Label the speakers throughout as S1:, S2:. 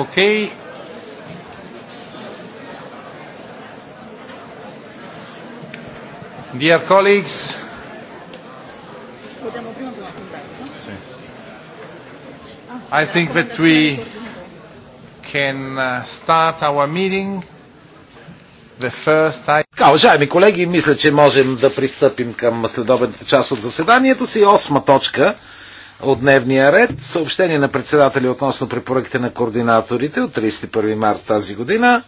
S1: Okay. Dear colleagues. I think that we can uh, start our meeting. The first time... Така, уважаеми колеги, мисля, че можем да пристъпим към следобедната част от заседанието си. Осма точка от дневния ред. Съобщение на председатели относно препоръките на координаторите от 31 март тази година.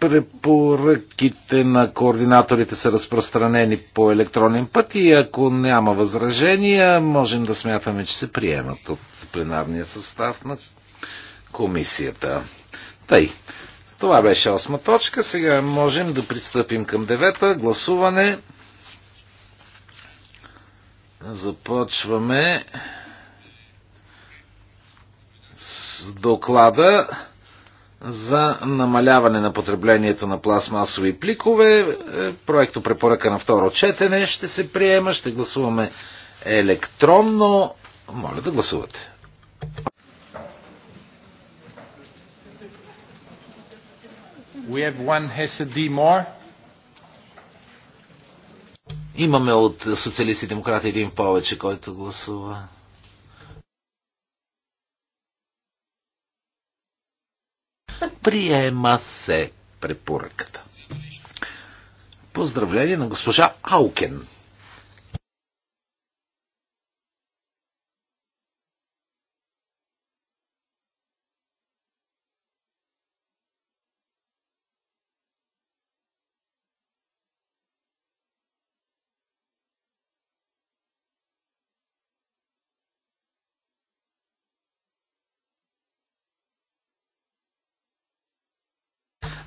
S1: Препоръките на координаторите са разпространени по електронен път и ако няма възражения, можем да смятаме, че се приемат от пленарния състав на комисията. Тъй, това беше осма точка. Сега можем да пристъпим към девета. Гласуване. Започваме с доклада за намаляване на потреблението на пластмасови пликове. Е, проекто препоръка на второ четене ще се приема. Ще гласуваме електронно. Моля да гласувате. We have one SED more. Имаме от социалисти и демократи един повече, който гласува. Приема се препоръката. Поздравление на госпожа Аукен.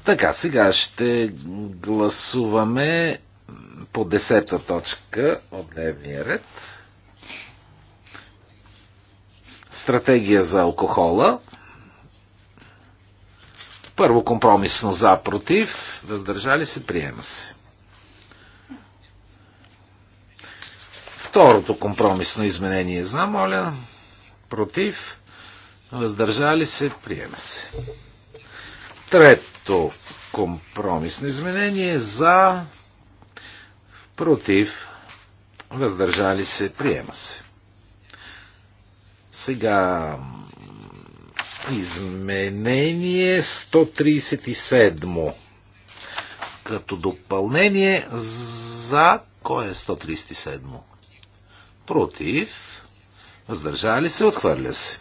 S1: Така, сега ще гласуваме по десета точка от дневния ред. Стратегия за алкохола. Първо компромисно за, против, въздържали се, приема се. Второто компромисно изменение за, моля, против, въздържали се, приема се. Трето компромисно изменение за против въздържали се приема се. Сега изменение 137 като допълнение за кой е 137? Против. Въздържали се, отхвърля се.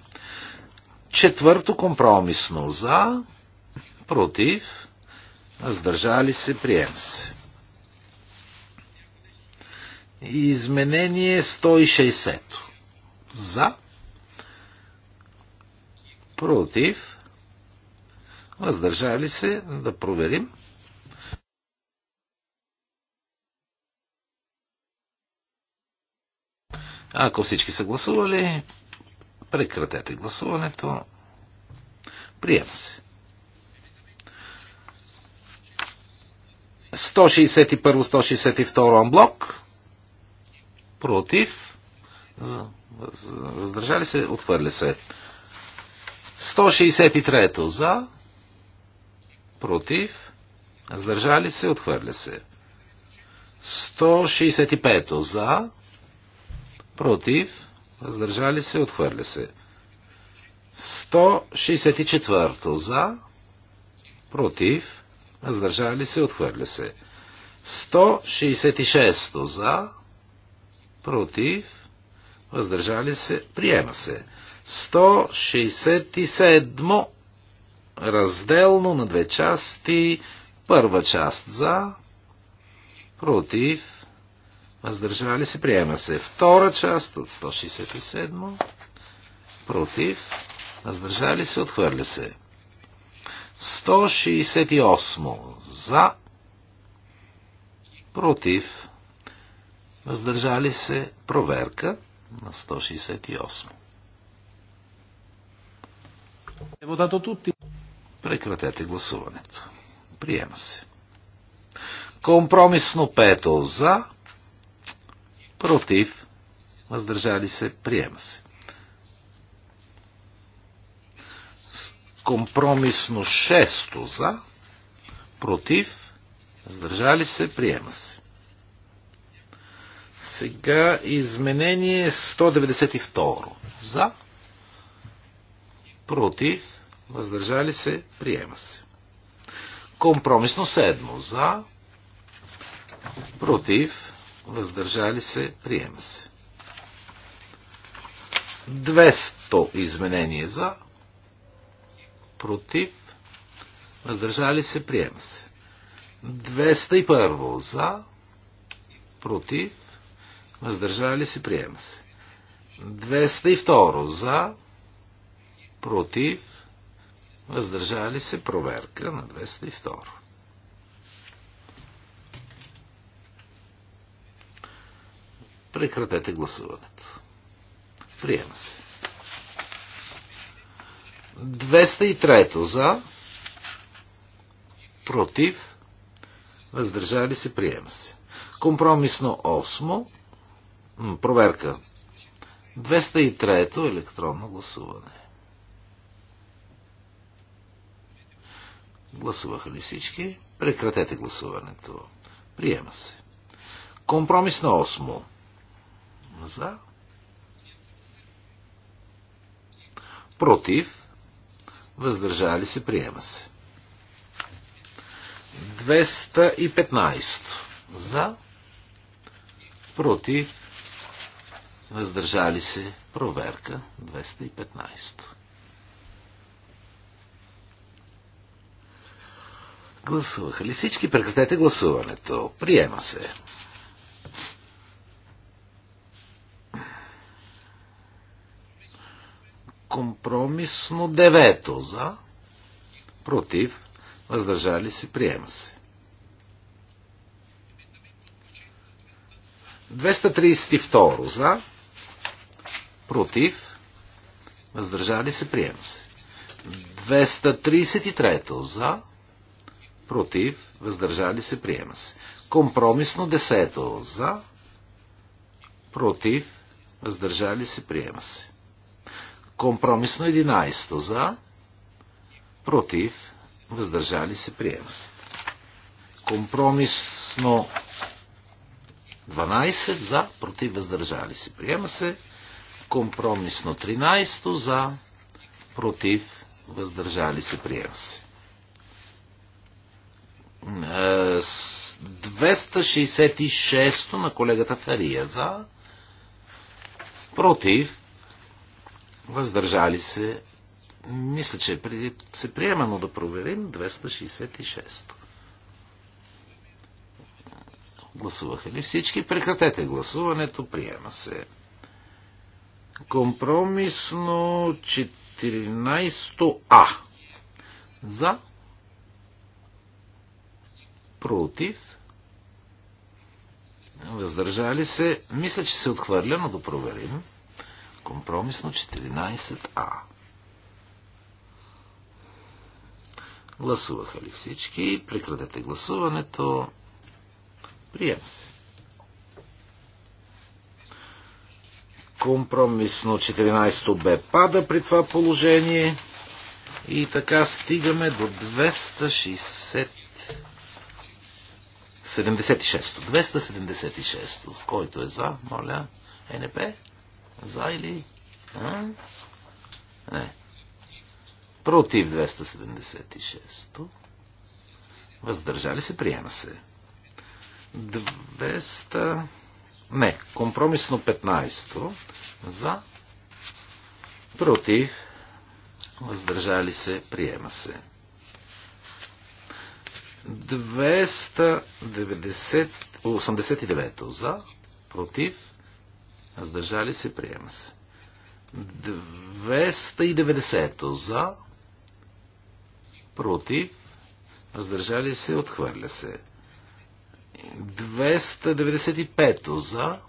S1: Четвърто компромисно за против, въздържали се, прием се. Изменение 160. За, против, въздържали се, да проверим. Ако всички са гласували, прекратете гласуването. Приема се. 161-162 анблок. Против. Въздържали се, отхвърля се. 163-то за. Против. Въздържали се, отхвърля се. 165-то за. Против. Въздържали се, отхвърля се. 164-то за. Против въздържали се, отхвърля се. 166 за, против, въздържали се, приема се. 167 разделно на две части, първа част за, против, въздържали се, приема се. Втора част от 167, против, въздържали се, отхвърля се. 168 за, против, въздържали се проверка на 168. Е Прекратете гласуването. Приема се. Компромисно пето за, против, въздържали се, приема се. Компромисно 6 за, против, въздържали се, приема се. Сега изменение 192 за, против, въздържали се, приема се. Компромисно 7 за, против, въздържали се, приема се. 200 изменение за, против, въздържали се, приема се. 201 за, против, въздържали се, приема се. 202 за, против, въздържали се, проверка на 202. Прекратете гласуването. Приема се. 203 за, против, въздържали се, приема се. Компромисно 8, проверка. 203 електронно гласуване. Гласуваха ли всички? Прекратете гласуването. Приема се. Компромис на 8. За. Против въздържали се, приема се. 215 за, против, въздържали се, проверка 215. Гласуваха ли всички? Прекратете гласуването. Приема се. Компромисно девето за, против, въздържали се, приема се. 232 за, против, въздържали се, приема се. 233 за, против, въздържали се, приема се. Компромисно 10 за, против, въздържали се, приема се. Компромисно 11 за, против, въздържали се, приема се. Компромисно 12 за, против, въздържали се, приема се. Компромисно 13 за, против, въздържали се, приема се. 266 е, на колегата Фария за, против, въздържали се. Мисля, че преди се приема, но да проверим 266. Гласуваха ли всички? Прекратете гласуването. Приема се. Компромисно 14А. За. Против. Въздържали се. Мисля, че се отхвърля, но да проверим. Компромисно 14А. Гласуваха ли всички? Прекратете гласуването. Прием се. Компромисно 14 Б пада при това положение. И така стигаме до 260. 76. 276. Който е за, моля, е НП. За или... А? Не. Против 276 Въздържали се, приема се. 200... Не, компромисно 15 За. Против. Въздържали се, приема се. 289 за, против, Въздържали се, приема се. 290 за, против, въздържали се, отхвърля се. 295 за,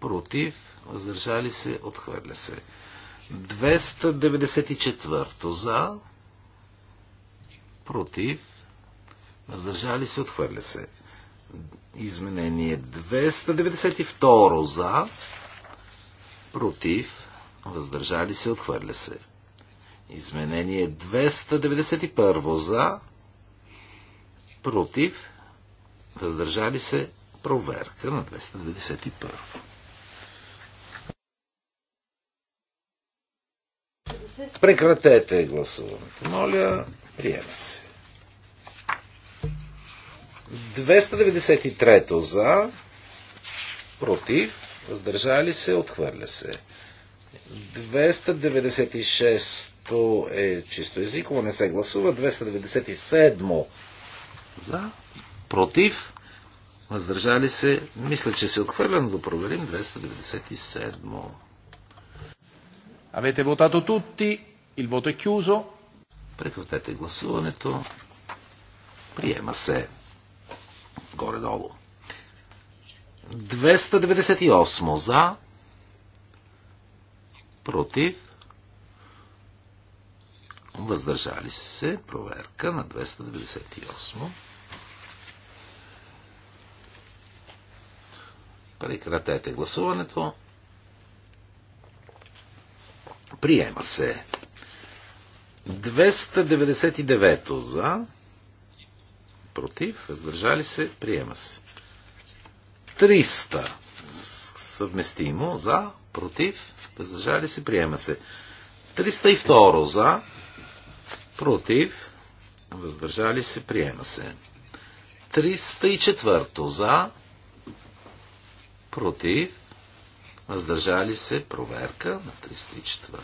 S1: против, въздържали се, отхвърля се. 294 за, против, въздържали се, отхвърля се. Изменение 292 за, против, въздържали се, отхвърля се. Изменение 291 за, против, въздържали се, проверка на 291. Прекратете гласуването. Моля, приема се. 293 за, против, въздържали се, отхвърля се. 296 е чисто езиково, не се гласува. 297 за, против, въздържали се, мисля, че се отхвърля, но да проверим 297. Авете вотато тути, il voto е кюзо. Прекратете гласуването. Приема се горе-долу. 298 за, против, въздържали се, проверка на 298. Прекратете гласуването. Приема се. 299 за, против, въздържали се, приема се. 300 съвместимо за, против, въздържали се, приема се. 302 за, против, въздържали се, приема се. 304 за, против, въздържали се, проверка на 304.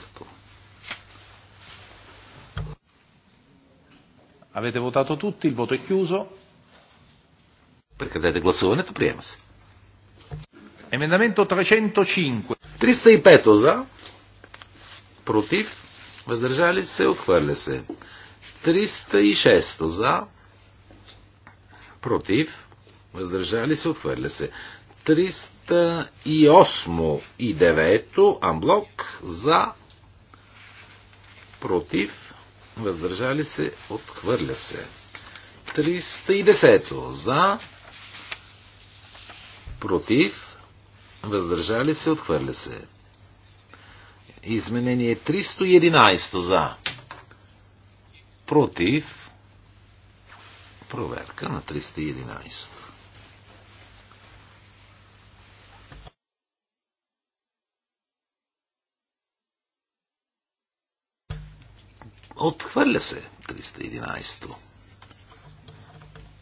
S1: Avete votato tutti, il voto è chiuso. Прекратете гласуването, приема се. Emendamento 305. 305 за, против, въздържали се, отхвърля се. шесто за, против, въздържали се, отхвърля се. 308 и 9 амблок за, против, въздържали се, отхвърля се. 310 за, против, въздържали се, отхвърля се. Изменение 311 за, против, проверка на 311. Отхвърля се 311-то.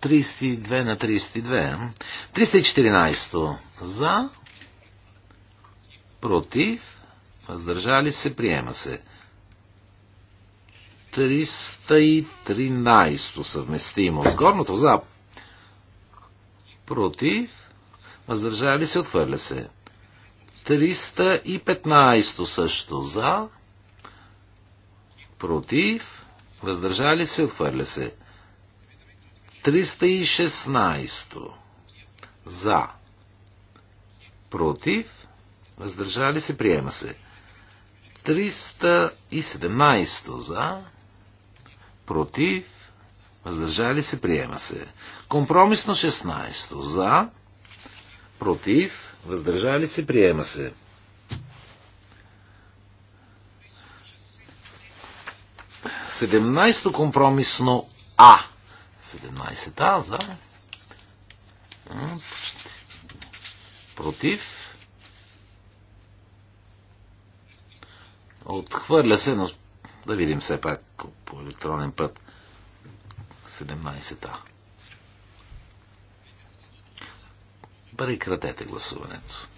S1: 32 на 32. 314 за. Против. Въздържали се. Приема се. 313 съвместимо. С горното за. Против. Въздържали се. Отхвърля се. 315 също за против, въздържали се, отхвърля се. 316 за, против, въздържали се, приема се. 317 за, против, въздържали се, приема се. Компромисно 16 за, против, въздържали се, приема се. 17 то компромисно А. 17А за. Против. Отхвърля се, но да видим все пак по електронен път. 17А. Прекратете гласуването.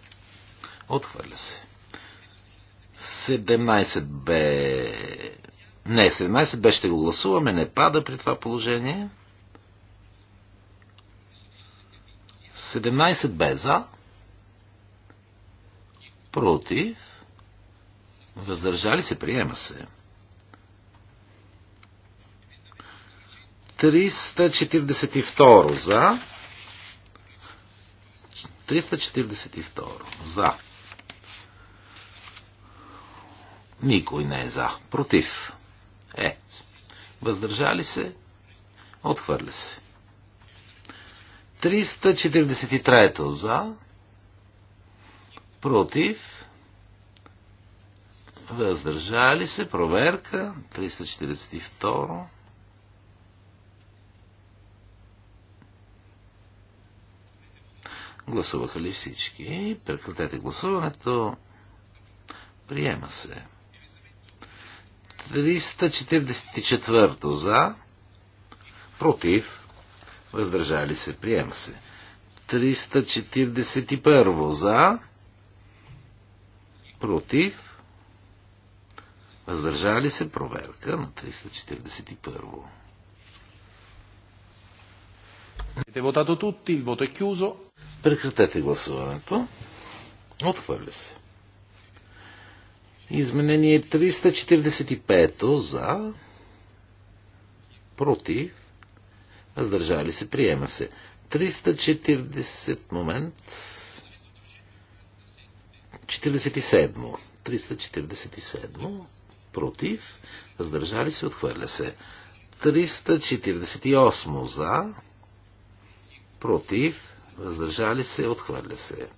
S1: Отхвърля се. 17 бе не, 17 беше ще го гласуваме, не пада при това положение. 17 бе за, против, въздържали се, приема се. 342 за. 342 за. Никой не е за. Против. Е, въздържали се, отхвърля се. 343 за, против, въздържали се, проверка, 342 Гласуваха ли всички? Прекратете гласуването. Приема се. 344 за, против, въздържали се, приема се. 341 за, против, въздържали се, проверка на 341. Avete вотато tutti, вото е кюзо. Прекратете гласуването. Отхвърля се. Изменение 345 за против въздържали се, приема се. 340 момент 47 347 против въздържали се, отхвърля се. 348 за против въздържали се, отхвърля се.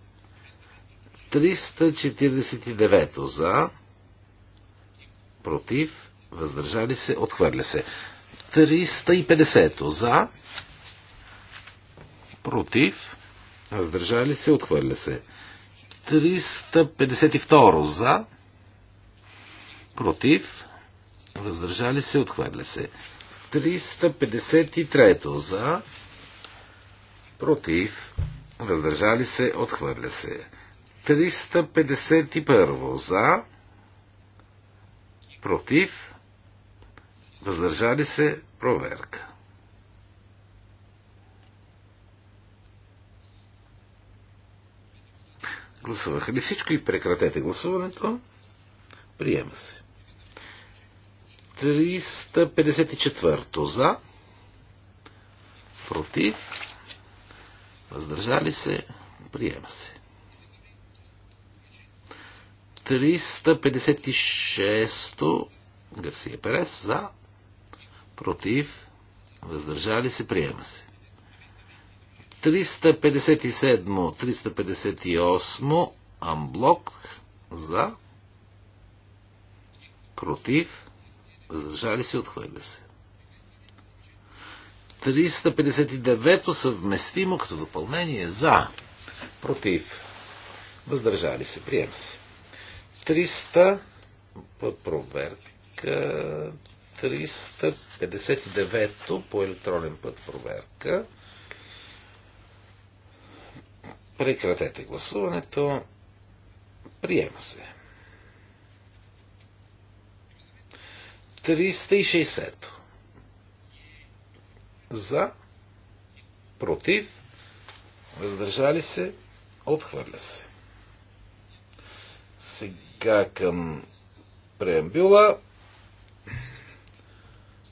S1: 349 за против, въздържали се, отхвърля се. 350 за, против, въздържали се, отхвърля се. 352 за, против, въздържали се, отхвърля се. 353 за, против, въздържали се, отхвърля се. 351 за, против, въздържали се, проверка. Гласуваха ли всичко и прекратете гласуването? Приема се. 354 за, против, въздържали се, приема се. 356 Гарсия Перес за, против, въздържали се, приема се. 357, 358 Амблок за, против, въздържали се, отхвърля се. 359 съвместимо като допълнение за, против, въздържали се, приема се. 300 проверка 359 по електронен път проверка. Прекратете гласуването. Приема се. 360. За. Против. Въздържали се. Отхвърля се. Сега сега към преамбюла.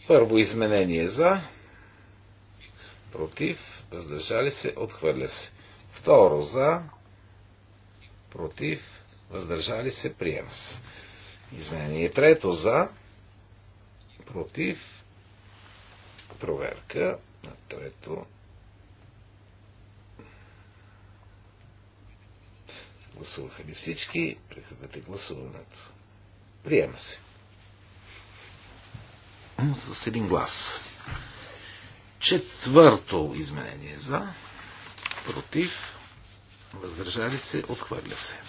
S1: Първо изменение за, против, въздържали се, отхвърля се. Второ за, против, въздържали се, приема се. Изменение трето за, против, проверка на трето Гласуваха ли всички? Прекратете гласуването. Приема се. С един глас. Четвърто изменение за. Против. Въздържали се. Отхвърля се.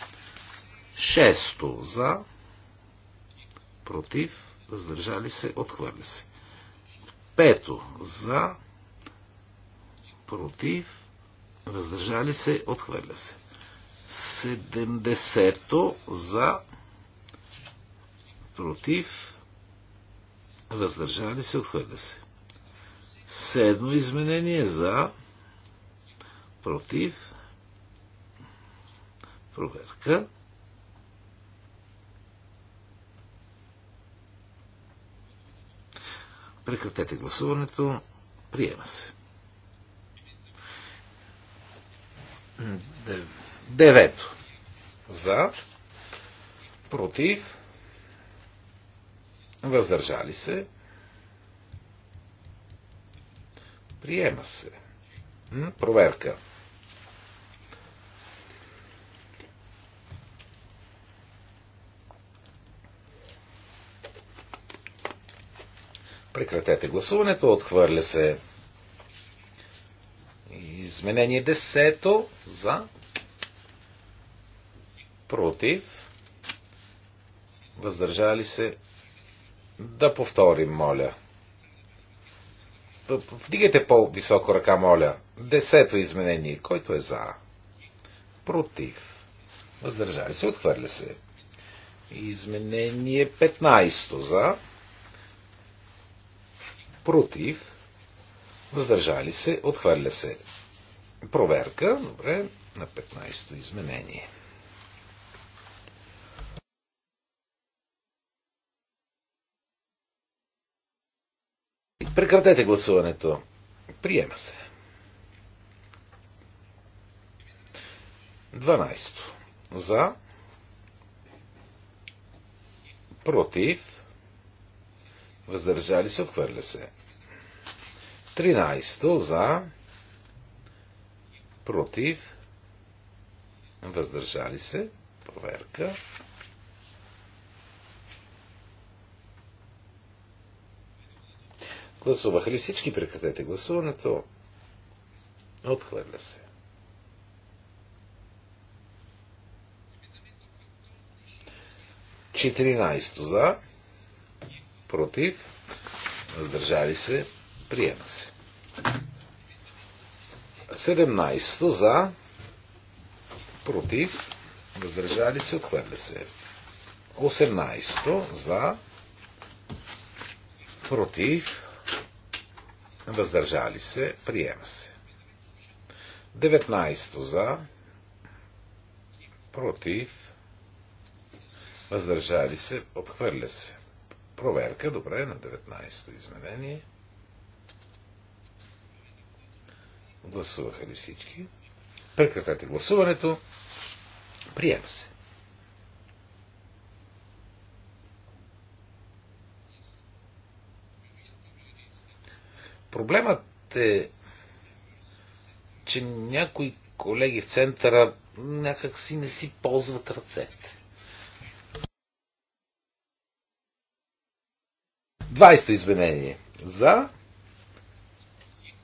S1: Шесто за. Против. Въздържали се. Отхвърля се. Пето за. Против. Въздържали се. Отхвърля се. 70-то за против въздържали се, отхвърля се. Седмо изменение за против проверка. Прекратете гласуването. Приема се. 9 Девето. За. Против. Въздържали се. Приема се. М? Проверка. Прекратете гласуването. Отхвърля се. Изменение 10 за против, въздържали се, да повторим, моля. Вдигайте по-високо ръка, моля. Десето изменение, който е за, против, въздържали се, отхвърля се. Изменение 15 за, против, въздържали се, отхвърля се. Проверка, добре, на 15-то изменение. Прекратете гласуването. Приема се. 12. За. Против. Въздържали се. Отхвърля се. 13. За. Против. Въздържали се. Проверка. Гласуваха ли всички? Прекратете гласуването. Отхвърля се. Четиринайсто за. Против. Въздържали се. Приема се. 17 за, против, въздържали се, отхвърля се. 18 за, против, въздържали се, приема се. 19 за, против, въздържали се, отхвърля се. Проверка, добре, на 19-то изменение. Гласуваха ли всички? Прекратете гласуването. Приема се. Проблемът е, че някои колеги в центъра някак си не си ползват ръцете. 20 то изменение. За,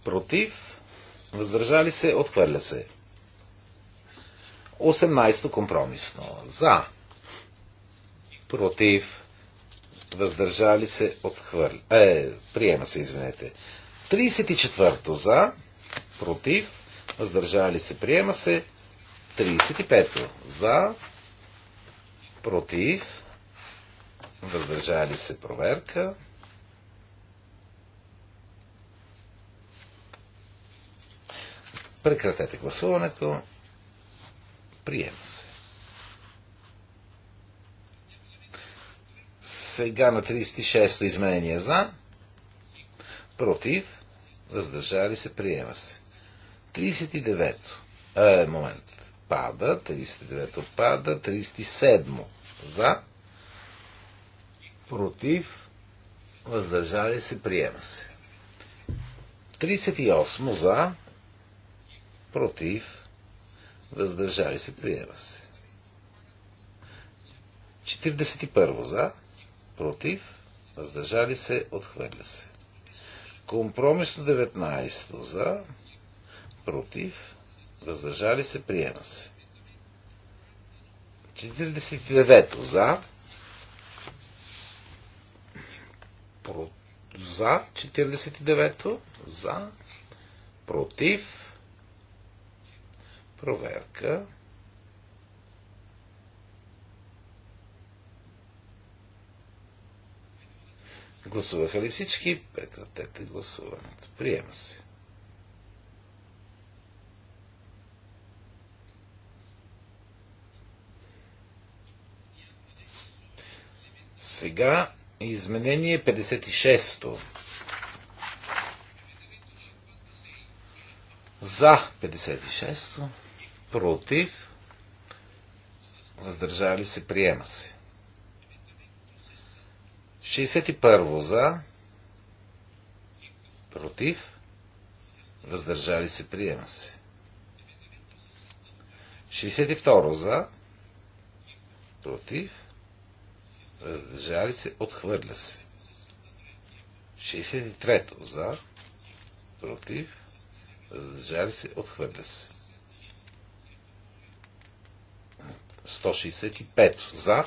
S1: против, въздържали се, отхвърля се. 18 то компромисно. За, против, въздържали се, отхвърля. Е, приема се, извинете. 34 за, против, въздържали се, приема се. 35 за, против, въздържали се, проверка. Прекратете гласуването. Приема се. Сега на 36-то изменение за. Против. Въздържали се, приема се. 39-то. Е, момент. Пада. 39-то пада. 37-то. За. Против. Въздържали се, приема се. 38 за. Против. Въздържали се, приема се. 41 за. Против. Въздържали се, отхвърля се. Компромисно 19 за, против, въздържали се, приема се. 49 за, про, за 49 за, против, проверка. Гласуваха ли всички? Прекратете гласуването. Приема се. Сега изменение 56-то. За 56-то. Против. Въздържали се. Приема се. 61 за, против, въздържали се, приема се. 62 за, против, въздържали се, отхвърля се. 63 за, против, въздържали се, отхвърля се. 165 за,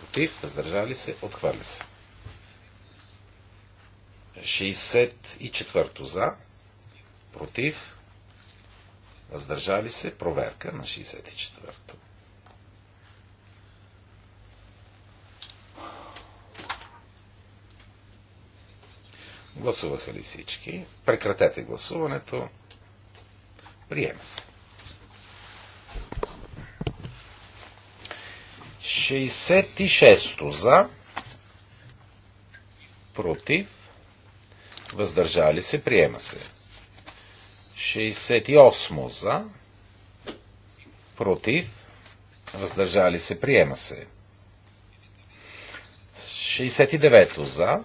S1: против, въздържали се, отхвърля се. 64 за, против, въздържали се, проверка на 64-то. Гласуваха ли всички? Прекратете гласуването. Приема се. 66 за, против, въздържали се, приема се. 68 за, против, въздържали се, приема се. 69 за,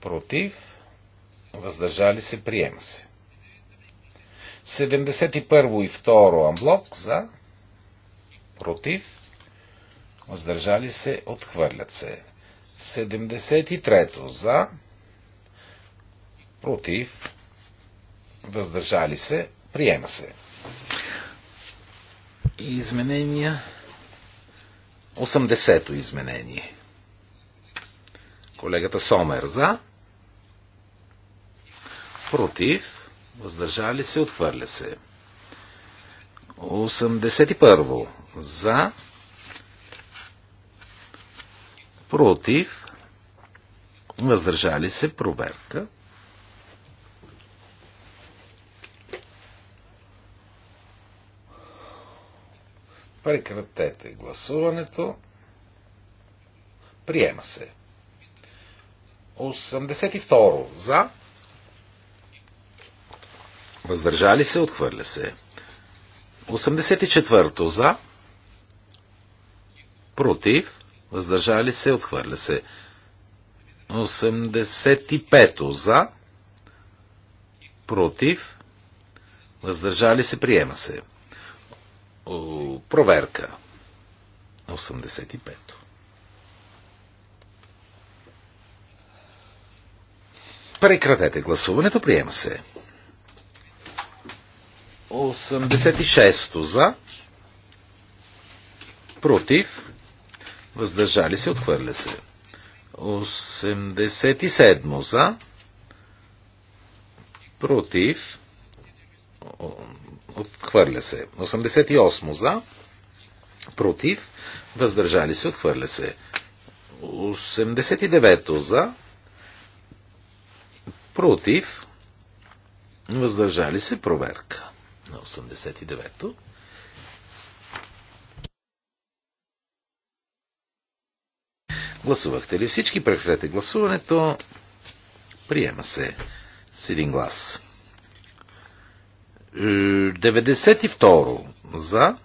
S1: против, въздържали се, приема се. 71 и 2 амблок за, против, въздържали се, отхвърлят се. 73 за, против, въздържали се, приема се. Изменения. 80-то изменение. Колегата Сомер за. Против. Въздържали се, отхвърля се. 81 за. Против. Въздържали се, проверка. Прекратете гласуването. Приема се. 82. За. Въздържали се, отхвърля се. 84. За. Против. Въздържали се, отхвърля се. 85. За. Против. Въздържали се, приема се. О, проверка. 85. Прекратете гласуването. Приема се. 86 за. Против. Въздържали се. Отхвърля се. 87 за. Против Отхвърля се. 88 за. Против. Въздържали се. Отхвърля се. 89 за. Против. Въздържали се. Проверка. На 89-то. Гласувахте ли всички? Прекратете гласуването. Приема се с един глас. 92 за,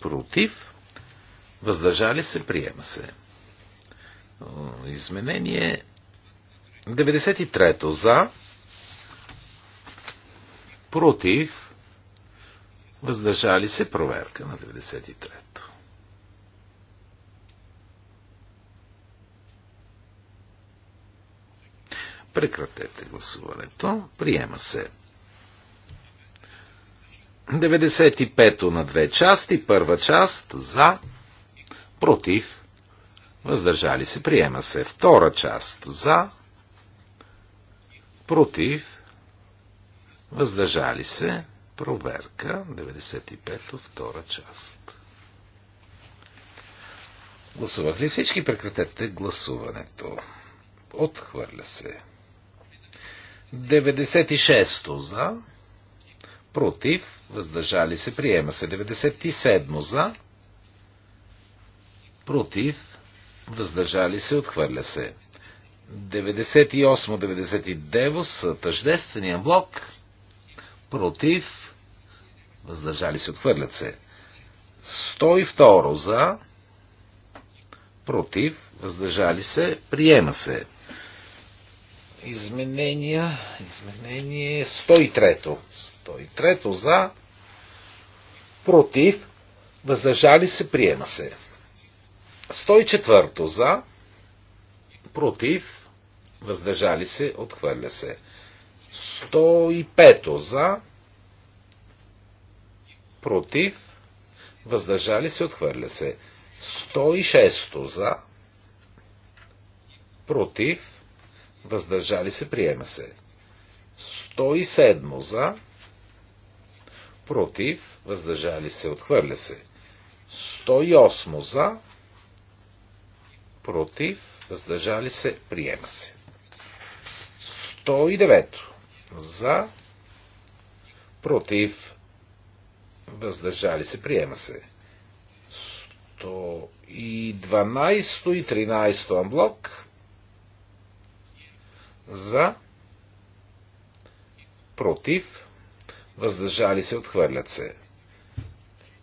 S1: против, въздържали се, приема се. Изменение 93 за, против, въздържали се, проверка на 93-то. Прекратете гласуването. Приема се. 95-то на две части. Първа част за, против, въздържали се. Приема се. Втора част за, против, въздържали се. Проверка. 95-то втора част. Гласувах ли всички? Прекратете гласуването. Отхвърля се. 96 за, против, въздържали се, приема се. 97 за, против, въздържали се, отхвърля се. 98-99 са тъждествения блок, против, въздържали се, отхвърлят се. 102 за, против, въздържали се, приема се изменения. Изменение 103. 103 за. Против. Въздържали се. Приема се. 104 за. Против. Въздържали се. Отхвърля се. 105 за. Против. Въздържали се. Отхвърля се. 106 за. Против въздържали се, приема се. 107 за, против, въздържали се, отхвърля се. 108 за, против, въздържали се, приема се. 109 за, против, въздържали се, приема се. 112 и 13 амблок за, против, въздържали се, отхвърлят се.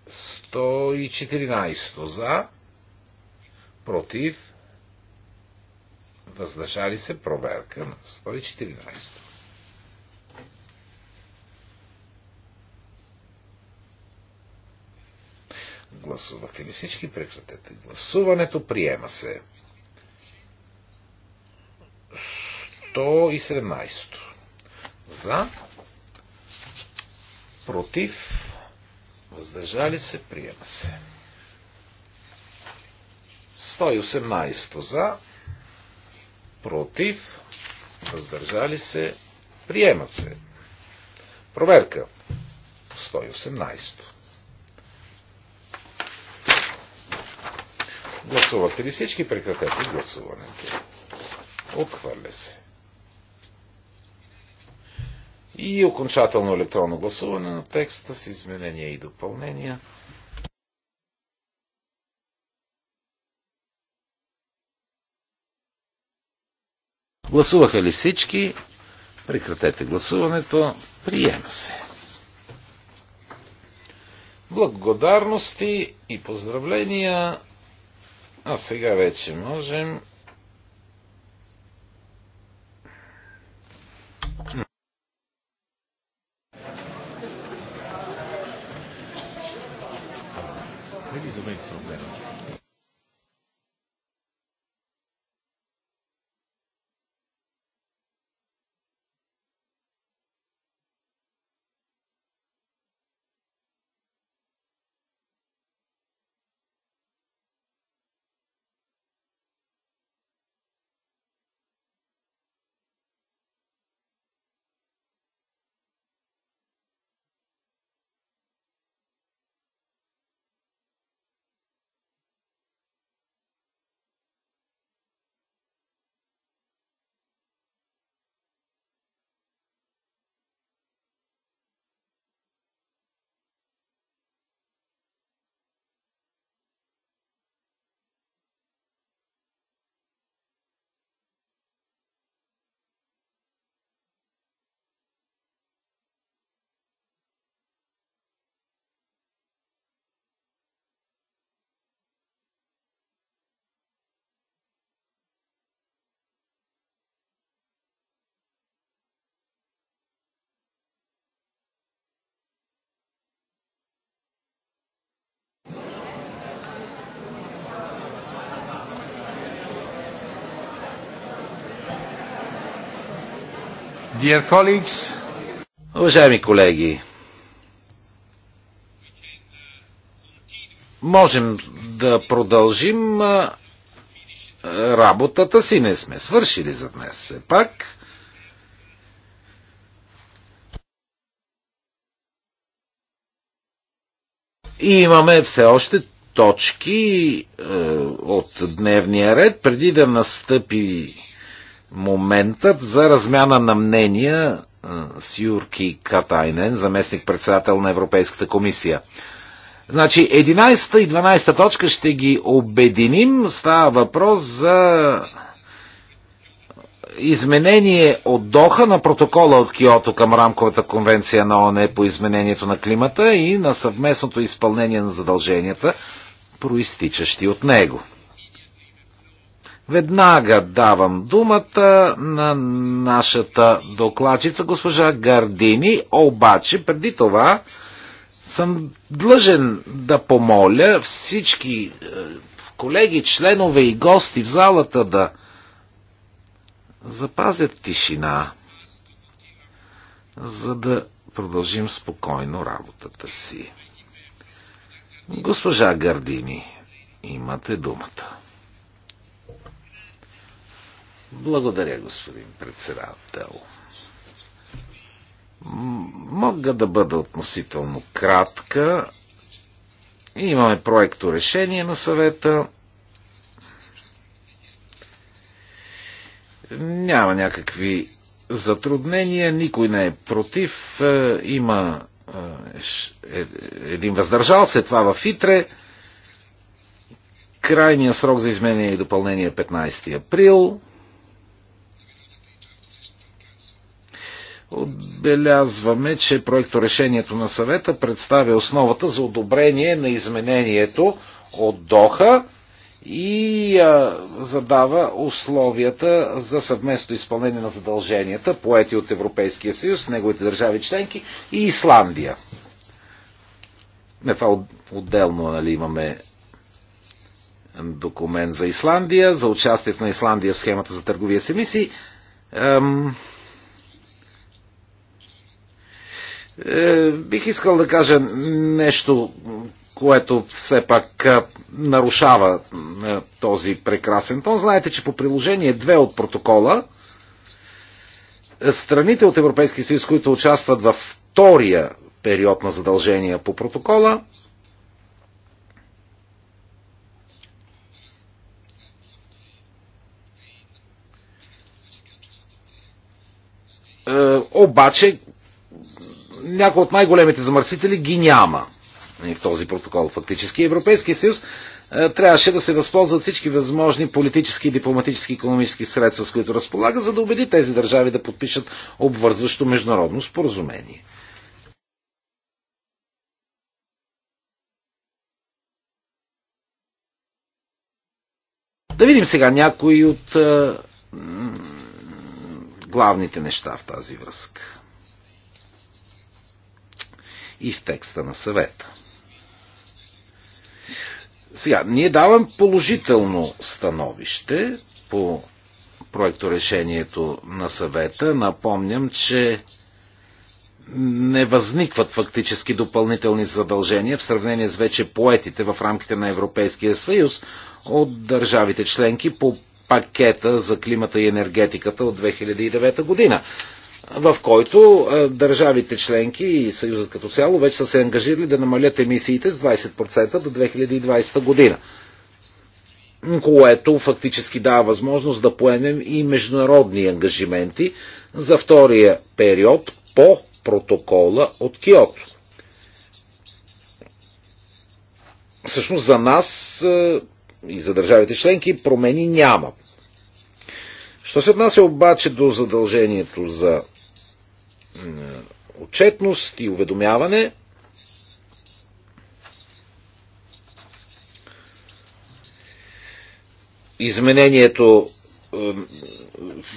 S1: 114 за, против, въздържали се, проверка на 114. Гласувахте ли всички? Прекратете. Гласуването приема се. 117. За, против, въздържали се, приема се. 118 за, против, въздържали се, приема се. Проверка. 118. Гласувате ли всички? Прекратете гласуването. Отхвърля се. И окончателно електронно гласуване на текста с изменения и допълнения. Гласуваха ли всички? Прекратете гласуването. Приема се. Благодарности и поздравления. А сега вече можем Vedi dov'è il problema? Dear colleagues, Уважаеми колеги, можем да продължим работата си. Не сме свършили за днес все пак. И имаме все още точки е, от дневния ред. Преди да настъпи моментът за размяна на мнения с Юрки Катайнен, заместник-председател на Европейската комисия. Значи 11 и 12 точка ще ги обединим. Става въпрос за изменение от Доха на протокола от Киото към рамковата конвенция на ОНЕ по изменението на климата и на съвместното изпълнение на задълженията, проистичащи от него. Веднага давам думата на нашата докладчица госпожа Гардини, обаче преди това съм длъжен да помоля всички е, колеги, членове и гости в залата да запазят тишина, за да продължим спокойно работата си. Госпожа Гардини, имате думата. Благодаря, господин председател. Мога да бъда относително кратка. Имаме проекто решение на съвета. Няма някакви затруднения, никой не е против. Е, има е, е, един въздържал се това в Итре. Крайният срок за изменение и допълнение е 15 април. Отбелязваме, че проекторешението на съвета представя основата за одобрение на изменението от Доха и а, задава условията за съвместно изпълнение на задълженията, поети от Европейския съюз, неговите държави членки и Исландия. Не, това отделно нали, имаме документ за Исландия, за участието на Исландия в схемата за търговия с емисии. Ам... Е, бих искал да кажа нещо, което все пак е, нарушава е, този прекрасен тон. Знаете, че по приложение 2 от протокола страните от Европейския съюз, които участват във втория период на задължения по протокола, обаче някои от най-големите замърсители ги няма в този протокол. Фактически Европейския съюз е, трябваше да се възползват всички възможни политически, дипломатически, економически средства, с които разполага, за да убеди тези държави да подпишат обвързващо международно споразумение. Да видим сега някои от е, главните неща в тази връзка и в текста на съвета. Сега, ние давам положително становище по проекторешението на съвета. Напомням, че не възникват фактически допълнителни задължения в сравнение с вече поетите в рамките на Европейския съюз от държавите членки по пакета за климата и енергетиката от 2009 година в който е, държавите членки и Съюзът като цяло вече са се ангажирали да намалят емисиите с 20% до 2020 година което фактически дава възможност да поемем и международни ангажименти за втория период по протокола от Киото. Всъщност за нас е, и за държавите членки промени няма. Що се отнася обаче до задължението за отчетност и уведомяване. Изменението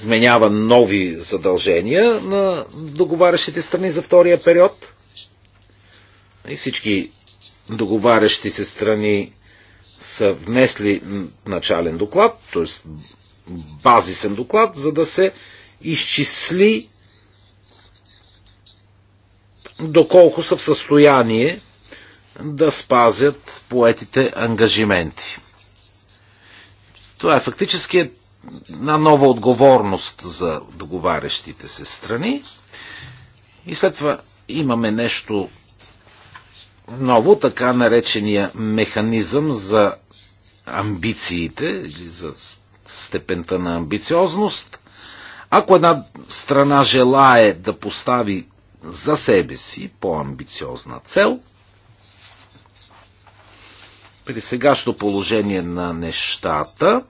S1: вменява нови задължения на договарящите страни за втория период. И всички договарящи се страни са внесли начален доклад, т.е. базисен доклад, за да се изчисли доколко са в състояние да спазят поетите ангажименти. Това е фактически една нова отговорност за договарящите се страни. И след това имаме нещо ново, така наречения механизъм за амбициите или за степента на амбициозност. Ако една страна желае да постави за себе си по-амбициозна цел. При сегашното положение на нещата,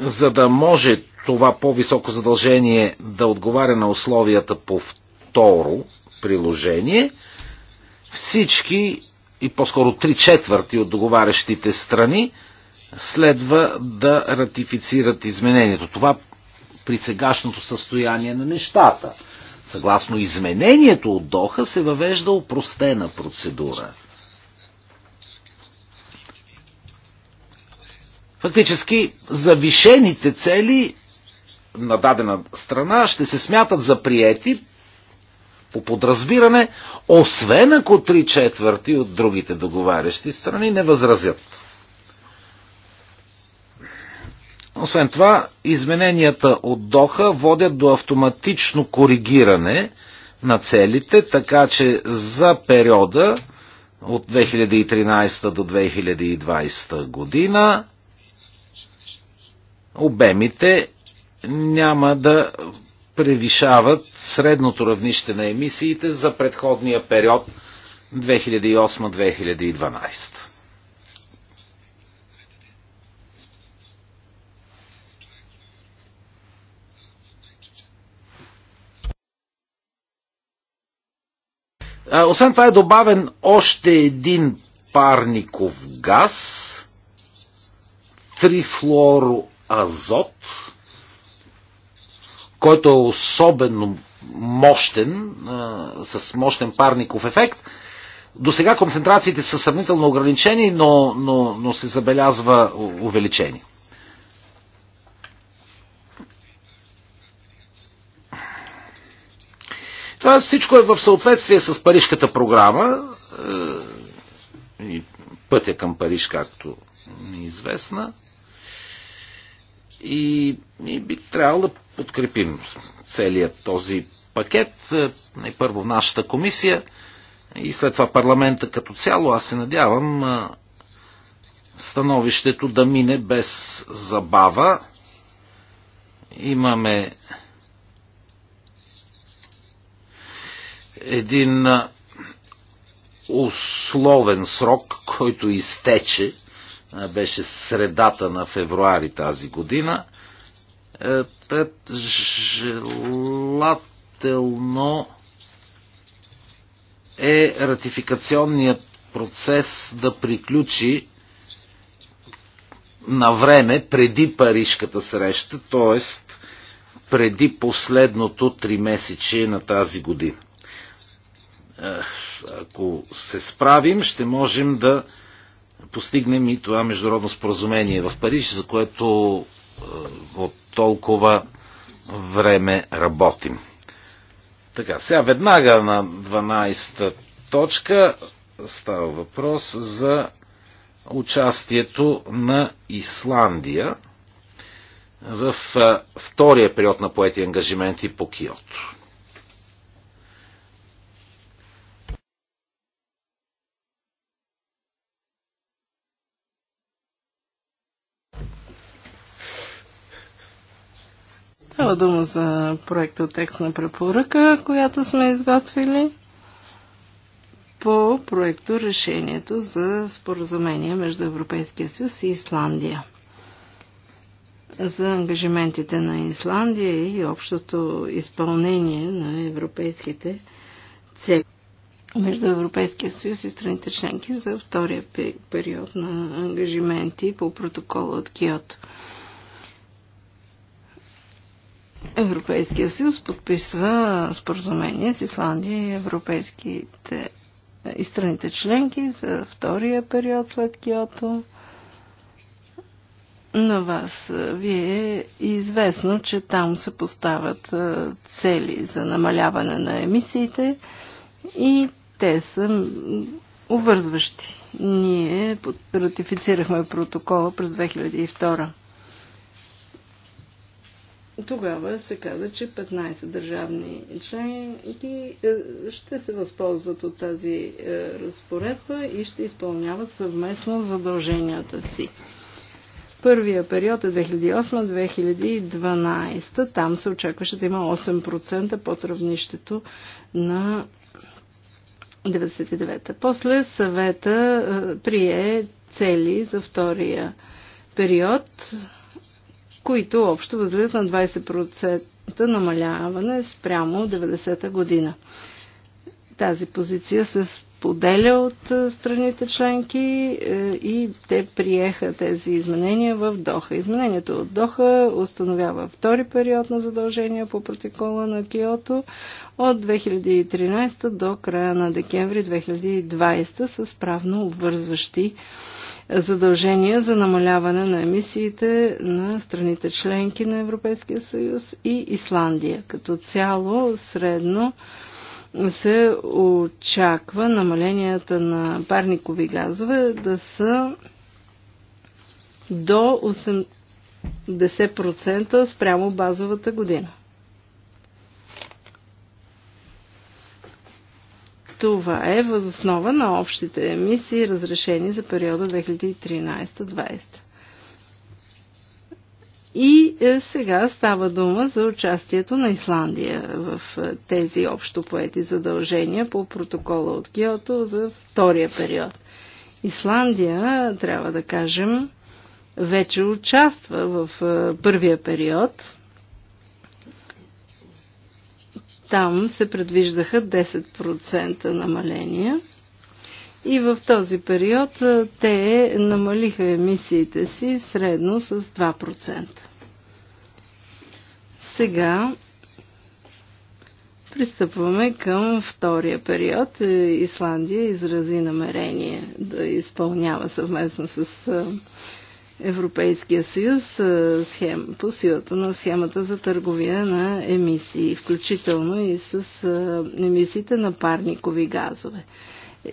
S1: за да може това по-високо задължение да отговаря на условията по второ приложение, всички и по-скоро три четвърти от договарящите страни следва да ратифицират изменението. Това при сегашното състояние на нещата. Съгласно изменението от Доха се въвежда упростена процедура. Фактически завишените цели на дадена страна ще се смятат за приети по подразбиране, освен ако три четвърти от другите договарящи страни не възразят. Освен това, измененията от Доха водят до автоматично коригиране на целите, така че за периода от 2013 до 2020 година обемите няма да превишават средното равнище на емисиите за предходния период 2008-2012. Освен това е добавен още един парников газ, трифлороазот, който е особено мощен, с мощен парников ефект. До сега концентрациите са сравнително ограничени, но, но, но се забелязва увеличение. Това всичко е в съответствие с Парижката програма е, и пътя към Париж, както ми е известна. И, и би трябвало да подкрепим целият този пакет. Е, най първо в нашата комисия и след това парламента като цяло. Аз се надявам е, становището да мине без забава. Имаме един условен срок, който изтече, беше средата на февруари тази година. Тът е, желателно е ратификационният процес да приключи на време преди парижката среща, т.е. преди последното три месече на тази година ако се справим, ще можем да постигнем и това международно споразумение в Париж, за което е, от толкова време работим. Така, сега веднага на 12-та точка става въпрос за участието на Исландия в е, втория период на поети ангажименти по Киото. Става
S2: дума за проекта текст на препоръка, която сме изготвили по проекто решението за споразумение между Европейския съюз и Исландия. За ангажиментите на Исландия и общото изпълнение на европейските цели между Европейския съюз и страните членки за втория период на ангажименти по протокола от Киото. Европейския съюз подписва споразумение с Исландия и европейските и страните членки за втория период след Киото. На вас ви е известно, че там се поставят цели за намаляване на емисиите и те са обвързващи. Ние ратифицирахме протокола през 2002 тогава се каза, че 15 държавни членки е, ще се възползват от тази е, разпоредба и ще изпълняват съвместно задълженията си. Първия период е 2008-2012. Там се очакваше да има 8% под равнището на 99-та. После съвета е, прие цели за втория период които общо възлизат на 20% намаляване спрямо 90-та година. Тази позиция се споделя от страните членки е, и те приеха тези изменения в Доха. Изменението от Доха установява втори период на задължения по протокола на Киото от 2013 до края на декември 2020 с правно обвързващи задължения за намаляване на емисиите на страните членки на Европейския съюз и Исландия. Като цяло средно се очаква намаленията на парникови газове да са до 80% спрямо базовата година. Това е възоснова на общите емисии, разрешени за периода 2013-2020. И е, сега става дума за участието на Исландия в е, тези общо поети задължения по протокола от Киото за втория период. Исландия, трябва да кажем, вече участва в е, първия период Там се предвиждаха 10% намаления. И в този период те намалиха емисиите си средно с 2%. Сега пристъпваме към втория период. Е, Исландия изрази намерение да изпълнява съвместно с Европейския съюз схем, по силата на схемата за търговия на емисии, включително и с емисиите на парникови газове.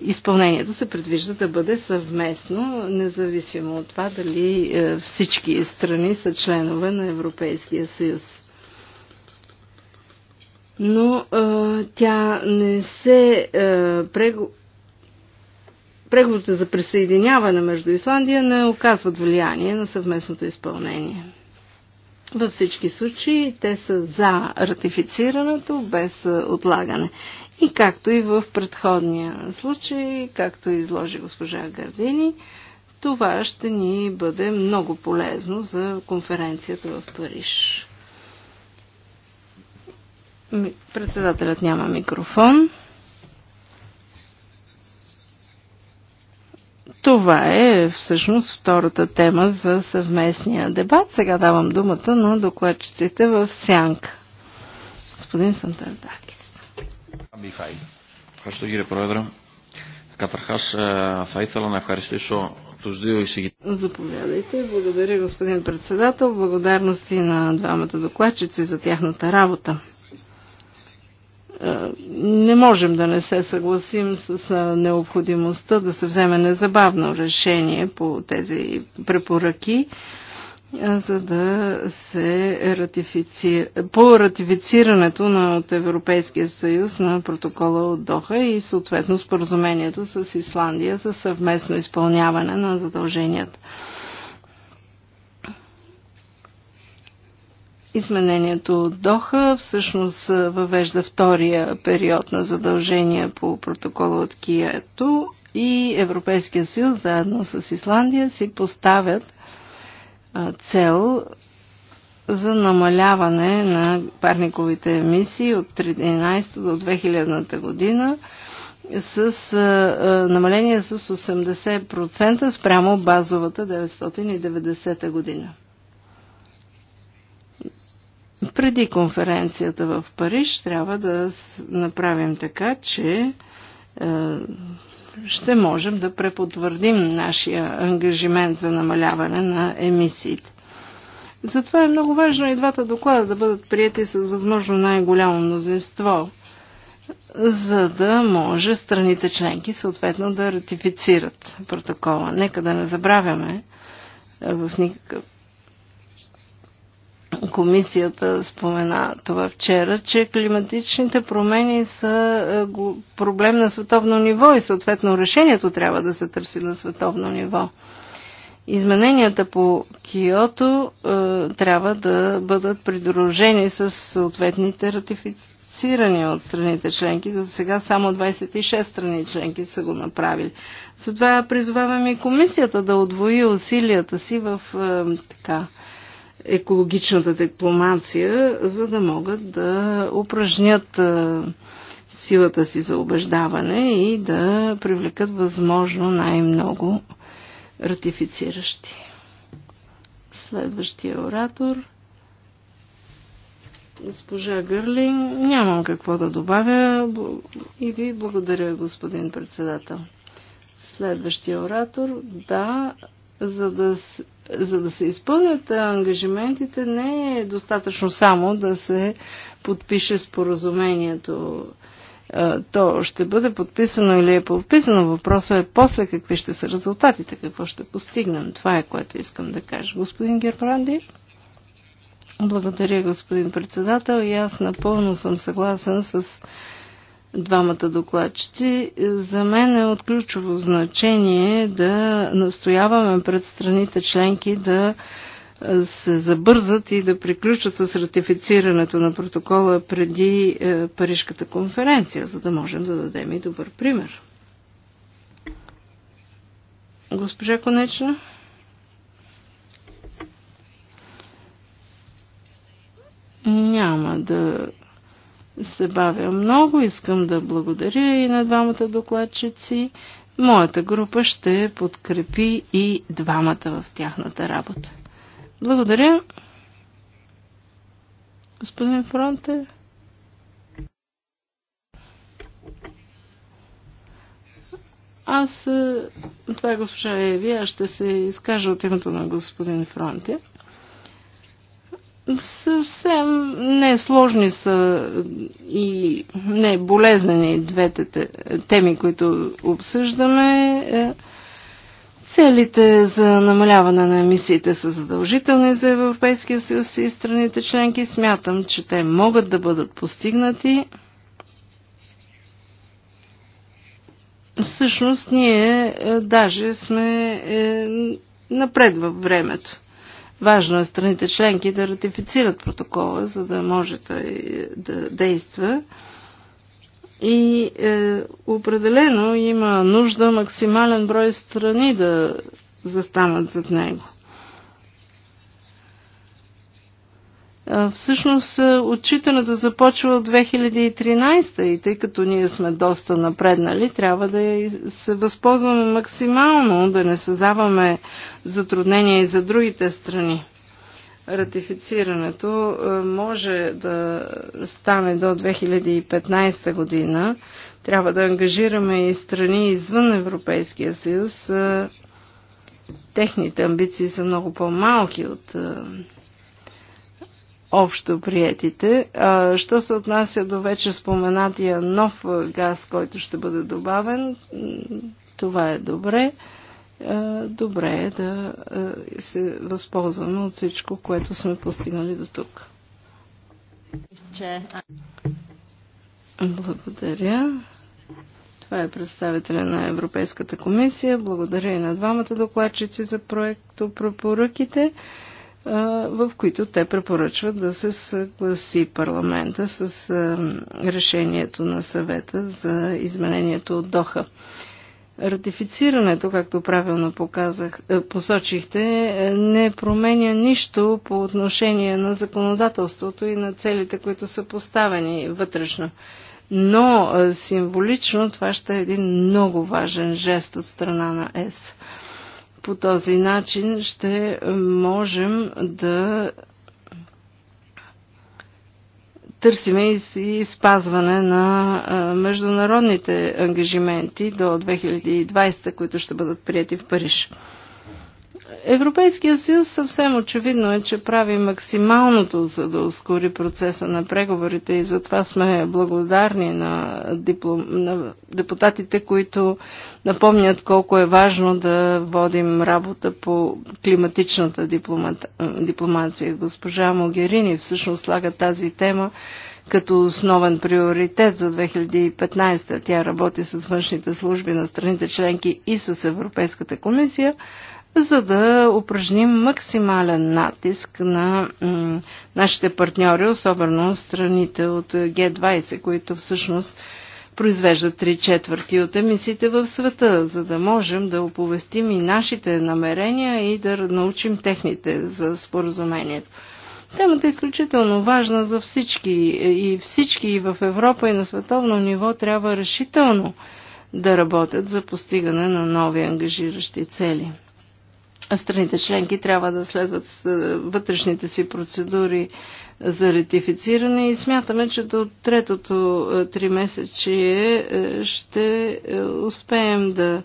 S2: Изпълнението се предвижда да бъде съвместно, независимо от това дали е, всички страни са членове на Европейския съюз но е, тя не се е, прего преговорите за присъединяване между Исландия не оказват влияние на съвместното изпълнение. Във всички случаи те са за ратифицирането без отлагане. И както и в предходния случай, както изложи госпожа Гардини, това ще ни бъде много полезно за конференцията в Париж. Председателят няма микрофон. Това е всъщност втората тема за съвместния дебат. Сега давам думата на докладчиците в Сянка. Господин Сантардакис. Заповядайте. Благодаря господин председател. Благодарности на двамата докладчици за тяхната работа. Е, не можем да не се съгласим с е, необходимостта да се вземе незабавно решение по тези препоръки, е, за да се ратифицира, по ратифицирането на, от Европейския съюз на протокола от Доха и съответно споразумението с Исландия за съвместно изпълняване на задълженията. Изменението от Доха всъщност въвежда втория период на задължения по протокола от Кието и Европейския съюз заедно с Исландия си поставят цел за намаляване на парниковите емисии от 2013 до 2000 година с намаление с 80% спрямо базовата 990 година преди конференцията в Париж трябва да направим така, че е, ще можем да препотвърдим нашия ангажимент за намаляване на емисиите. Затова е много важно и двата доклада да бъдат прияти с възможно най-голямо мнозинство, за да може страните членки съответно да ратифицират протокола. Нека да не забравяме е, в никакъв Комисията спомена това вчера, че климатичните промени са е, проблем на световно ниво и съответно решението трябва да се търси на световно ниво. Измененията по Киото е, трябва да бъдат придружени с съответните ратифицирани от страните членки. За сега само 26 страни членки са го направили. Затова призоваваме и комисията да отвои усилията си в е, така, екологичната дипломация, за да могат да упражнят силата си за убеждаване и да привлекат възможно най-много ратифициращи. Следващия оратор госпожа Гърлин. Нямам какво да добавя и ви благодаря, господин председател. Следващия оратор. Да, за да за да се изпълнят ангажиментите, не е достатъчно само да се подпише споразумението. То ще бъде подписано или е подписано. Въпросът е после какви ще са резултатите, какво ще постигнем. Това е което искам да кажа. Господин Гербранди? Благодаря, господин председател. И аз напълно съм съгласен с двамата докладчици. За мен е от ключово значение да настояваме пред страните членки да се забързат и да приключат с ратифицирането на протокола преди е, Парижката конференция, за да можем да дадем и добър пример. Госпожа Конечна? Няма да се бавя много. Искам да благодаря и на двамата докладчици. Моята група ще подкрепи и двамата в тяхната работа. Благодаря. Господин Фронте. Аз, е, това е госпожа Еви, аз ще се изкажа от името на господин Фронте. Съвсем не сложни са и не болезнени двете теми, които обсъждаме. Е, целите за намаляване на емисиите са задължителни за Европейския съюз и страните членки. Смятам, че те могат да бъдат постигнати. Всъщност ние е, даже сме е, напред във времето. Важно е страните членки да ратифицират протокола, за да може той да действа. И е, определено има нужда максимален брой страни да застанат зад него. Всъщност отчитането започва от 2013 и тъй като ние сме доста напреднали, трябва да се възползваме максимално, да не създаваме затруднения и за другите страни. Ратифицирането може да стане до 2015 година. Трябва да ангажираме и страни извън Европейския съюз. Техните амбиции са много по-малки от общо приятите. А, що се отнася до вече споменатия нов газ, който ще бъде добавен, това е добре. А, добре е да се възползваме от всичко, което сме постигнали до тук. Благодаря. Това е представителя на Европейската комисия. Благодаря и на двамата докладчици за проекто препоръките в които те препоръчват да се съгласи парламента с решението на съвета за изменението от Доха. Ратифицирането, както правилно показах, посочихте, не променя нищо по отношение на законодателството и на целите, които са поставени вътрешно. Но символично това ще е един много важен жест от страна на ЕС. По този начин ще можем да търсиме и спазване на международните ангажименти до 2020, които ще бъдат прияти в Париж. Европейския съюз съвсем очевидно е, че прави максималното, за да ускори процеса на преговорите и затова сме благодарни на, диплом... на депутатите, които напомнят колко е важно да водим работа по климатичната дипломата... дипломация. Госпожа Могерини всъщност слага тази тема като основен приоритет за 2015. Тя работи с външните служби на страните членки и с Европейската комисия за да упражним максимален натиск на нашите партньори, особено страните от Г20, които всъщност произвеждат три четвърти от емисиите в света, за да можем да оповестим и нашите намерения и да научим техните за споразумението. Темата е изключително важна за всички и всички и в Европа и на световно ниво трябва решително да работят за постигане на нови ангажиращи цели страните членки трябва да следват е, вътрешните си процедури за ратифициране и смятаме, че до третото е, три месече е, ще успеем да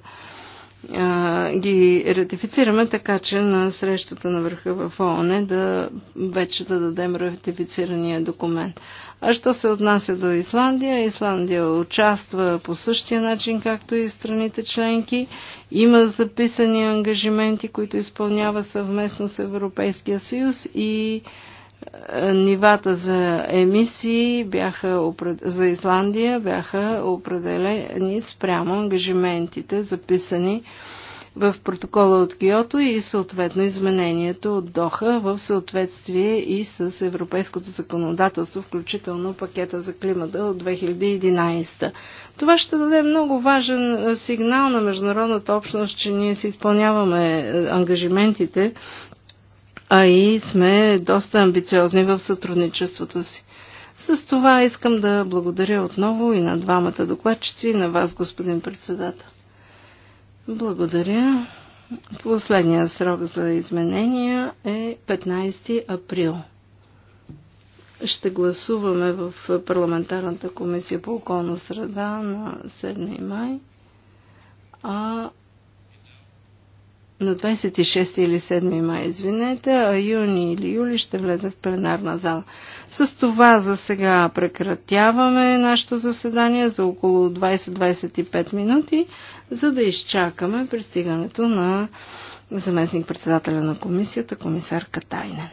S2: ги ратифицираме, така че на срещата на върха в ООН е да вече да дадем ратифицирания документ. А що се отнася до Исландия? Исландия участва по същия начин, както и страните членки. Има записани ангажименти, които изпълнява съвместно с Европейския съюз и нивата за емисии бяха, за Исландия бяха определени спрямо ангажиментите, записани в протокола от Киото и съответно изменението от Доха в съответствие и с европейското законодателство, включително пакета за климата от 2011. Това ще даде много важен сигнал на международната общност, че ние си изпълняваме ангажиментите а и сме доста амбициозни в сътрудничеството си. С това искам да благодаря отново и на двамата докладчици, и на вас, господин председател. Благодаря. Последният срок за изменения е 15 април. Ще гласуваме в парламентарната комисия по околна среда на 7 май, а на 26 или 7 май, извинете, а юни или юли ще влезе в пленарна зала. С това за сега прекратяваме нашето заседание за около 20-25 минути, за да изчакаме пристигането на заместник-председателя на
S3: комисията, комисар Катайнен.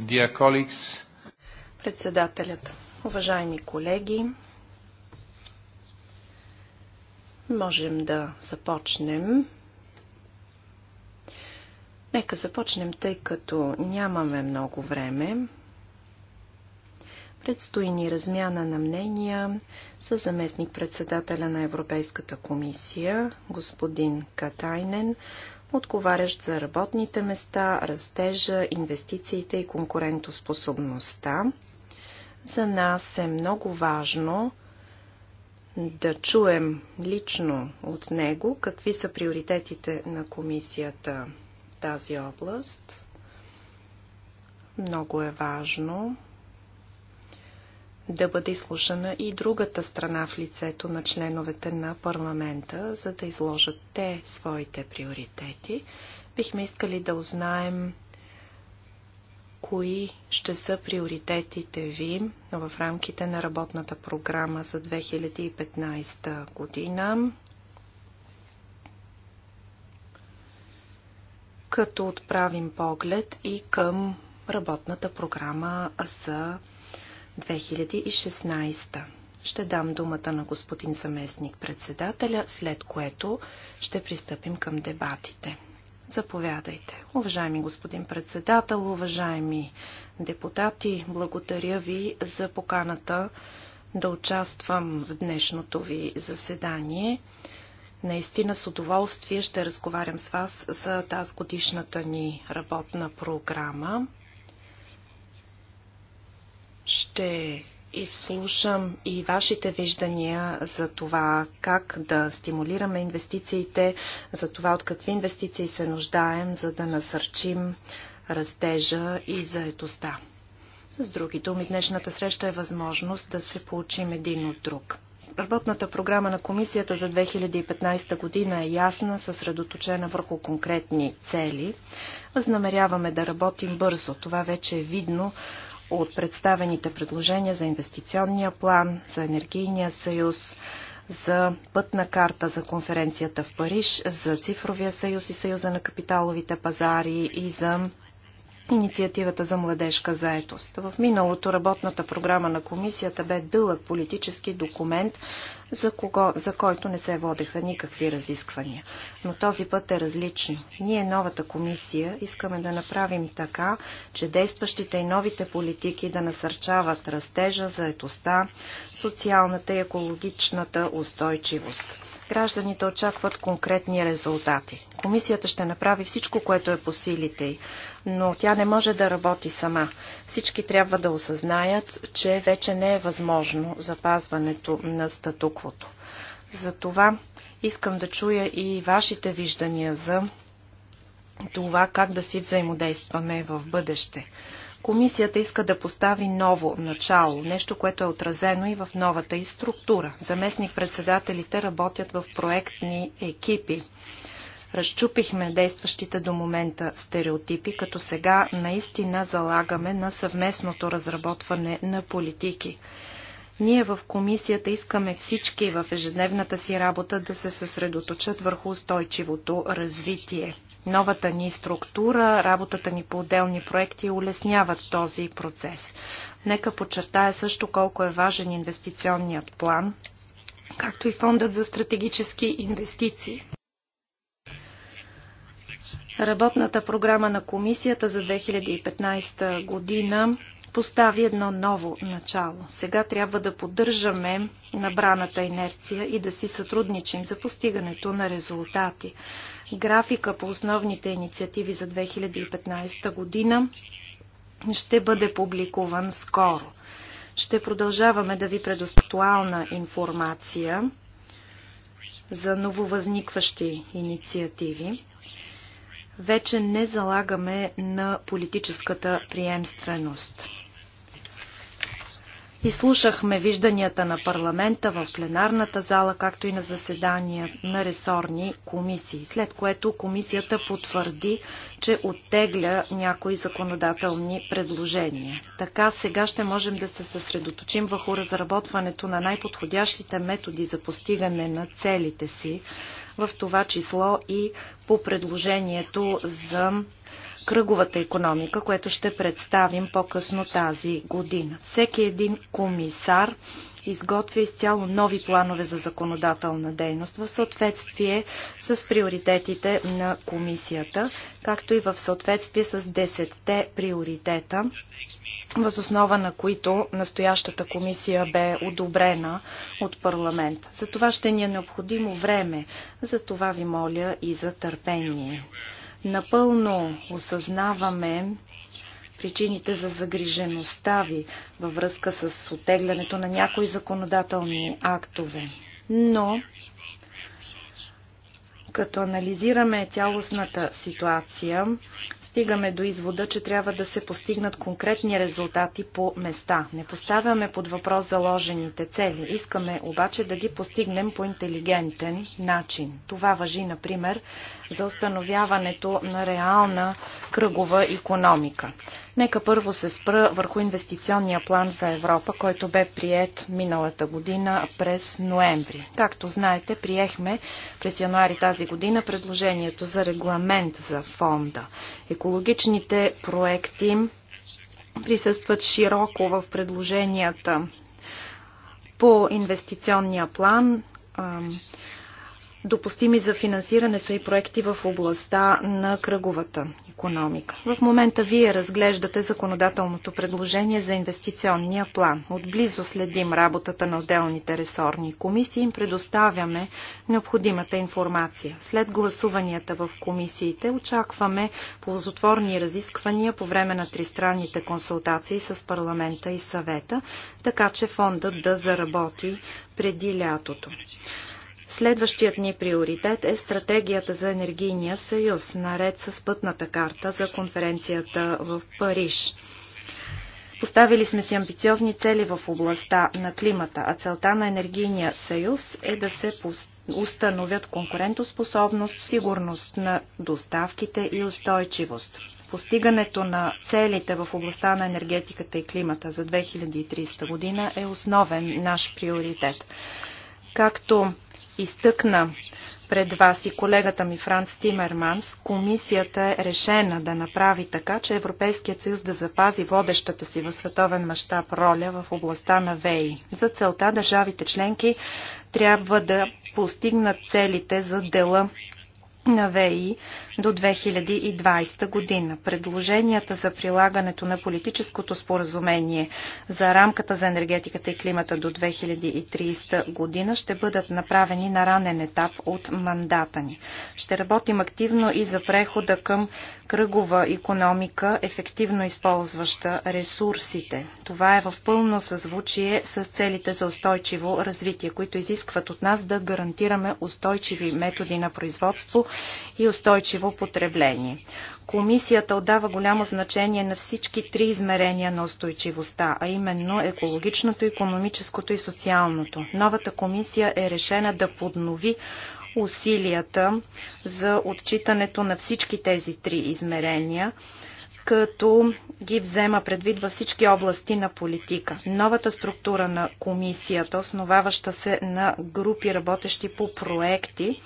S1: dear colleagues.
S3: Председателят, уважаеми колеги, можем да започнем. Нека започнем, тъй като нямаме много време. Предстои ни размяна на мнения с заместник-председателя на Европейската комисия, господин Катайнен, отговарящ за работните места, растежа, инвестициите и конкурентоспособността. За нас е много важно да чуем лично от него какви са приоритетите на комисията в тази област. Много е важно да бъде изслушана и другата страна в лицето на членовете на парламента, за да изложат те своите приоритети. Бихме искали да узнаем кои ще са приоритетите ви в рамките на работната програма за 2015 година. като отправим поглед и към работната програма за 2016. Ще дам думата на господин заместник председателя, след което ще пристъпим към дебатите. Заповядайте. Уважаеми господин председател, уважаеми депутати, благодаря ви за поканата да участвам в днешното ви заседание. Наистина с удоволствие ще разговарям с вас за тази годишната ни работна програма. Ще изслушам и вашите виждания за това как да стимулираме инвестициите, за това от какви инвестиции се нуждаем, за да насърчим растежа и заетостта. С други думи, днешната среща е възможност да се получим един от друг. Работната програма на комисията за 2015 година е ясна, съсредоточена върху конкретни цели. Възнамеряваме да работим бързо. Това вече е видно от представените предложения за инвестиционния план, за енергийния съюз, за пътна карта за конференцията в Париж, за цифровия съюз и съюза на капиталовите пазари и за инициативата за младежка заетост. В миналото работната програма на комисията бе дълъг политически документ, за, кого, за който не се водеха никакви разисквания. Но този път е различен. Ние, новата комисия, искаме да направим така, че действащите и новите политики да насърчават растежа, заетостта, социалната и екологичната устойчивост. Гражданите очакват конкретни резултати. Комисията ще направи всичко, което е по силите й, но тя не може да работи сама. Всички трябва да осъзнаят, че вече не е възможно запазването на статуквото. Затова искам да чуя и вашите виждания за това как да си взаимодействаме в бъдеще. Комисията иска да постави ново начало, нещо, което е отразено и в новата и структура. Заместник-председателите работят в проектни екипи. Разчупихме действащите до момента стереотипи, като сега наистина залагаме на съвместното разработване на политики. Ние в комисията искаме всички в ежедневната си работа да се съсредоточат върху устойчивото развитие. Новата ни структура, работата ни по отделни проекти улесняват този процес. Нека подчертая също колко е важен инвестиционният план, както и фондът за стратегически инвестиции. Работната програма на комисията за 2015 година постави едно ново начало. Сега трябва да поддържаме набраната инерция и да си сътрудничим за постигането на резултати. Графика по основните инициативи за 2015 година ще бъде публикуван скоро. Ще продължаваме да ви предоставяме информация за нововъзникващи инициативи вече не залагаме на политическата приемственост. Изслушахме вижданията на парламента в пленарната зала, както и на заседания на ресорни комисии, след което комисията потвърди, че оттегля някои законодателни предложения. Така сега ще можем да се съсредоточим върху разработването на най-подходящите методи за постигане на целите си, в това число и по предложението за кръговата економика, което ще представим по-късно тази година. Всеки един комисар изготвя изцяло нови планове за законодателна дейност в съответствие с приоритетите на комисията, както и в съответствие с 10-те приоритета, възоснова на които настоящата комисия бе одобрена от парламент. За това ще ни е необходимо време, за това ви моля и за търпение. Напълно осъзнаваме причините за загрижеността ви във връзка с отеглянето на някои законодателни актове. Но като анализираме цялостната ситуация, стигаме до извода, че трябва да се постигнат конкретни резултати по места. Не поставяме под въпрос заложените цели. Искаме обаче да ги постигнем по интелигентен начин. Това въжи, например, за установяването на реална кръгова економика. Нека първо се спра върху инвестиционния план за Европа, който бе прият миналата година през ноември. Както знаете, приехме през януари тази година предложението за регламент за фонда. Екологичните проекти присъстват широко в предложенията по инвестиционния план Допустими за финансиране са и проекти в областта на кръговата економика. В момента вие разглеждате законодателното предложение за инвестиционния план. Отблизо следим работата на отделните ресорни комисии и им предоставяме необходимата информация. След гласуванията в комисиите очакваме ползотворни разисквания по време на тристранните консултации с парламента и съвета, така че фондът да заработи преди лятото. Следващият ни приоритет е стратегията за енергийния съюз, наред с пътната карта за конференцията в Париж. Поставили сме си амбициозни цели в областта на климата, а целта на енергийния съюз е да се установят конкурентоспособност, сигурност на доставките и устойчивост. Постигането на целите в областта на енергетиката и климата за 2030 година е основен наш приоритет. Както изтъкна пред вас и колегата ми Франц Тимерманс, комисията е решена да направи така, че Европейският съюз да запази водещата си в световен мащаб роля в областта на ВЕИ. За целта държавите членки трябва да постигнат целите за дела на ВЕИ до 2020 година. Предложенията за прилагането на политическото споразумение за рамката за енергетиката и климата до 2030 година ще бъдат направени на ранен етап от мандата ни. Ще работим активно и за прехода към кръгова економика, ефективно използваща ресурсите. Това е в пълно съзвучие с целите за устойчиво развитие, които изискват от нас да гарантираме устойчиви методи на производство и устойчиво първо потребление. Комисията отдава голямо значение на всички три измерения на устойчивостта, а именно екологичното, економическото и социалното. Новата комисия е решена да поднови усилията за отчитането на всички тези три измерения като ги взема предвид във всички области на политика. Новата структура на комисията, основаваща се на групи работещи по проекти,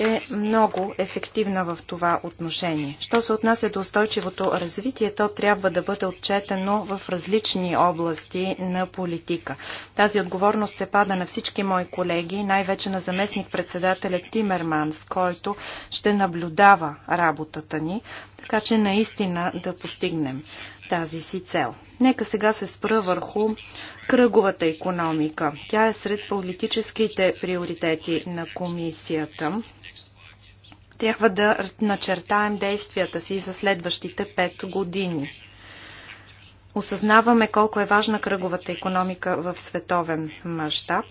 S3: е много ефективна в това отношение. Що се отнася до устойчивото развитие, то трябва да бъде отчетено в различни области на политика. Тази отговорност се пада на всички мои колеги, най-вече на заместник-председателя Тимерман, с който ще наблюдава работата ни, така че наистина да постигнем тази си цел. Нека сега се спра върху кръговата економика. Тя е сред политическите приоритети на комисията. Трябва да начертаем действията си за следващите пет години. Осъзнаваме колко е важна кръговата економика в световен мащаб.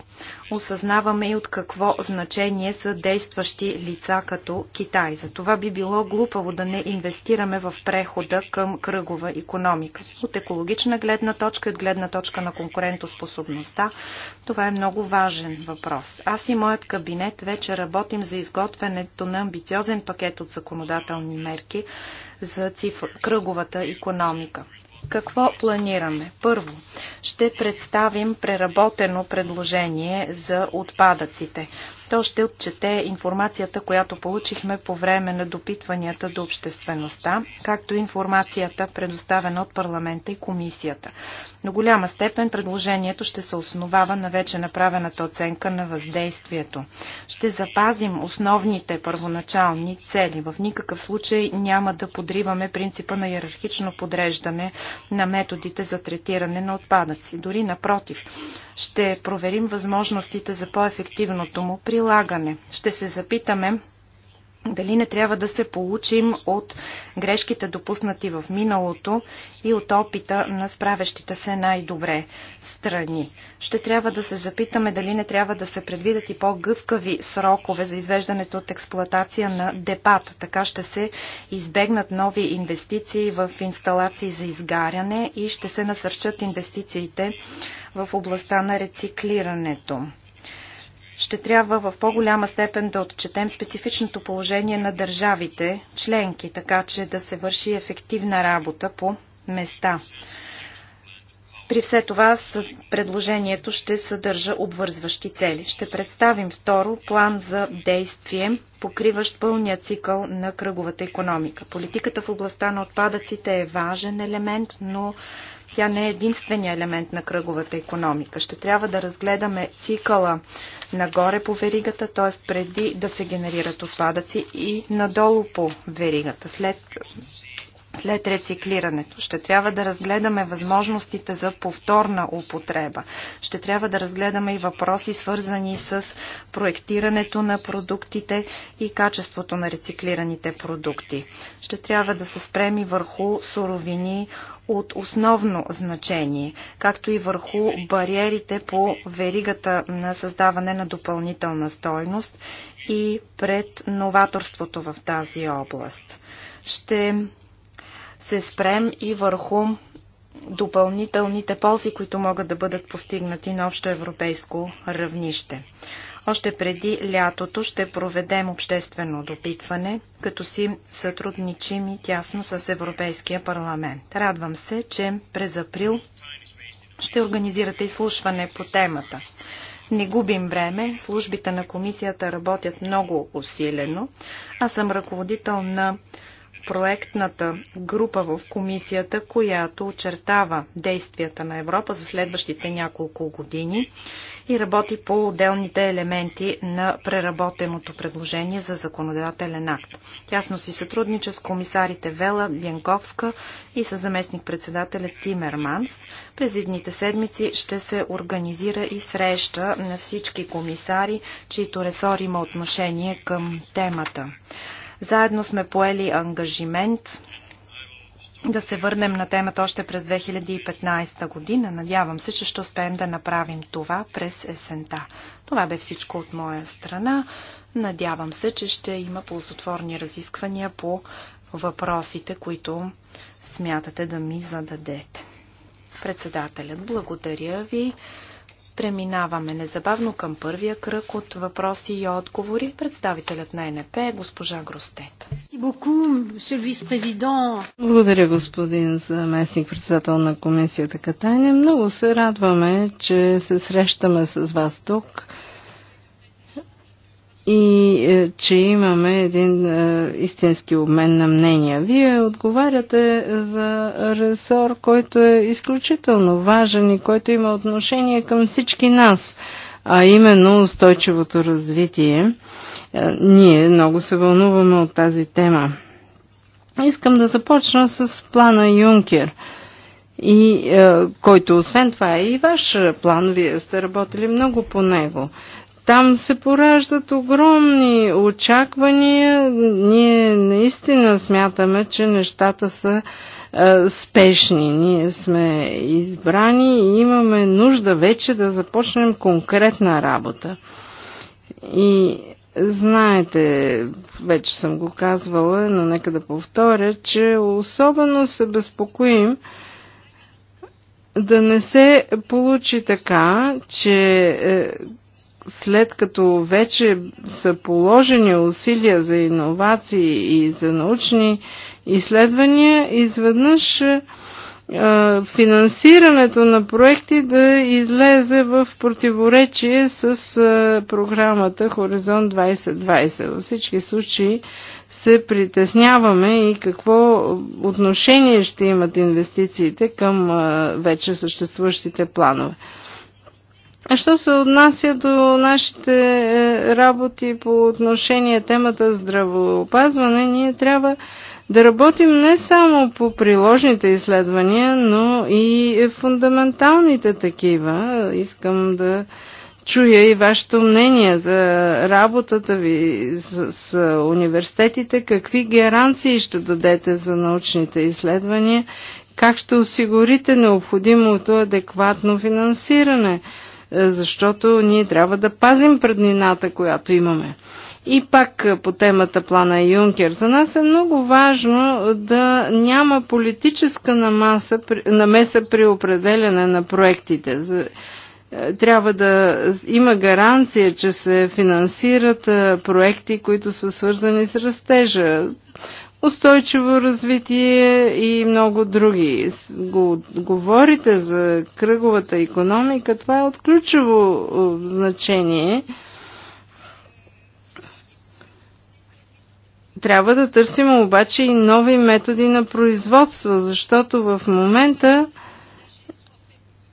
S3: Осъзнаваме и от какво значение са действащи лица като Китай. За това би било глупаво да не инвестираме в прехода към кръгова економика. От екологична гледна точка и от гледна точка на конкурентоспособността, това е много важен въпрос. Аз и моят кабинет вече работим за изготвянето на амбициозен пакет от законодателни мерки за циф... кръговата економика. Какво планираме? Първо, ще представим преработено предложение за отпадъците. То ще отчете информацията, която получихме по време на допитванията до обществеността, както и информацията, предоставена от парламента и комисията. До голяма степен предложението ще се основава на вече направената оценка на въздействието. Ще запазим основните първоначални цели. В никакъв случай няма да подриваме принципа на иерархично подреждане на методите за третиране на отпадъци. Дори напротив, ще проверим възможностите за по-ефективното му прилагане прилагане. Ще се запитаме дали не трябва да се получим от грешките допуснати в миналото и от опита на справящите се най-добре страни. Ще трябва да се запитаме дали не трябва да се предвидят и по-гъвкави срокове за извеждането от експлоатация на депат. Така ще се избегнат нови инвестиции в инсталации за изгаряне и ще се насърчат инвестициите в областта на рециклирането ще трябва в по-голяма степен да отчетем специфичното положение на държавите членки, така че да се върши ефективна работа по места. При все това предложението ще съдържа обвързващи цели. Ще представим второ план за действие, покриващ пълния цикъл на кръговата економика. Политиката в областта на отпадъците е важен елемент, но тя не е единствения елемент на кръговата економика. Ще трябва да разгледаме цикъла нагоре по веригата, т.е. преди да се генерират отпадъци и надолу по веригата, след след рециклирането. Ще трябва да разгледаме възможностите за повторна употреба. Ще трябва да разгледаме и въпроси, свързани с проектирането на продуктите и качеството на рециклираните продукти. Ще трябва да се спреми върху суровини от основно значение, както и върху бариерите по веригата на създаване на допълнителна стойност и пред новаторството в тази област. Ще се спрем и върху допълнителните ползи, които могат да бъдат постигнати на общо европейско равнище. Още преди лятото ще проведем обществено допитване, като си сътрудничим и тясно с Европейския парламент. Радвам се, че през април ще организирате изслушване по темата. Не губим време, службите на комисията работят много усилено. Аз съм ръководител на проектната група в комисията, която очертава действията на Европа за следващите няколко години и работи по отделните елементи на преработеното предложение за законодателен акт. Тясно си сътруднича с комисарите Вела, Бянковска и с заместник-председателя Тимерманс. През едните седмици ще се организира и среща на всички комисари, чието ресор има отношение към темата. Заедно сме поели ангажимент да се върнем на темата още през 2015 година. Надявам се, че ще успеем да направим това през есента. Това бе всичко от моя страна. Надявам се, че ще има ползотворни разисквания по въпросите, които смятате да ми зададете. Председателят, благодаря ви. Преминаваме незабавно към първия кръг от въпроси и отговори. Представителят на НП е госпожа Гростет.
S2: Благодаря, господин заместник председател на комисията Катайне. Много се радваме, че се срещаме с вас тук и е, че имаме един е, истински обмен на мнения. Вие отговаряте е, за ресор, който е изключително важен и който има отношение към всички нас, а именно устойчивото развитие. Ние много се вълнуваме от тази тема. Искам да започна с плана Юнкер и е, който освен това е и ваш план, вие сте работили много по него. Там се пораждат огромни очаквания. Ние наистина смятаме, че нещата са е, спешни. Ние сме избрани и имаме нужда вече да започнем конкретна работа. И Знаете, вече съм го казвала, но нека да повторя, че особено се безпокоим да не се получи така, че е, след като вече са положени усилия за иновации и за научни изследвания, изведнъж е, финансирането на проекти да излезе в противоречие с е, програмата Хоризонт 2020. Във всички случаи се притесняваме и какво отношение ще имат инвестициите към е, вече съществуващите планове. А що се отнася до нашите е, работи по отношение темата здравоопазване, ние трябва да работим не само по приложните изследвания, но и фундаменталните такива. Искам да чуя и вашето мнение за работата ви с, с университетите, какви гаранции ще дадете за научните изследвания, как ще осигурите необходимото адекватно финансиране – е, защото ние трябва да пазим преднината, която имаме. И пак е, по темата плана Юнкер. За нас е много важно е, да няма политическа намаса, намеса при определяне на проектите. Трябва да има гаранция, че се финансират проекти, които са свързани с растежа устойчиво развитие и много други. Го, говорите за кръговата економика, това е от ключово значение. Трябва да търсим обаче и нови методи на производство, защото в момента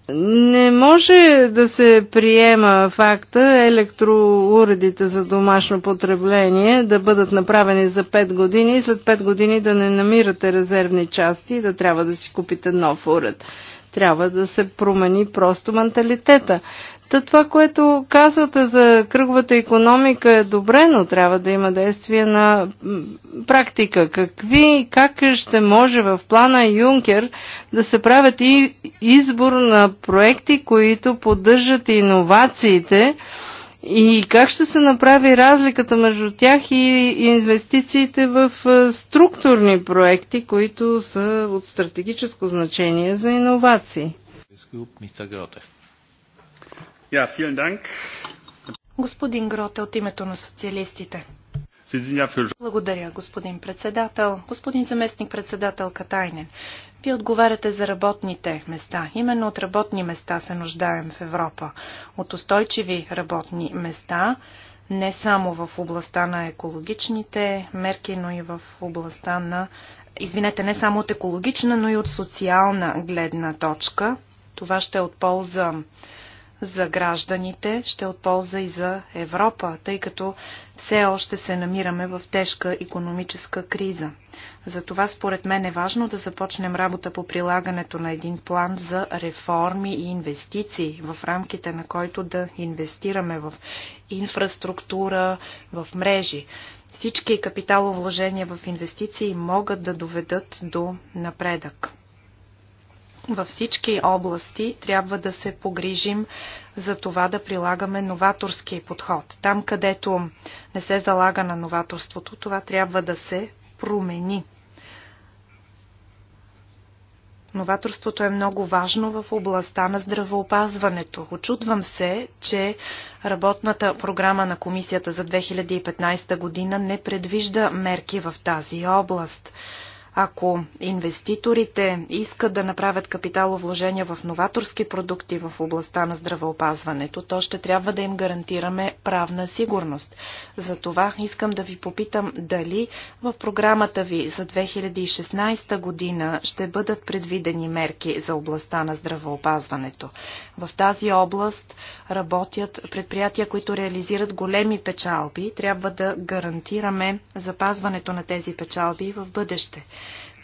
S2: не може да се приема факта електроуредите за домашно потребление да бъдат направени за 5 години и след 5 години да не намирате резервни части и да трябва да си купите нов уред. Трябва да се промени просто менталитета. Та това, което казвате за кръговата економика е добре, но трябва да има действие на практика. Какви и как ще може в плана Юнкер да се правят и избор на проекти, които поддържат иновациите и как ще се направи разликата между тях и инвестициите в структурни проекти, които са от стратегическо значение за иновации?
S3: Мистер Гротев. Господин Гроте от името на социалистите. Благодаря, господин председател. Господин заместник председател Катайнен, вие отговаряте за работните места. Именно от работни места се нуждаем в Европа. От устойчиви работни места, не само в областта на екологичните мерки, но и в областта на... Извинете, не само от екологична, но и от социална гледна точка. Това ще е от полза за гражданите, ще е от полза и за Европа, тъй като все още се намираме в тежка економическа криза. Затова според мен е важно да започнем работа по прилагането на един план за реформи и инвестиции, в рамките на който да инвестираме в инфраструктура, в мрежи. Всички капиталовложения в инвестиции могат да доведат до напредък във всички области трябва да се погрижим за това да прилагаме новаторски подход. Там, където не се залага на новаторството, това трябва да се промени. Новаторството е много важно в областта на здравеопазването. Очудвам се, че работната програма на комисията за 2015 година не предвижда мерки в тази област. Ако инвеститорите искат да направят капиталовложения в новаторски продукти в областта на здравеопазването, то ще трябва да им гарантираме правна сигурност. За това искам да ви попитам дали в програмата ви за 2016 година ще бъдат предвидени мерки за областта на здравеопазването. В тази област работят предприятия, които реализират големи печалби. Трябва да гарантираме запазването на тези печалби в бъдеще.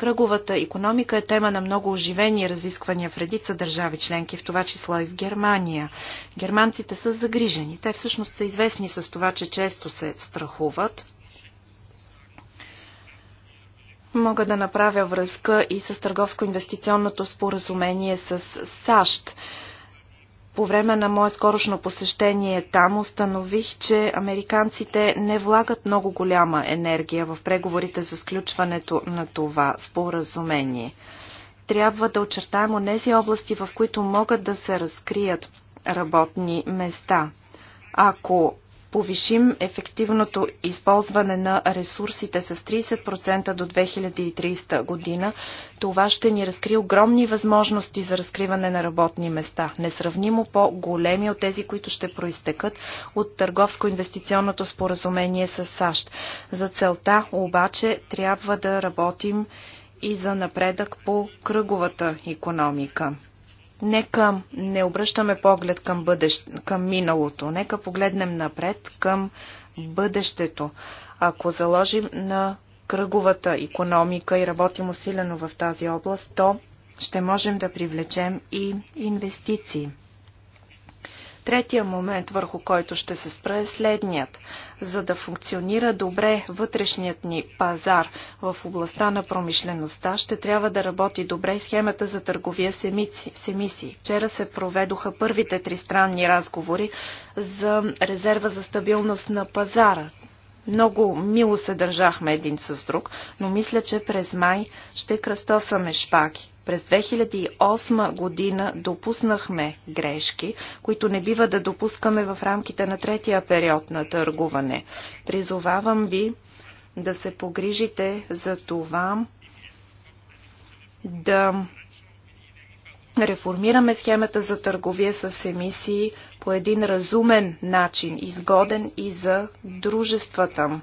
S3: Кръговата економика е тема на много оживени разисквания в редица държави членки, в това число и в Германия. Германците са загрижени. Те всъщност са известни с това, че често се страхуват. Мога да направя връзка и с търговско-инвестиционното споразумение с САЩ. По време на мое скорошно посещение там установих, че американците не влагат много голяма енергия в преговорите за сключването на това споразумение. Трябва да очертаем онези области, в които могат да се разкрият работни места. Ако повишим ефективното използване на ресурсите с 30% до 2030 година, това ще ни разкри огромни възможности за разкриване на работни места, несравнимо по-големи от тези, които ще проистекат от търговско-инвестиционното споразумение с САЩ. За целта обаче трябва да работим и за напредък по кръговата економика. Нека не обръщаме поглед към, бъдещ, към миналото, нека погледнем напред към бъдещето. Ако заложим на кръговата економика и работим усилено в тази област, то ще можем да привлечем и инвестиции. Третия момент, върху който ще се спра е следният. За да функционира добре вътрешният ни пазар в областта на промишлеността, ще трябва да работи добре схемата за търговия с емисии. Вчера се проведоха първите тристранни разговори за резерва за стабилност на пазара. Много мило се държахме един с друг, но мисля, че през май ще кръстосаме шпаги. През 2008 година допуснахме грешки, които не бива да допускаме в рамките на третия период на търгуване. Призовавам ви да се погрижите за това да реформираме схемата за търговия с емисии по един разумен начин, изгоден и за дружествата.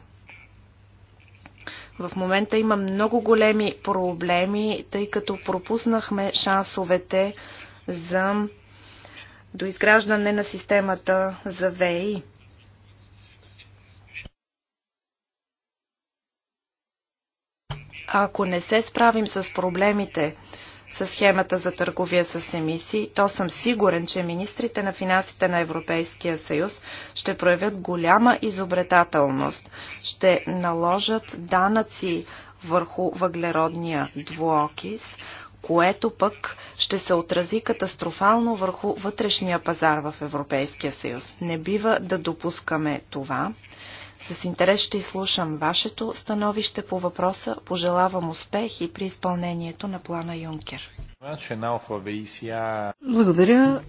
S3: В момента има много големи проблеми, тъй като пропуснахме шансовете за доизграждане на системата за ВЕИ. Ако не се справим с проблемите, с схемата за търговия с емисии, то съм сигурен, че министрите на финансите на Европейския съюз ще проявят голяма изобретателност, ще наложат данъци върху въглеродния двуокис, което пък ще се отрази катастрофално върху вътрешния пазар в Европейския съюз. Не бива да допускаме това. С интерес ще изслушам вашето становище по въпроса. Пожелавам успех и при изпълнението на плана Юнкер.
S1: Благодаря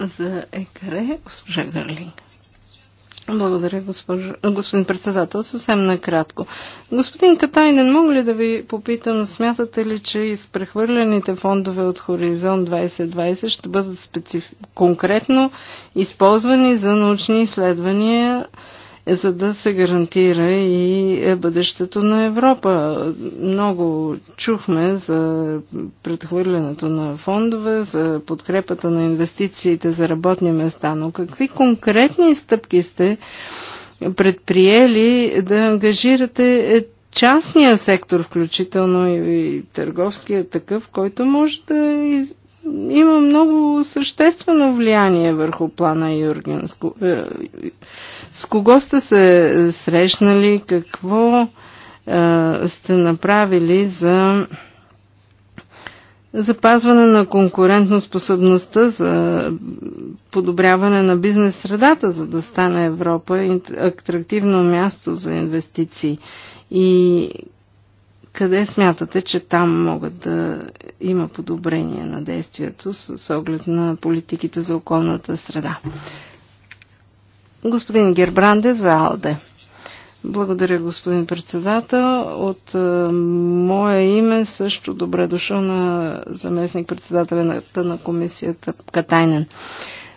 S3: за екаре, госпожа Гърлинг. Благодаря,
S2: госпожа, господин председател. Съвсем накратко. Господин Катайнен, мога ли да ви попитам, смятате ли, че изпрехвърлените фондове от Хоризонт 2020 ще бъдат специф... конкретно използвани за научни изследвания за да се гарантира и бъдещето на Европа. Много чухме за предхвърлянето на фондове, за подкрепата на инвестициите за работни места, но какви конкретни стъпки сте предприели да ангажирате частния сектор, включително и търговския такъв, който може да из... има много съществено влияние върху плана Юргенско... Е, с кого сте се срещнали? Какво а, сте направили за запазване на способността, за подобряване на бизнес средата, за да стане Европа атрактивно място за инвестиции? И къде смятате, че там могат да има подобрение на действието с оглед на политиките за околната среда? Господин Гербранде за Алде. Благодаря, господин председател. От а, е, мое име също добре дошъл на заместник председателя на, на комисията Катайнен.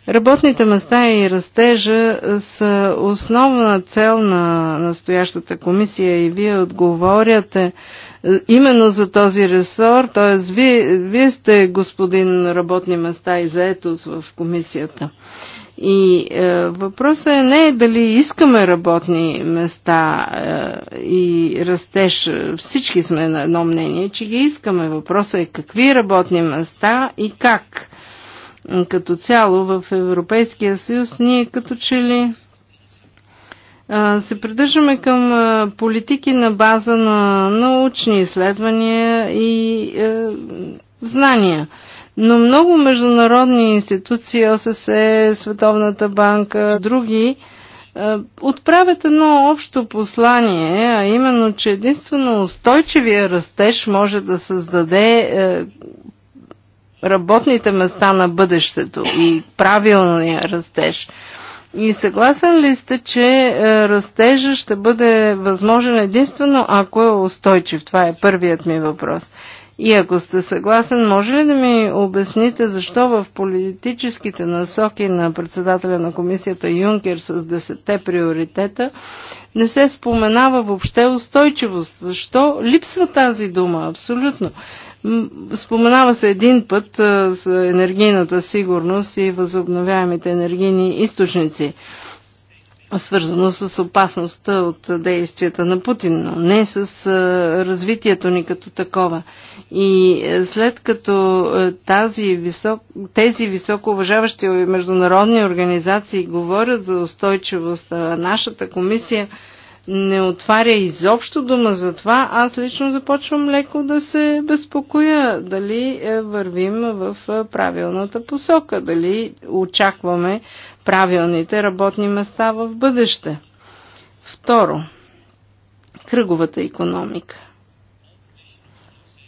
S2: Работните места и растежа са основна цел на настоящата комисия и вие отговоряте е, именно за този ресор, т.е. Вие, вие сте господин работни места и заетост в комисията. И е, въпросът е не е дали искаме работни места е, и растеж. Всички сме на едно мнение, че ги искаме. Въпросът е какви работни места и как. Като цяло в Европейския съюз ние като че ли е, се придържаме към е, политики на база на научни изследвания и е, знания. Но много международни институции, ОССЕ, Световната банка, други, е, отправят едно общо послание, а именно, че единствено устойчивия растеж може да създаде е, работните места на бъдещето и правилния растеж. И съгласен ли сте, че е, растежа ще бъде възможен единствено ако е устойчив? Това е първият ми въпрос. И ако сте съгласен, може ли да ми обясните защо в политическите насоки на председателя на комисията Юнкер с 10 приоритета не се споменава въобще устойчивост? Защо липсва тази дума? Абсолютно. Споменава се един път с енергийната сигурност и възобновяемите енергийни източници свързано с опасността от действията на Путин, но не с развитието ни като такова. И е, след като е, тази висок, тези високо уважаващи международни организации говорят за устойчивост, а нашата комисия – не отваря изобщо дума за това, аз лично започвам леко да се безпокоя дали е, вървим в е, правилната посока, дали очакваме правилните работни места в бъдеще. Второ, кръговата економика.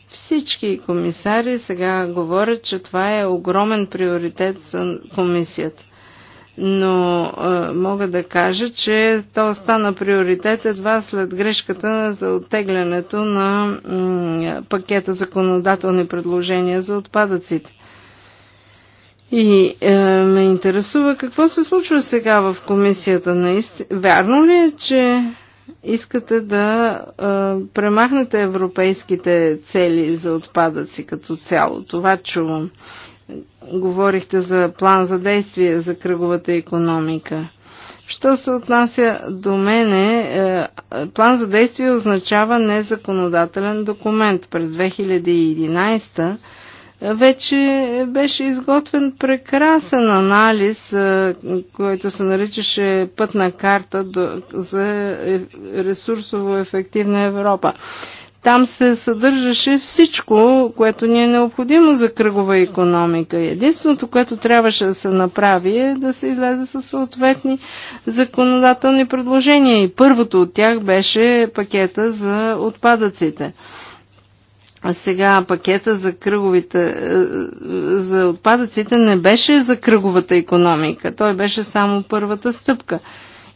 S2: Всички комисари сега говорят, че това е огромен приоритет за комисията но а, мога да кажа, че то стана приоритет едва след грешката за оттеглянето на пакета законодателни предложения за отпадъците. И е, ме интересува какво се случва сега в комисията. Наистина, вярно ли е, че искате да е, премахнете европейските цели за отпадъци като цяло? Това чувам. Говорихте за план за действие за кръговата економика. Що се отнася до мене, е, план за действие означава незаконодателен документ. През 2011 е, вече беше изготвен прекрасен анализ, е, който се наричаше пътна карта за ресурсово ефективна Европа. Там се съдържаше всичко, което ни е необходимо за кръгова економика. Единственото, което трябваше да се направи е да се излезе със съответни законодателни предложения. И първото от тях беше пакета за отпадъците. А сега пакета за кръговите, е, е, за отпадъците не беше за кръговата економика. Той беше само първата стъпка.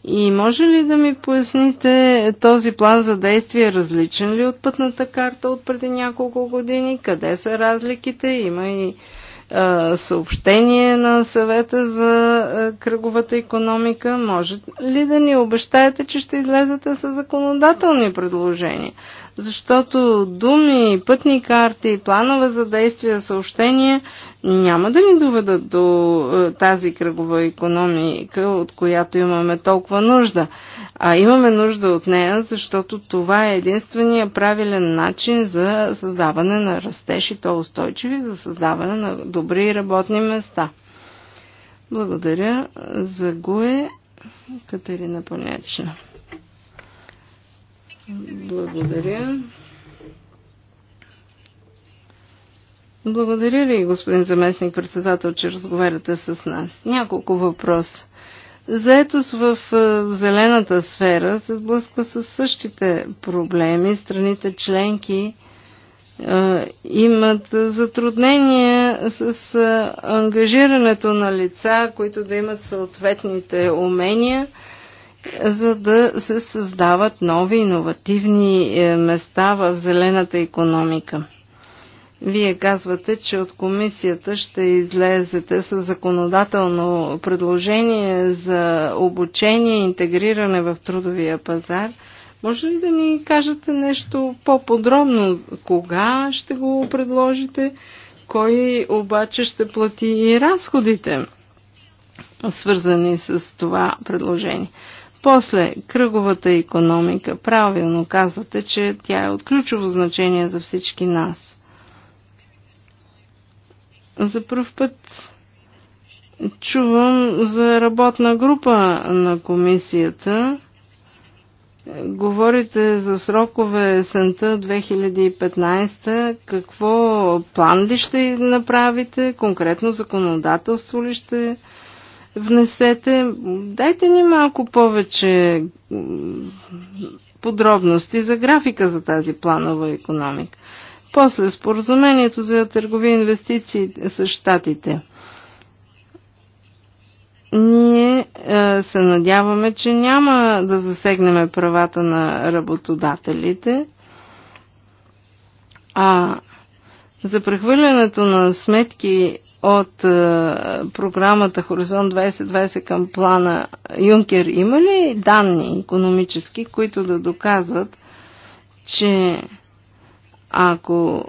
S2: И може ли да ми поясните този план за действие различен ли от пътната карта от преди няколко години? Къде са разликите? Има и а, съобщение на съвета за а, кръговата економика. Може ли да ни обещаете, че ще излезете с законодателни предложения? защото думи, пътни карти, планове за действия, съобщения няма да ни доведат до е, тази кръгова економика, от която имаме толкова нужда. А имаме нужда от нея, защото това е единствения правилен начин за създаване на растеж и то устойчиви, за създаване на добри работни места. Благодаря за Гуе Катерина Понячна. Благодаря. Благодаря ви, господин заместник председател, че разговаряте с нас. Няколко въпроса. Заетост в е, зелената сфера се сблъсква с същите проблеми. Страните членки е, имат затруднения с е, ангажирането на лица, които да имат съответните умения – за да се създават нови иновативни е, места в зелената економика. Вие казвате, че от комисията ще излезете с законодателно предложение за обучение и интегриране в трудовия пазар. Може ли да ни кажете нещо по-подробно? Кога ще го предложите? Кой обаче ще плати и разходите, свързани с това предложение? После, кръговата економика. Правилно казвате, че тя е от ключово значение за всички нас. За първ път чувам за работна група на комисията. Говорите за срокове есента 2015. Какво план ли ще направите? Конкретно законодателство ли ще внесете, дайте ни малко повече подробности за графика за тази планова економика. После споразумението за търгови инвестиции с щатите. Ние е, се надяваме, че няма да засегнеме правата на работодателите, а за прехвърлянето на сметки от а, е, програмата Хоризонт 2020 към плана Юнкер има ли данни економически, които да доказват, че ако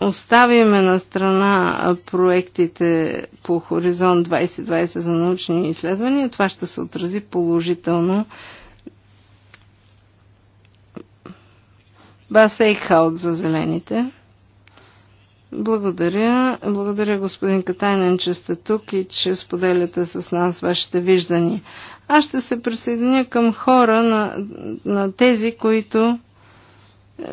S2: оставиме на страна проектите по Хоризонт 2020 за научни изследвания, това ще се отрази положително. Басейхаут за зелените. Благодаря. Благодаря, господин Катайнен, че сте тук и че споделяте с нас вашите виждания. Аз ще се присъединя към хора на, на тези, които е,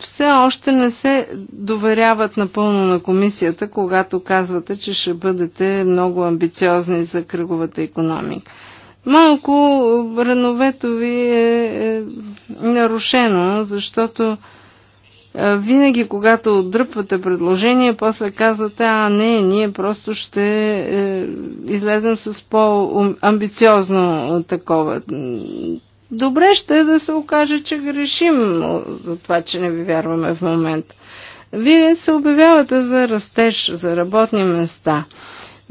S2: все още не се доверяват напълно на комисията, когато казвате, че ще бъдете много амбициозни за кръговата економика. Малко рановето ви е, е нарушено, защото винаги, когато дръпвате предложение, после казвате, а не, ние просто ще е, излезем с по-амбициозно такова. Добре ще е да се окаже, че грешим за това, че не ви вярваме в момента. Вие се обявявате за растеж, за работни места.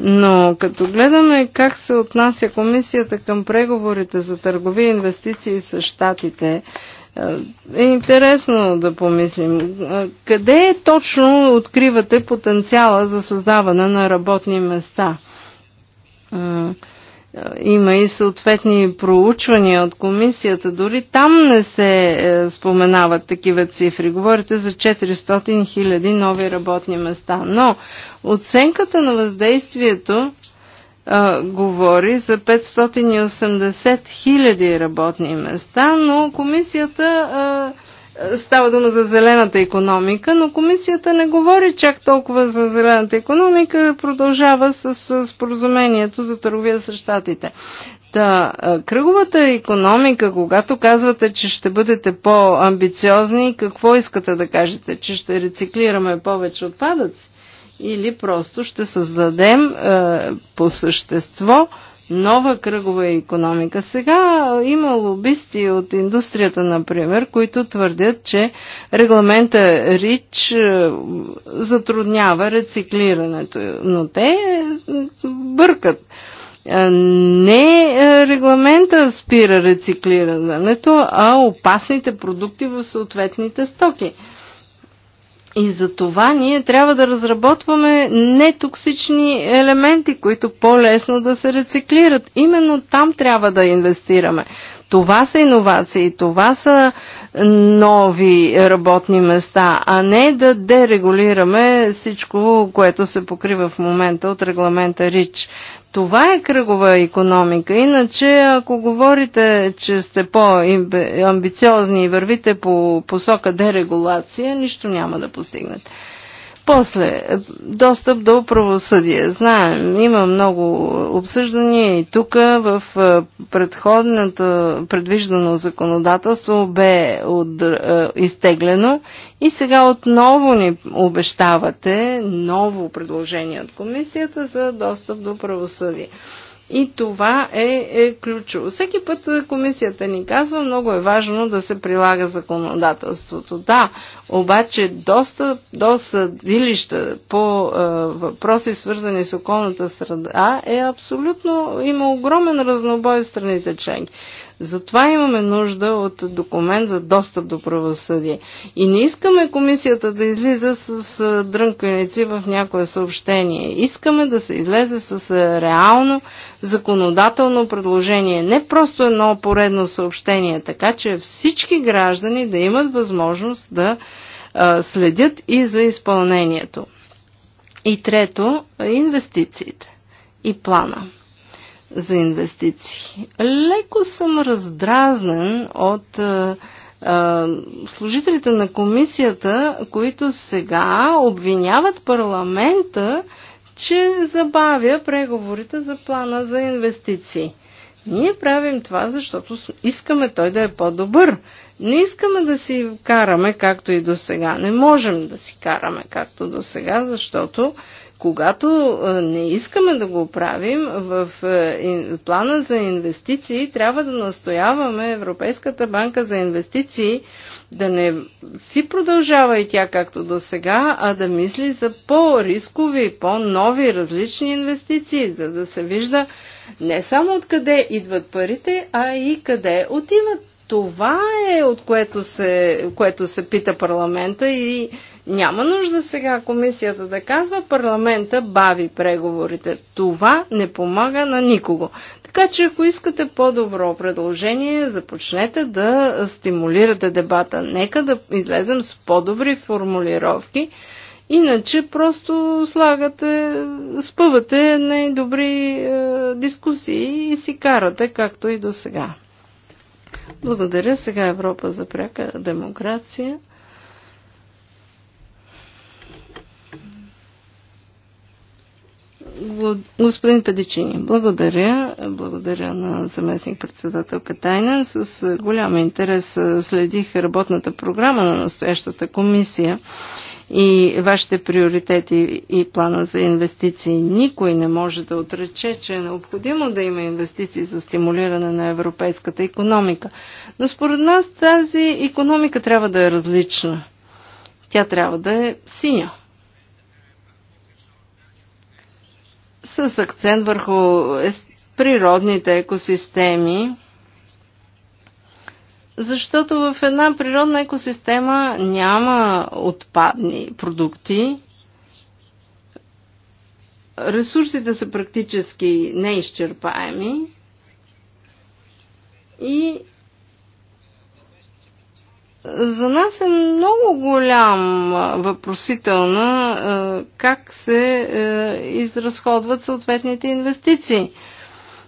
S2: Но като гледаме как се отнася комисията към преговорите за търгови инвестиции с щатите, е, е интересно да помислим. Е, къде точно откривате потенциала за създаване на работни места? Е, има и съответни проучвания от комисията. Дори там не се споменават такива цифри. Говорите за 400 000 нови работни места. Но оценката на въздействието а, говори за 580 хиляди работни места, но комисията а, Става дума за зелената економика, но комисията не говори чак толкова за зелената економика, продължава с споразумението за търговия с щатите. Та, да, кръговата економика, когато казвате, че ще бъдете по-амбициозни, какво искате да кажете? Че ще рециклираме повече отпадъци? или просто ще създадем е, по същество нова кръгова економика. Сега има лобисти от индустрията, например, които твърдят, че регламента РИЧ е, затруднява рециклирането, но те е, бъркат. Е, не регламента спира рециклирането, а опасните продукти в съответните стоки. И за това ние трябва да разработваме нетоксични елементи, които по-лесно да се рециклират. Именно там трябва да инвестираме. Това са иновации, това са нови работни места, а не да дерегулираме всичко, което се покрива в момента от регламента РИЧ. Това е кръгова економика. Иначе, ако говорите, че сте по-амбициозни и вървите по посока дерегулация, нищо няма да постигнете. После, достъп до правосъдие. Знаем, има много обсъждания и тук в предходното предвиждано законодателство бе от, е, изтеглено и сега отново ни обещавате ново предложение от комисията за достъп до правосъдие. И това е, е ключово. Всеки път е, комисията ни казва, много е важно да се прилага законодателството. Да, обаче доста, до съдилища по е, въпроси свързани с околната среда е абсолютно, има огромен разнобой в страните членки. Затова имаме нужда от документ за достъп до правосъдие. И не искаме комисията да излиза с, дрънканици в някое съобщение. Искаме да се излезе с реално законодателно предложение. Не просто едно поредно съобщение, така че всички граждани да имат възможност да следят и за изпълнението. И трето, инвестициите и плана за инвестиции. Леко съм раздразнен от а, е, а, е, служителите на комисията, които сега обвиняват парламента, че забавя преговорите за плана за инвестиции. Ние правим това, защото искаме той да е по-добър. Не искаме да си караме както и до сега. Не можем да си караме както до сега, защото когато не искаме да го правим, в плана за инвестиции трябва да настояваме Европейската банка за инвестиции да не си продължава и тя както до сега, а да мисли за по-рискови, по-нови, различни инвестиции, за да се вижда не само откъде идват парите, а и къде отиват. Това е от което се, което се пита парламента и няма нужда сега комисията да казва, парламента бави преговорите. Това не помага на никого. Така че ако искате по-добро предложение, започнете да стимулирате дебата. Нека да излезем с по-добри формулировки. Иначе просто слагате, спъвате най-добри е, дискусии и си карате, както и до сега. Благодаря сега Европа за пряка демокрация. Господин Педичини, благодаря. Благодаря на заместник председател Катайна. С голям интерес следих работната програма на настоящата комисия и вашите приоритети и плана за инвестиции. Никой не може да отрече, че е необходимо да има инвестиции за стимулиране на европейската економика. Но според нас тази економика трябва да е различна. Тя трябва да е синя, с акцент върху природните екосистеми, защото в една природна екосистема няма отпадни продукти. Ресурсите са практически неизчерпаеми и за нас е много голям въпросителна как се изразходват съответните инвестиции.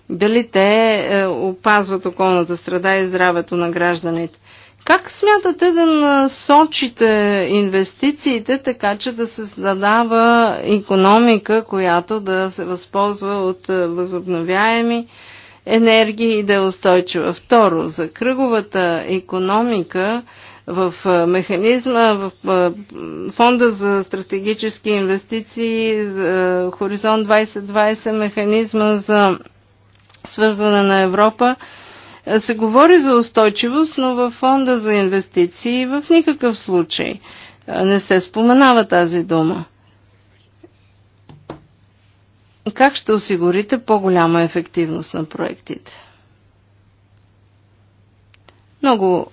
S2: Дали те опазват околната среда и здравето на гражданите. Как смятате да насочите инвестициите така, че да се създадава економика, която да се възползва от възобновяеми енергия и да е устойчива. Второ, за кръговата економика в механизма, в фонда за стратегически инвестиции, за Хоризонт 2020, механизма за свързване на Европа, се говори за устойчивост, но в фонда за инвестиции в никакъв случай не се споменава тази дума. Как ще осигурите по-голяма ефективност на проектите? Много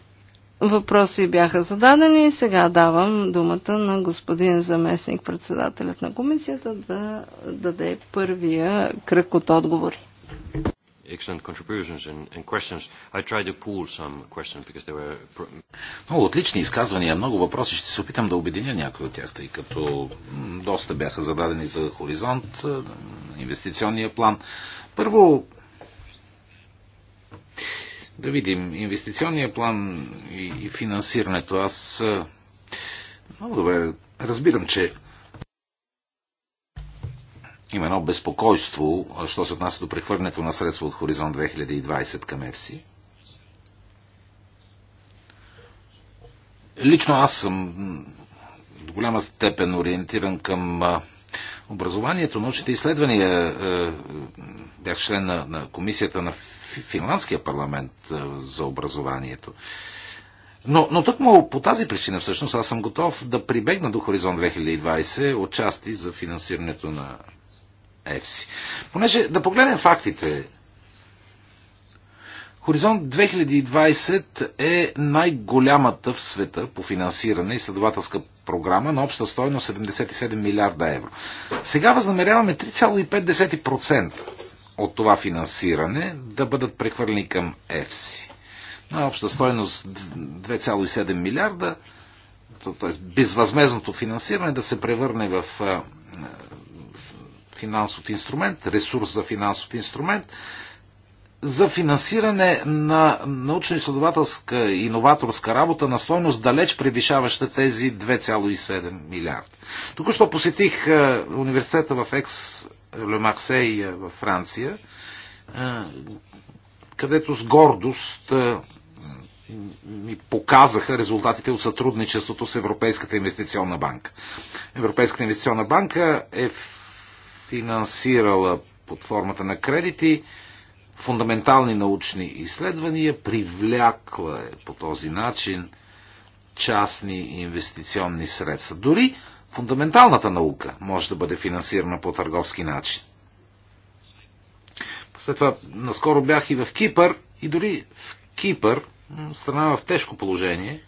S2: въпроси бяха зададени. и Сега давам думата на господин заместник председателят на комисията да даде първия кръг от отговори
S1: excellent contributions and, and questions. I tried to pull some questions because they were... Много отлични изказвания, много въпроси. Ще се опитам да обединя някои от тях, тъй като доста бяха зададени за хоризонт, е, инвестиционния план. Първо, да видим, инвестиционния план и, и финансирането. Аз е, много добре разбирам, че има едно безпокойство, що се отнася до прехвърлянето на средства от Хоризонт 2020 към ЕФСИ. Лично аз съм до голяма степен ориентиран към образованието, научните изследвания. Е, е, бях член на, на комисията на Финландския парламент е, за образованието. Но, но му по тази причина всъщност аз съм готов да прибегна до Хоризонт 2020 отчасти за финансирането на ЕФСИ. Понеже да погледнем фактите. Хоризонт 2020 е най-голямата в света по финансиране и следователска програма на обща стоеност 77 милиарда евро. Сега възнамеряваме 3,5% от това финансиране да бъдат прехвърлени към ЕФСИ. На обща стоеност 2,7 милиарда, т.е. безвъзмезното финансиране да се превърне в финансов инструмент, ресурс за финансов инструмент, за финансиране на научно-изследователска и иноваторска работа на стойност далеч превишаваща тези 2,7 милиарда. Току-що посетих е, университета в Екс Ле Марсей е, във Франция, е, където с гордост ми показаха резултатите от сътрудничеството с Европейската инвестиционна банка. Европейската инвестиционна банка е финансирала под формата на кредити фундаментални научни изследвания, привлякла е по този начин частни инвестиционни средства. Дори фундаменталната наука може да бъде финансирана по търговски начин. След това наскоро бях и в Кипър и дори в Кипър, страна в тежко положение,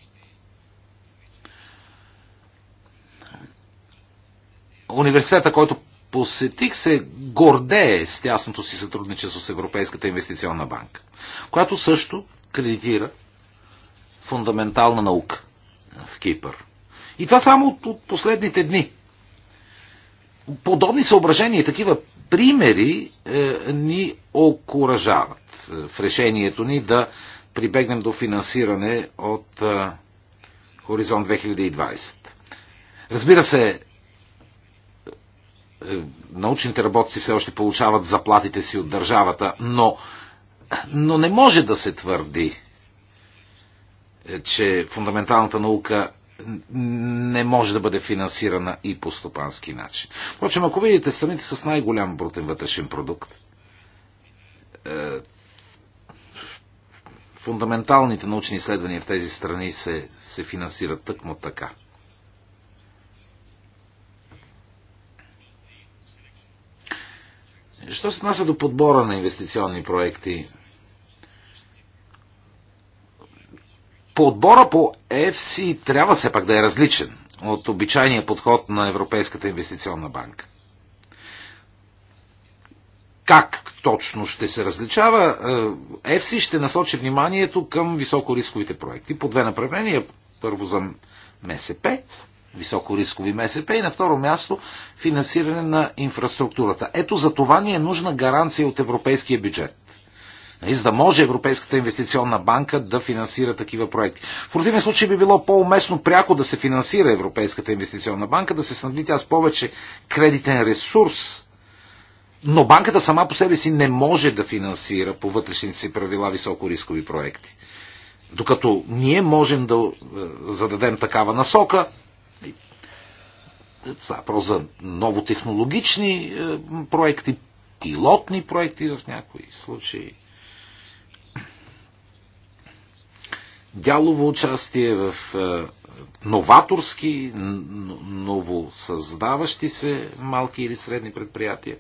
S1: университета, който посетих се гордее с тясното си сътрудничество с Европейската инвестиционна банка, която също кредитира фундаментална наука в Кипър. И това само от, от последните дни. Подобни съображения, такива примери е, ни окоръжават е, в решението ни да прибегнем до финансиране от е, Хоризонт 2020. Разбира се, научните работници все още получават заплатите си от държавата, но, но не може да се твърди, е, че фундаменталната наука не може да бъде финансирана и по стопански начин. Впрочем, ако видите страните с най-голям брутен вътрешен продукт, е, фундаменталните научни изследвания в тези страни се, се финансират тъкмо така. Що се отнася до подбора на инвестиционни проекти? Подбора по EFC трябва все пак да е различен от обичайния подход на Европейската инвестиционна банка. Как точно ще се различава? EFSI е, ще насочи вниманието към високорисковите проекти по две направления. Първо за МСП високорискови МСП и на второ място финансиране на инфраструктурата. Ето за това ни е нужна гаранция от европейския бюджет. Нали, за да може Европейската инвестиционна банка да финансира такива проекти. В противен случай би било по-уместно пряко да се финансира Европейската инвестиционна банка, да се снабди тя с повече кредитен ресурс, но банката сама по себе си не може да финансира по вътрешните си правила високорискови проекти. Докато ние можем да е, зададем такава насока, е въпрос за новотехнологични е, проекти, пилотни проекти в някои случаи. Дялово участие в е, новаторски, новосъздаващи се малки или средни предприятия.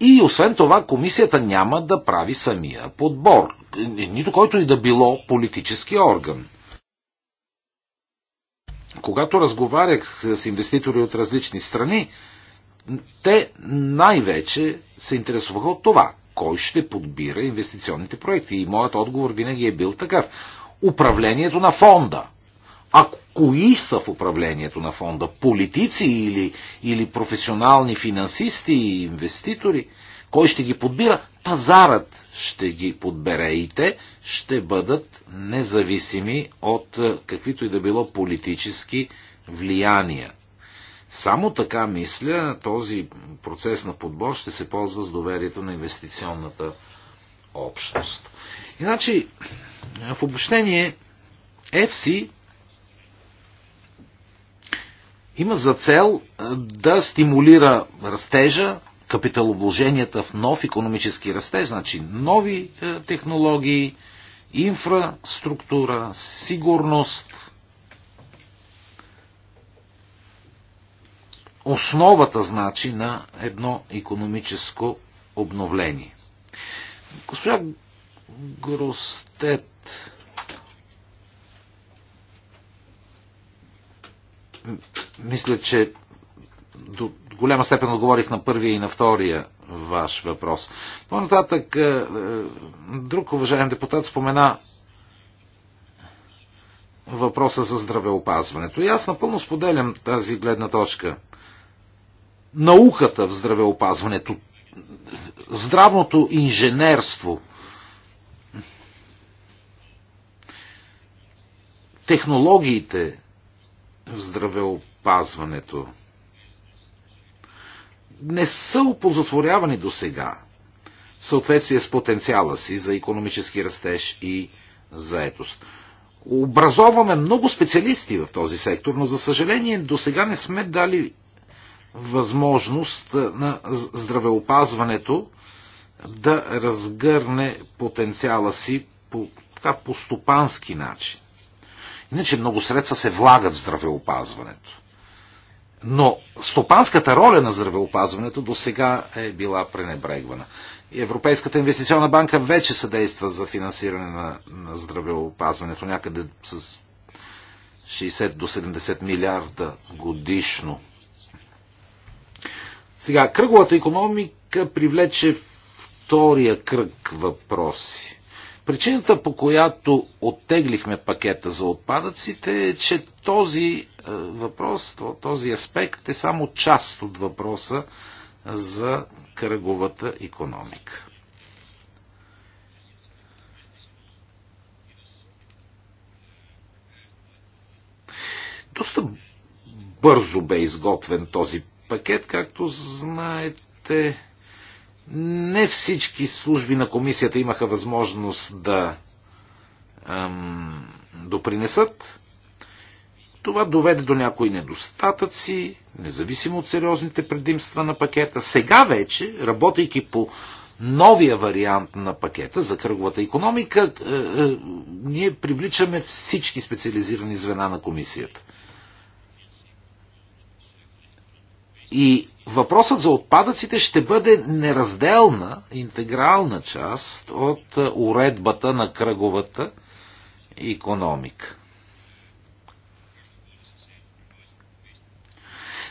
S1: И освен това, комисията няма да прави самия подбор, нито който и да било политически орган когато разговарях с инвеститори от различни страни, те най-вече се интересуваха от това, кой ще подбира инвестиционните проекти. И моят отговор винаги е бил такъв. Управлението на фонда. А кои са в управлението на фонда? Политици или, или професионални финансисти и инвеститори? Кой ще ги подбира? Пазарът ще ги подбере и те ще бъдат независими от е, каквито и да било политически влияния. Само така, мисля, този процес на подбор ще се ползва с доверието на инвестиционната общност. Иначе, в обобщение, ЕФСИ има за цел е, да стимулира растежа, капиталовложенията в нов економически растеж, значи нови е, технологии, инфраструктура, сигурност. Основата, значи, на едно економическо обновление. Госпожа Гростет мисля, че до голяма степен отговорих на първия и на втория ваш въпрос. По-нататък, е, е, друг уважаем депутат спомена въпроса за здравеопазването. И аз напълно споделям тази гледна точка. Науката в здравеопазването, здравното инженерство, технологиите в здравеопазването – не са опозотворявани до сега в съответствие с потенциала си за економически растеж и заетост. Образоваме много специалисти в този сектор, но за съжаление до сега не сме дали възможност на здравеопазването да разгърне потенциала си по, така, по стопански начин. Иначе много средства се влагат в здравеопазването. Но стопанската роля на здравеопазването до сега е била пренебрегвана. Европейската инвестиционна банка вече съдейства за финансиране на, на здравеопазването някъде с 60 до 70 милиарда годишно. Сега, кръговата економика привлече втория кръг въпроси. Причината, по която оттеглихме пакета за отпадъците е, че този е, въпрос, този аспект е само част от въпроса за кръговата економика. Доста бързо бе изготвен този пакет, както знаете. Не всички служби на комисията имаха възможност да ам, допринесат това доведе до някои недостатъци, независимо от сериозните предимства на пакета. Сега вече, работейки по новия вариант на пакета за кръговата економика, е, е, ние привличаме всички специализирани звена на комисията. И въпросът за отпадъците ще бъде неразделна, интегрална част от е, уредбата на кръговата економика.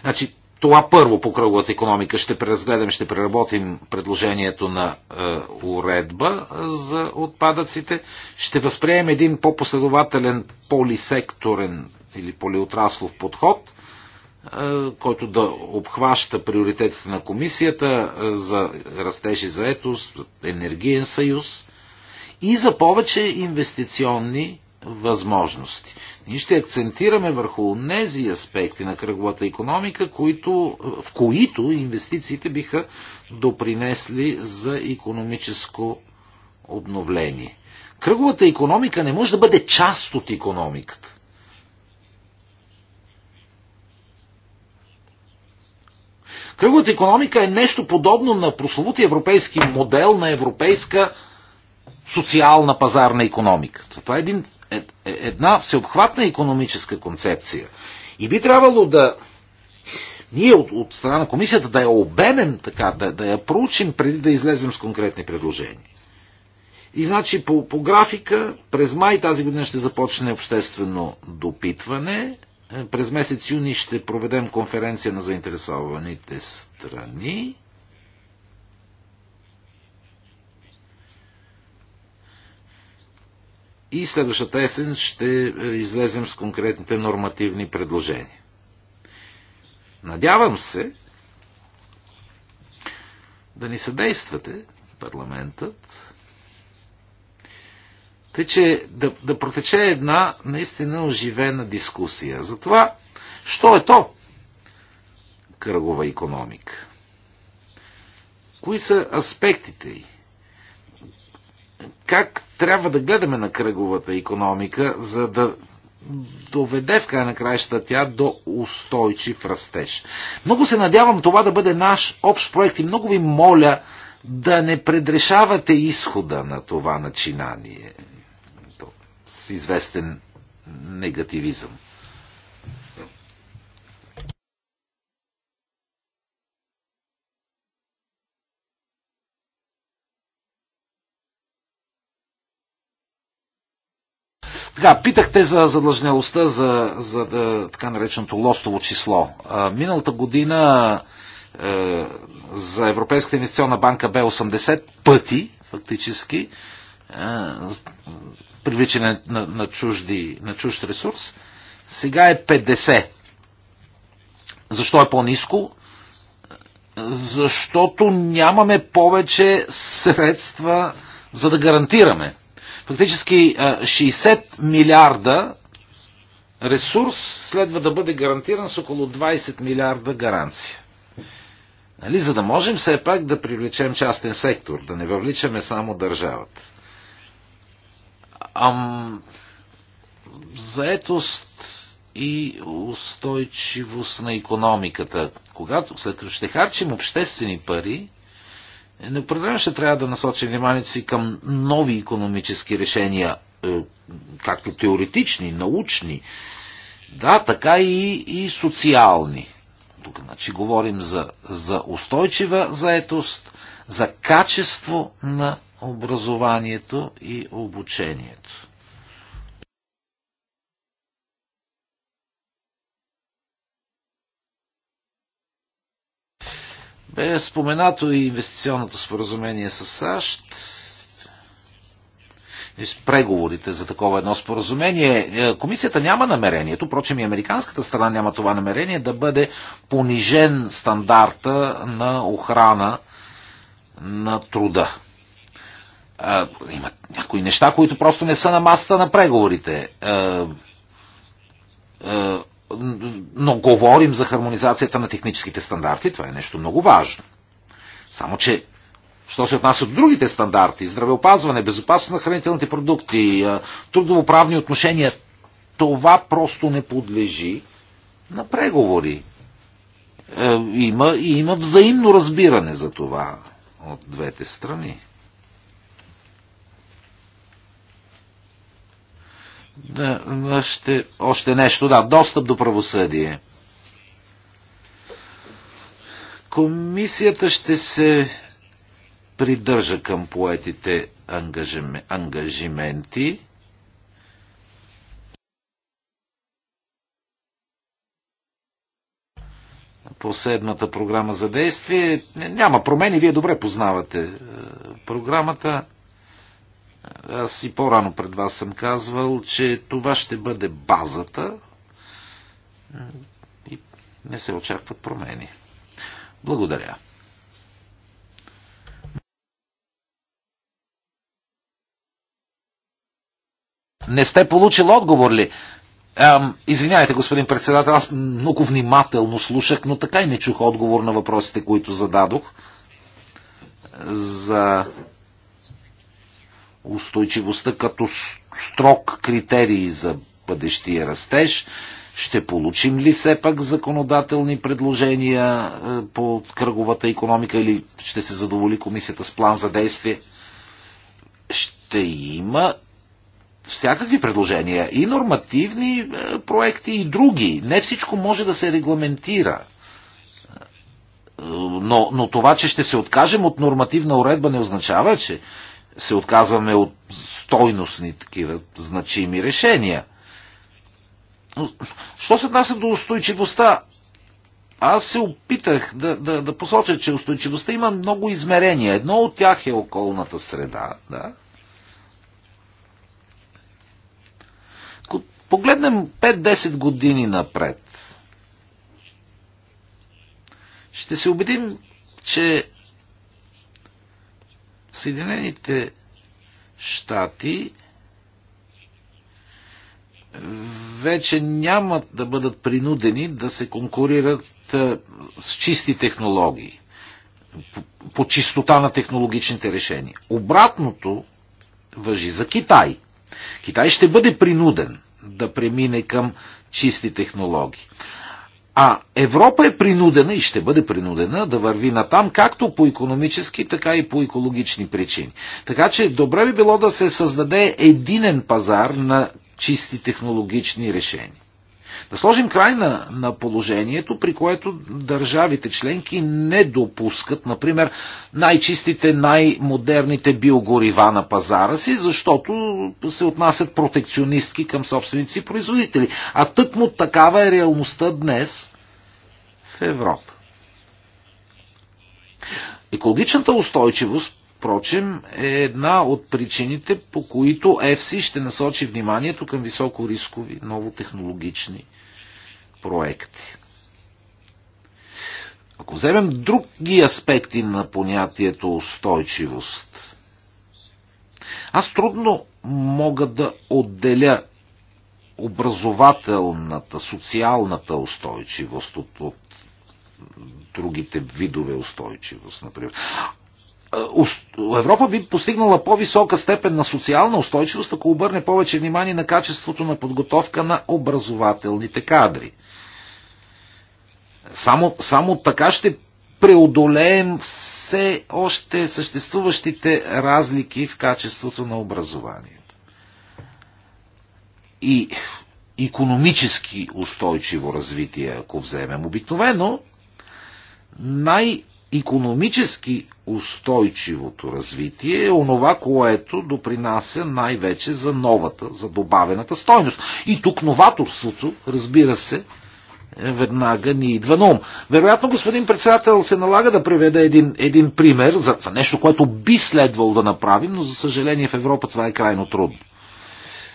S1: Значи, това първо по кръглата економика ще преразгледам, ще преработим предложението на е, уредба е, за отпадъците. Ще възприемем един по-последователен полисекторен или полиотраслов подход, е, който да обхваща приоритетите на комисията е, за растежи заетост, енергиен съюз и за повече инвестиционни възможности. Ние ще акцентираме върху тези аспекти на кръговата економика, които, в които инвестициите биха допринесли за економическо обновление. Кръговата економика не може да бъде част от економиката. Кръговата економика е нещо подобно на прословутия европейски модел на европейска социална пазарна економика. Това е един е, е, една всеобхватна економическа концепция. И би трябвало да ние от, от страна на комисията да я обемем така, да, да я проучим преди да излезем с конкретни предложения. И значи по, по графика през май тази година ще започне обществено допитване. Е, през месец юни ще проведем конференция на заинтересованите страни. и следващата есен ще е, излезем с конкретните нормативни предложения. Надявам се да ни съдействате, парламентът, тъй че да, да протече една наистина оживена дискусия за това, що е то кръгова економика. Кои са аспектите й? Как трябва да гледаме на кръговата економика, за да доведе в край на краища тя до устойчив растеж. Много се надявам това да бъде наш общ проект и много ви моля да не предрешавате изхода на това начинание с известен негативизъм. Така, питахте за задлъжнялостта, за, за да, е, така нареченото лостово число. А, миналата година а, е, за Европейската инвестиционна банка бе 80 пъти, фактически, а, е, привличане на, на, чужди, на чужд ресурс. Сега е 50. Защо е по-низко? Защото нямаме повече средства за да гарантираме Фактически 60 милиарда ресурс следва да бъде гарантиран с около 20 милиарда гаранция. Нали? За да можем все пак да привлечем частен сектор, да не въвличаме само държавата. Ам... Заетост и устойчивост на економиката. Когато след като ще харчим обществени пари, Определено ще трябва да насочи вниманието си към нови економически решения, е, както теоретични, научни, да, така и, и социални. Тук значи, говорим за, за устойчива заетост, за качество на образованието и обучението. Бе споменато и инвестиционното споразумение с САЩ. С преговорите за такова едно споразумение. Е, комисията няма намерението, прочим и американската страна няма това намерение, да бъде понижен стандарта на охрана на труда. Е, има някои неща, които просто не са на масата на преговорите е, но говорим за хармонизацията на техническите стандарти. Това е нещо много важно. Само, че Що се отнася до другите стандарти, здравеопазване, безопасност на хранителните продукти, е, трудовоправни отношения, това просто не подлежи на преговори. Е, има, и има взаимно разбиране за това от двете страни. ще, още нещо, да, достъп до правосъдие. Комисията ще се придържа към поетите ангажименти. Последната програма за действие няма промени, вие добре познавате е, програмата. Аз и по-рано пред вас съм казвал, че това ще бъде базата и не се очакват промени. Благодаря. Не сте получил отговор ли? Ам, извинявайте, господин председател, аз много внимателно слушах, но така и не чух отговор на въпросите, които зададох за устойчивостта като строг критерий за бъдещия растеж. Ще получим ли все пак законодателни предложения е, по кръговата економика или ще се задоволи комисията с план за действие? Ще има всякакви предложения, и нормативни е, проекти, и други. Не всичко може да се регламентира. Е, но, но това, че ще се откажем от нормативна уредба, не означава, че се отказваме от стойностни такива значими решения. Що се отнася до устойчивостта? Аз се опитах да, да, да посоча, че устойчивостта има много измерения. Едно от тях е околната среда. Да? Ако погледнем 5-10 години напред, ще се убедим, че Съединените щати вече нямат да бъдат принудени да се конкурират е, с чисти технологии, по, по чистота на технологичните решения. Обратното въжи за Китай. Китай ще бъде принуден да премине към чисти технологии. А Европа е принудена и ще бъде принудена да върви натам, както по економически, така и по екологични причини. Така че добре би било да се създаде единен пазар на чисти технологични решения. Да сложим край на, на положението, при което държавите членки не допускат, например, най-чистите, най-модерните биогорива на пазара си, защото се отнасят протекционистки към собственици производители. А тъкмо такава е реалността днес в Европа. Екологичната устойчивост впрочем, е една от причините, по които ЕФСИ ще насочи вниманието към високорискови новотехнологични проекти. Ако вземем други аспекти на понятието устойчивост, аз трудно мога да отделя образователната, социалната устойчивост от, от другите видове устойчивост, например. Европа би постигнала по-висока степен на социална устойчивост, ако обърне повече внимание на качеството на подготовка на образователните кадри. Само, само така ще преодолеем все още съществуващите разлики в качеството на образованието. И економически устойчиво развитие, ако вземем обикновено, най- економически устойчивото развитие е онова, което допринася най-вече за новата, за добавената стойност. И тук новаторството, разбира се, веднага ни идва на ум. Вероятно, господин председател, се налага да приведа един, един пример за, за нещо, което би следвало да направим, но за съжаление в Европа това е крайно трудно.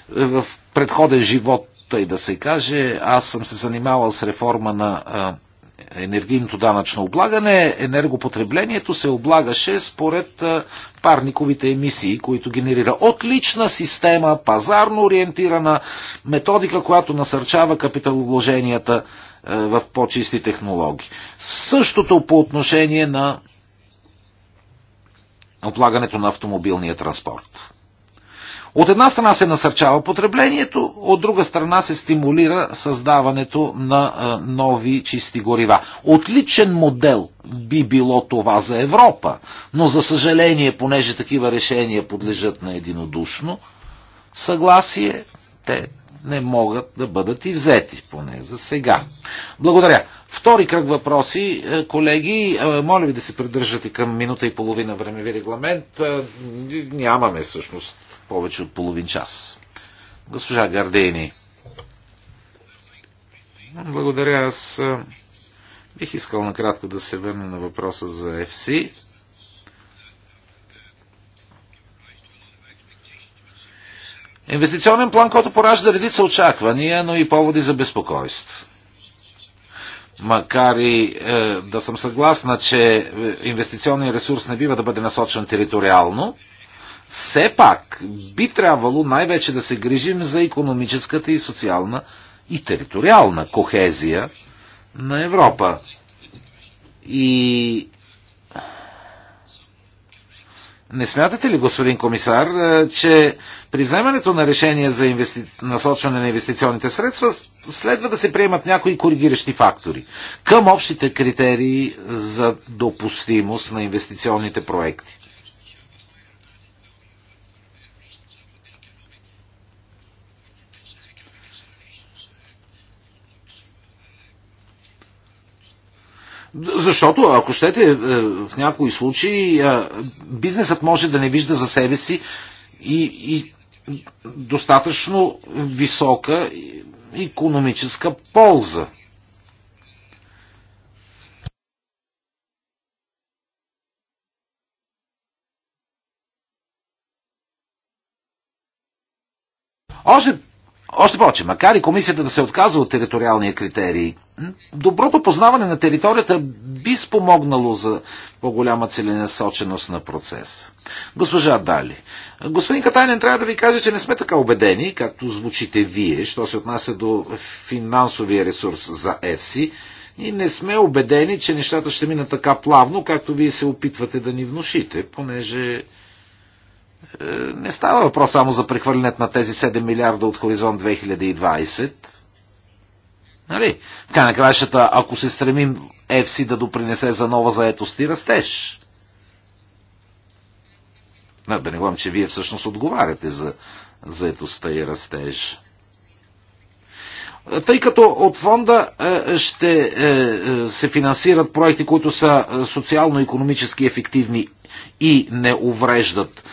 S1: В предходен живот, тъй да се каже, аз съм се занимавал с реформа на а, енергийното данъчно облагане, енергопотреблението се облагаше според парниковите емисии, които генерира. Отлична система, пазарно ориентирана, методика, която насърчава капиталовложенията в по-чисти технологии. Същото по отношение на облагането на автомобилния транспорт. От една страна се насърчава потреблението, от друга страна се стимулира създаването на нови чисти горива. Отличен модел би било това за Европа, но за съжаление, понеже такива решения подлежат на единодушно съгласие, те не могат да бъдат и взети, поне за сега. Благодаря. Втори кръг въпроси, е, колеги. Е, моля ви да се придържате към минута и половина времеви регламент. Е, нямаме всъщност повече от половин час. Госпожа Гардени. Благодаря. Аз бих искал накратко да се върна на въпроса за FC. Инвестиционен план, който поражда редица очаквания, но и поводи за безпокойство. Макар и е, да съм съгласна, че е, инвестиционният ресурс не бива да бъде насочен териториално, все пак би трябвало най-вече да се грижим за економическата и социална и териториална кохезия на Европа. И не смятате ли, господин комисар, е, че при вземането на решение за инвести... насочване на инвестиционните средства следва да се приемат някои коригиращи фактори към общите критерии за допустимост на инвестиционните проекти? Защото, ако щете, е, в някои случаи е, бизнесът може да не вижда за себе си и, и достатъчно висока економическа полза. Още още повече, макар и комисията да се отказва от териториалния критерий, доброто познаване на територията би спомогнало за по-голяма целенасоченост на процес. Госпожа Дали, господин Катайнен, трябва да ви кажа, че не сме така убедени, както звучите вие, що се отнася до финансовия ресурс за ЕФСИ, и не сме убедени, че нещата ще минат така плавно, както вие се опитвате да ни внушите, понеже е, не става въпрос само за прехвърлянето на тези 7 милиарда от хоризонт 2020. Нали? В край на краищата, ако се стремим ЕФСИ да допринесе за нова заетост и растеж. Но, да не говорим, че вие всъщност отговаряте за заетостта и растеж. Тъй като от фонда е, ще е, се финансират проекти, които са социално-економически ефективни и не увреждат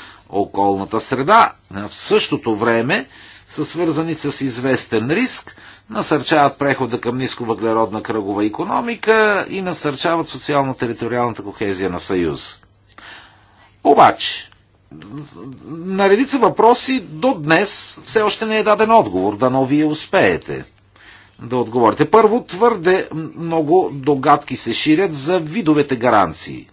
S1: околната среда, в същото време са свързани с известен риск, насърчават прехода към нисковъглеродна кръгова економика и насърчават социално-териториалната кохезия на Съюз. Обаче, на редица въпроси до днес все още не е даден отговор, Да но вие успеете да отговорите. Първо, твърде много догадки се ширят за видовете гаранции.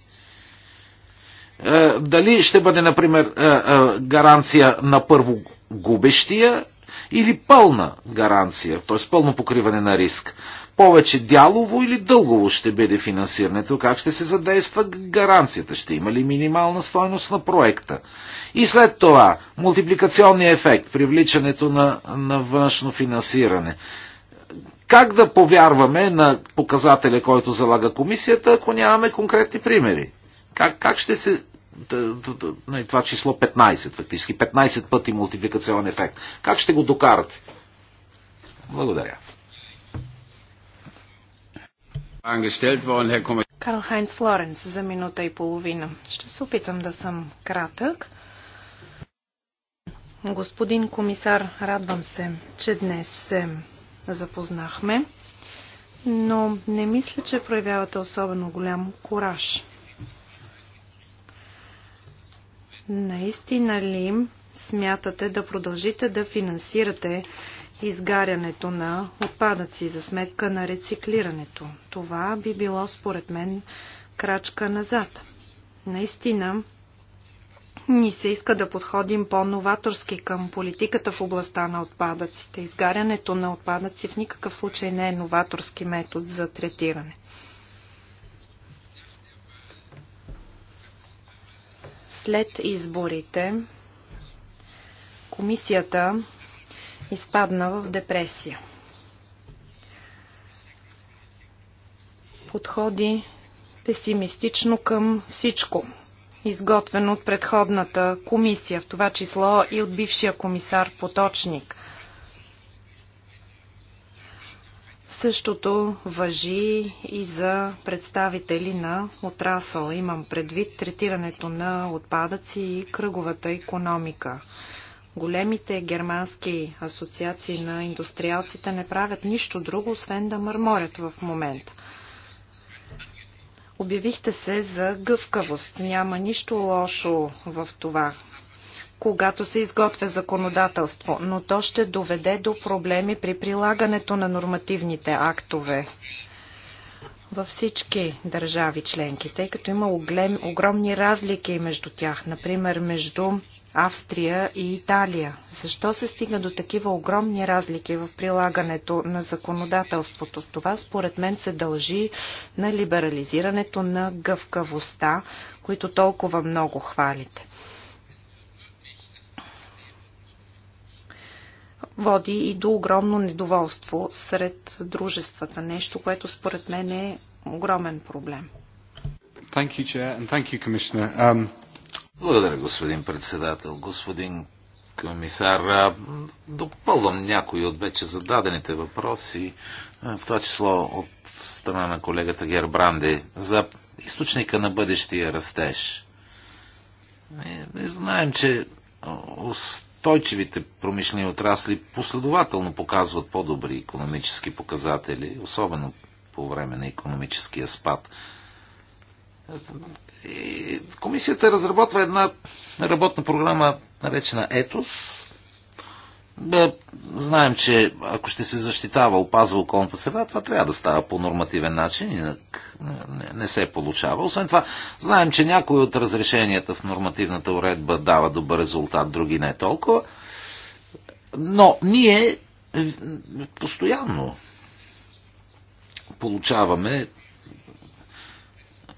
S1: Е, дали ще бъде, например, е, е, гаранция на първо губещия или пълна гаранция, т.е. пълно покриване на риск. Повече дялово или дългово ще бъде финансирането, как ще се задейства гаранцията, ще има ли минимална стойност на проекта. И след това, мултипликационния ефект, привличането на, на външно финансиране. Как да повярваме на показателя, който залага комисията, ако нямаме конкретни примери? Как, как ще се Нали, това число 15 фактически, 15 пъти мултипликационен ефект. Как ще го докарате? Благодаря.
S3: Карл Хайнц Флоренс за минута и половина. Ще се опитам да съм кратък. Господин комисар, радвам се, че днес се запознахме, но не мисля, че проявявате особено голям кураж. Наистина ли смятате да продължите да финансирате изгарянето на отпадъци за сметка на рециклирането? Това би било, според мен, крачка назад. Наистина, ни се иска да подходим по-новаторски към политиката в областта на отпадъците. Изгарянето на отпадъци в никакъв случай не е новаторски метод за третиране. След изборите комисията изпадна в депресия. Подходи песимистично към всичко, изготвено от предходната комисия, в това число и от бившия комисар Поточник – Същото въжи и за представители на отрасъл. Имам предвид третирането на отпадъци и кръговата економика. Големите германски асоциации на индустриалците не правят нищо друго, освен да мърморят в момента. Обявихте се за гъвкавост. Няма нищо лошо в това когато се изготвя законодателство, но то ще доведе до проблеми при прилагането на нормативните актове във всички държави членки, тъй като има оглем, огромни разлики между тях, например между Австрия и Италия. Защо се стига до такива огромни разлики в прилагането на законодателството? Това според мен се дължи на либерализирането на гъвкавостта, които толкова много хвалите. води и до огромно недоволство сред дружествата. Нещо, което според мен е огромен проблем.
S1: Um, Благодаря, господин председател. Господин комисар, допълвам някои от вече зададените въпроси, в това число от страна на колегата Гербранде, за източника на бъдещия растеж. не знаем, че устойчивите промишлени отрасли последователно показват по-добри економически показатели, особено по време на економическия спад. И комисията разработва една работна програма, наречена ЕТОС, бе, знаем, че ако ще се защитава, опазва околната среда, това трябва да става по нормативен начин, инак не се получава. Освен това, знаем, че някои от разрешенията в нормативната уредба дава добър резултат, други не толкова. Но ние постоянно получаваме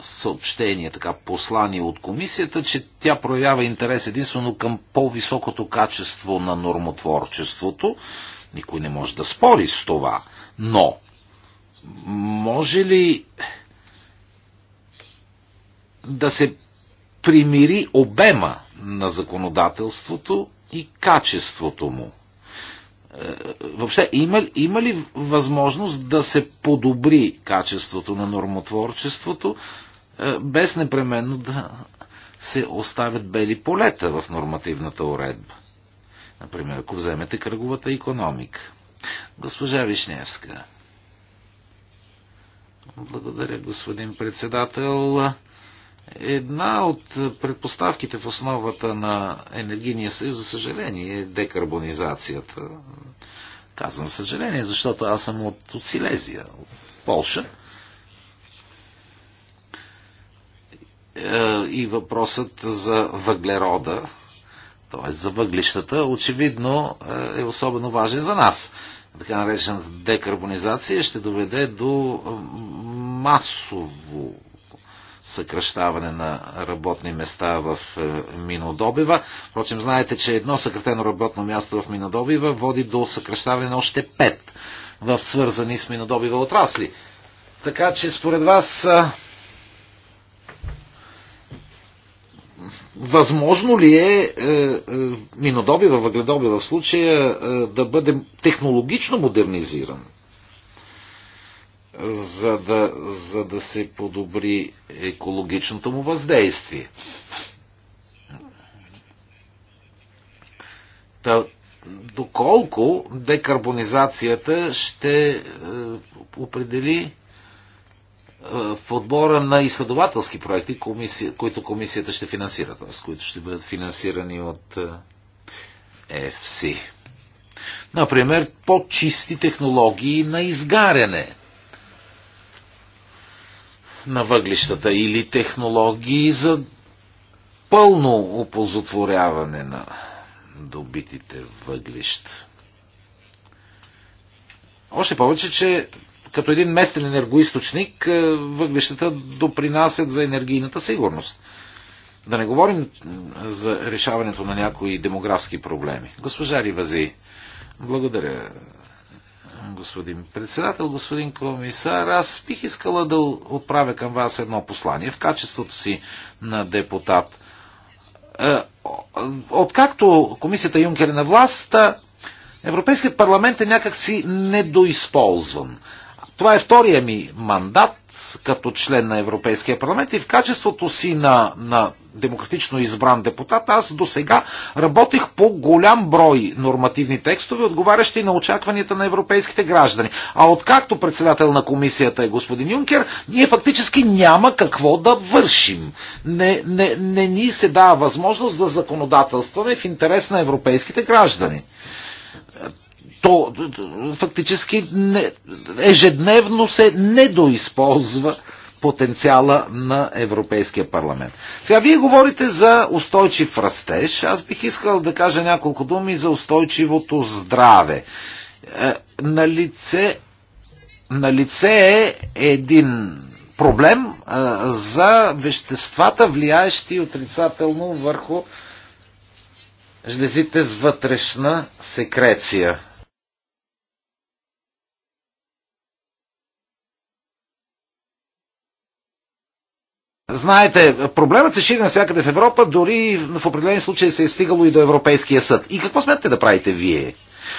S1: съобщение, така послание от комисията, че тя проявява интерес единствено към по-високото качество на нормотворчеството. Никой не може да спори с това. Но, може ли да се примири обема на законодателството и качеството му? Е, въобще има, има ли възможност да се подобри качеството на нормотворчеството е, без непременно да се оставят бели полета в нормативната уредба. Например, ако вземете кръговата економика. Госпожа Вишневска. Благодаря, господин председател. Една от предпоставките в основата на енергийния съюз, за съжаление, е декарбонизацията. Казвам съжаление, защото аз съм от, от Силезия, от Полша Е, и въпросът за въглерода, т.е. за въглищата, очевидно е, е особено важен за нас. Така наречената декарбонизация ще доведе до масово съкръщаване на работни места в е, минодобива. Впрочем, знаете, че едно съкратено работно място в минодобива води до съкръщаване на още пет в свързани с минодобива отрасли. Така че според вас Възможно ли е, е, е минодобива, въгледобива в случая е, да бъде технологично модернизиран, за да, за да се подобри екологичното му въздействие? Та, доколко декарбонизацията ще определи е, в отбора на изследователски проекти, комисия, които комисията ще финансира, т.е. които ще бъдат финансирани от FC. Е, Например, по-чисти технологии на изгаряне на въглищата или технологии за пълно опозотворяване на добитите въглища. Още повече, че като един местен енергоисточник е, въглищата допринасят за енергийната сигурност. Да не говорим за решаването на някои демографски проблеми. Госпожа Ривази, благодаря, господин председател, господин комисар. Аз бих искала да отправя към вас едно послание в качеството си на депутат. Е, откакто комисията Юнкер е на власт, Европейският парламент е някакси недоизползван. Това е втория ми мандат като член на Европейския парламент и в качеството си на, на демократично избран депутат, аз до сега работих по голям брой нормативни текстове, отговарящи на очакванията на европейските граждани. А откакто председател на комисията е господин Юнкер, ние фактически няма какво да вършим. Не, не, не ни се дава възможност да законодателстваме в интерес на европейските граждани то фактически не, ежедневно се недоизползва потенциала на Европейския парламент. Сега вие говорите за устойчив растеж. Аз бих искал да кажа няколко думи за устойчивото здраве. Е, на лице, на лице е един проблем е, за веществата, влияещи отрицателно върху жлезите с вътрешна секреция. Знаете, проблемът се шири навсякъде в Европа, дори в определени случаи се е стигало и до Европейския съд. И какво смятате да правите вие?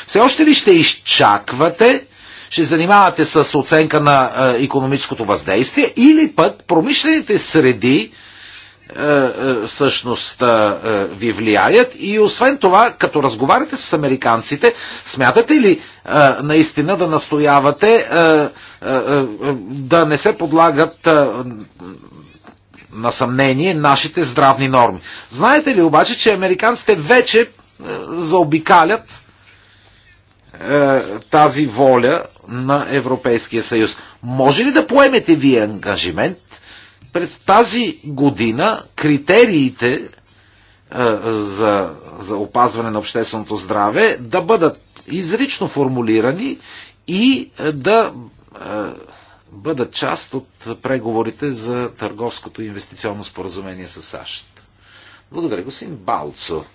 S1: Все още ли ще изчаквате, ще занимавате с оценка на е, економическото въздействие или пък промишлените среди е, е, всъщност е, е, ви влияят и освен това, като разговаряте с американците, смятате ли е, наистина да настоявате е, е, е, е да не се подлагат е, на съмнение нашите здравни норми. Знаете ли обаче, че американците вече е, заобикалят е, тази воля на Европейския съюз. Може ли да поемете вие ангажимент през тази година критериите е, за, за опазване на общественото здраве да бъдат изрично формулирани и е, да е, бъдат част от преговорите за търговското инвестиционно споразумение с САЩ. Благодаря, господин Балцо.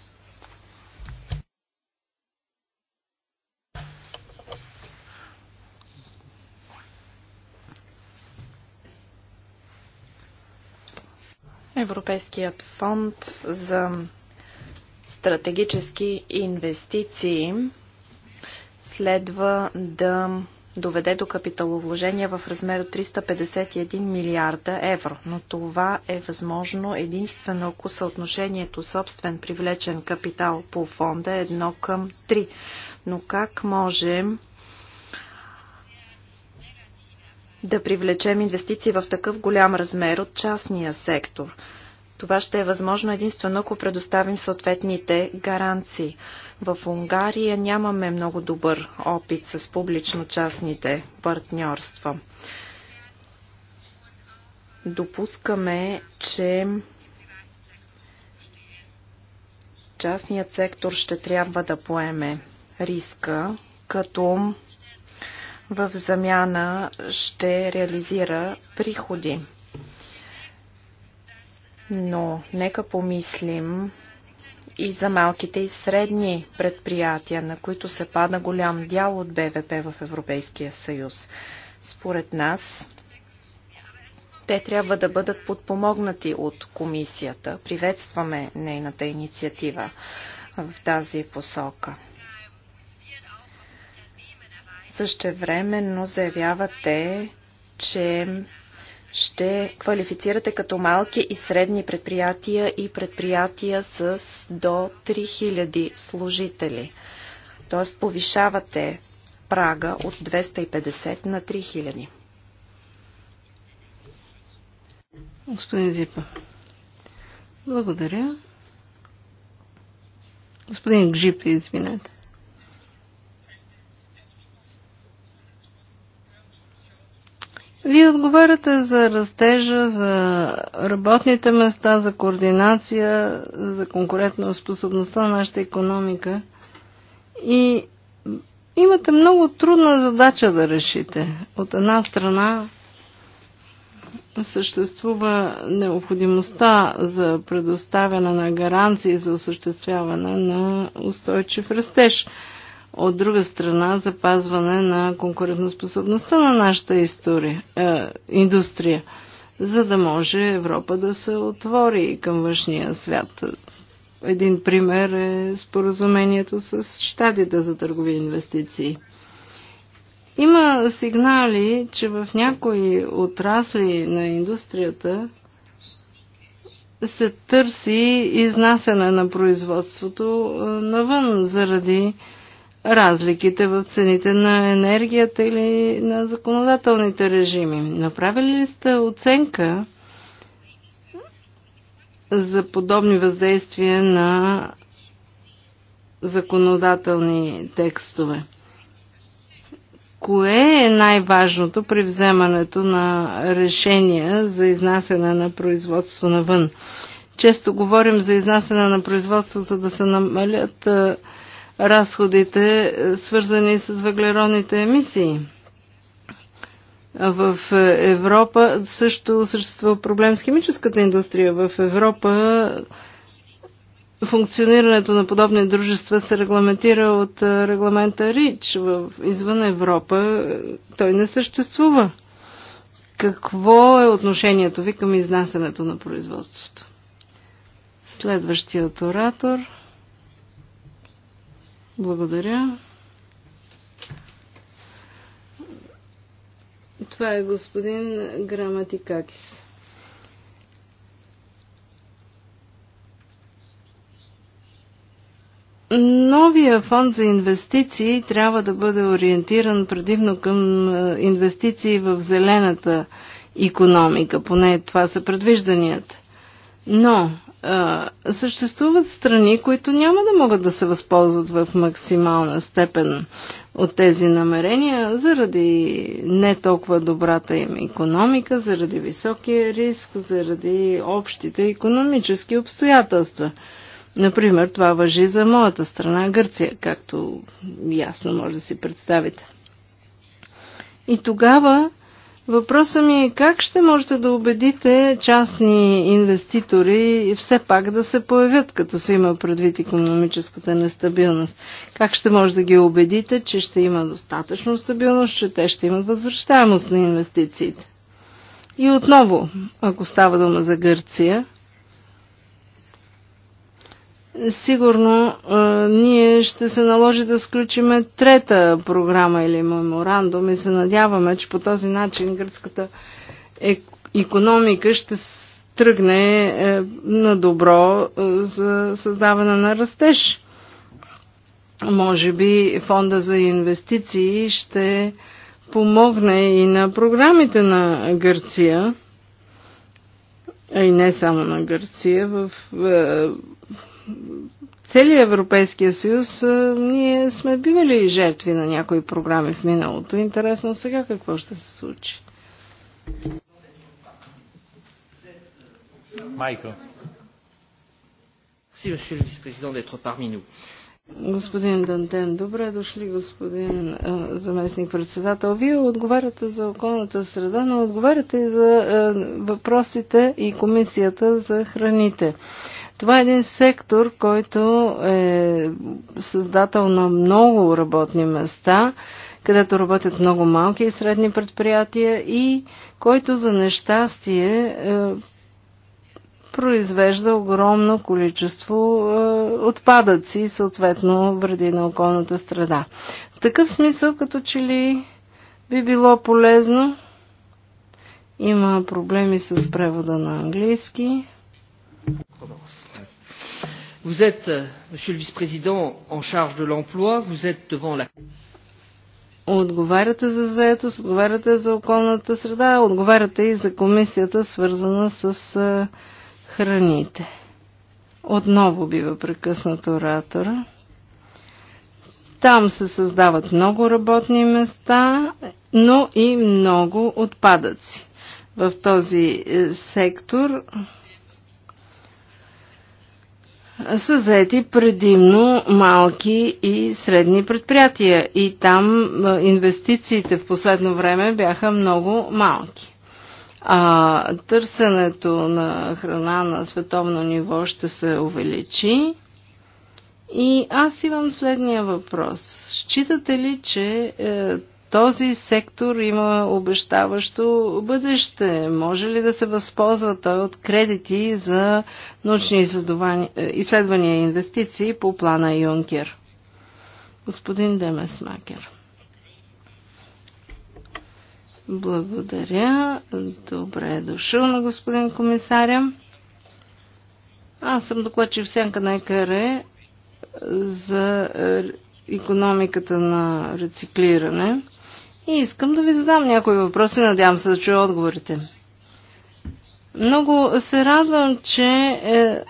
S3: Европейският фонд за стратегически инвестиции следва да доведе до капиталовложения в размер от 351 милиарда евро, но това е възможно единствено ако съотношението собствен привлечен капитал по фонда е 1 към 3. Но как можем да привлечем инвестиции в такъв голям размер от частния сектор? Това ще е възможно единствено ако предоставим съответните гаранции. В Унгария нямаме много добър опит с публично-частните партньорства. Допускаме, че частният сектор ще трябва да поеме риска, като в замяна ще реализира приходи. Но нека помислим и за малките и средни предприятия, на които се пада голям дял от БВП в Европейския съюз. Според нас, те трябва да бъдат подпомогнати от комисията. Приветстваме нейната инициатива в тази посока. Същевременно заявявате, че ще квалифицирате като малки и средни предприятия и предприятия с до 3000 служители. Тоест повишавате прага от 250 на 3000.
S2: Господин Зипа, благодаря. Господин Гжип, извинете. Вие отговаряте за растежа, за работните места, за координация, за конкурентна способността на нашата економика. И имате много трудна задача да решите. От една страна съществува необходимостта за предоставяне на гаранции за осъществяване на устойчив растеж – от друга страна запазване на конкурентоспособността на нашата история, е, индустрия, за да може Европа да се отвори към външния свят. Един пример е споразумението с щатите за търгови инвестиции. Има сигнали, че в някои отрасли на индустрията се търси изнасяне на производството е, навън заради разликите в цените на енергията или на законодателните режими. Направили ли сте оценка за подобни въздействия на законодателни текстове? Кое е най-важното при вземането на решения за изнасяне на производство навън? Често говорим за изнасяне на производство, за да се намалят разходите, е, свързани с въглеродните емисии. В Европа също съществува проблем с химическата индустрия. В Европа функционирането на подобни дружества се регламентира от е, регламента РИЧ. В, извън Европа е, той не съществува. Какво е отношението ви към изнасянето на производството? Следващият оратор – благодаря. Това е господин Граматикакис. Новия фонд за инвестиции трябва да бъде ориентиран предимно към е, инвестиции в зелената економика, поне това са предвижданията. Но съществуват страни, които няма да могат да се възползват в максимална степен от тези намерения, заради не толкова добрата им економика, заради високия риск, заради общите економически обстоятелства. Например, това въжи за моята страна Гърция, както ясно може да си представите. И тогава Въпросът ми е как ще можете да убедите частни инвеститори все пак да се появят, като се има предвид економическата нестабилност? Как ще може да ги убедите, че ще има достатъчно стабилност, че те ще имат възвръщаемост на инвестициите? И отново, ако става дума за Гърция, сигурно а, ние ще се наложи да сключиме трета програма или меморандум и се надяваме, че по този начин гръцката ек- економика ще тръгне е, на добро е, за създаване на растеж. Може би фонда за инвестиции ще помогне и на програмите на Гърция, а и не само на Гърция, в е, целия Европейския съюз ние сме бивали жертви на някои програми в миналото. Интересно сега какво ще се случи.
S1: Майкъл.
S3: Си, monsieur le vice да d'être parmi
S2: Господин Дантен, добре дошли, господин а, заместник председател. Вие отговаряте за околната среда, но отговаряте и за а, въпросите и комисията за храните. А, това е един сектор, който е създател на много работни места, където работят много малки и средни предприятия и който за нещастие е, произвежда огромно количество е, отпадъци и съответно вреди на околната среда. В такъв смисъл, като че ли би било полезно, има проблеми с превода на английски. Commence. Vous êtes, euh, Monsieur le Vice-président, en charge de l'emploi, vous êtes devant la... Отговаряте за заетост, отговаряте за околната среда, отговаряте и за комисията, свързана с е, храните. Отново бива прекъснат оратора. Там се създават много работни места, но и много отпадъци. В този е, сектор са заети предимно малки и средни предприятия и там инвестициите в последно време бяха много малки. А търсенето на храна на световно ниво ще се увеличи. И аз имам следния въпрос. Считате ли, че е, този сектор има обещаващо бъдеще. Може ли да се възползва той от кредити за научни е, изследвания и инвестиции по плана Юнкер? Господин Демесмакер. Благодаря. Добре е дошъл на господин комисаря. Аз съм докладчив сянка на ЕКР за економиката на рециклиране. И искам да ви задам някои въпроси, надявам се да чуя отговорите. Много се радвам, че е,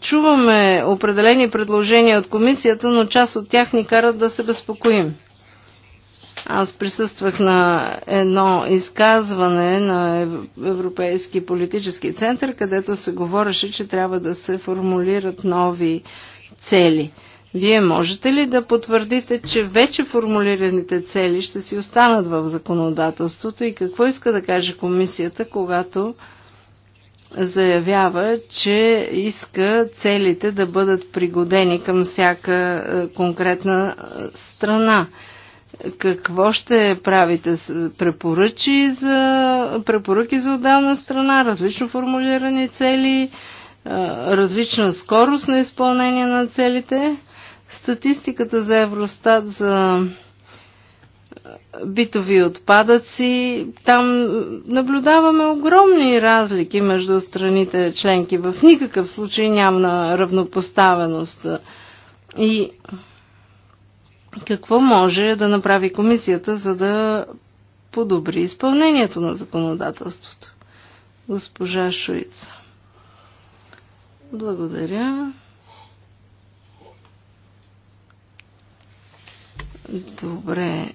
S2: чуваме определени предложения от комисията, но част от тях ни карат да се безпокоим. Аз присъствах на едно изказване на Европейски политически център, където се говореше, че трябва да се формулират нови цели – вие можете ли да потвърдите, че вече формулираните цели ще си останат в законодателството и какво иска да каже комисията, когато заявява, че иска целите да бъдат пригодени към всяка е, конкретна е, страна? Какво ще правите? Препоръчи за, препоръки за отделна страна, различно формулирани цели, е, различна скорост на изпълнение на целите? Статистиката за Евростат за битови отпадъци, там наблюдаваме огромни разлики между страните членки. В никакъв случай няма равнопоставеност. И какво може да направи комисията, за да подобри изпълнението на законодателството? Госпожа Шуица. Благодаря. Добре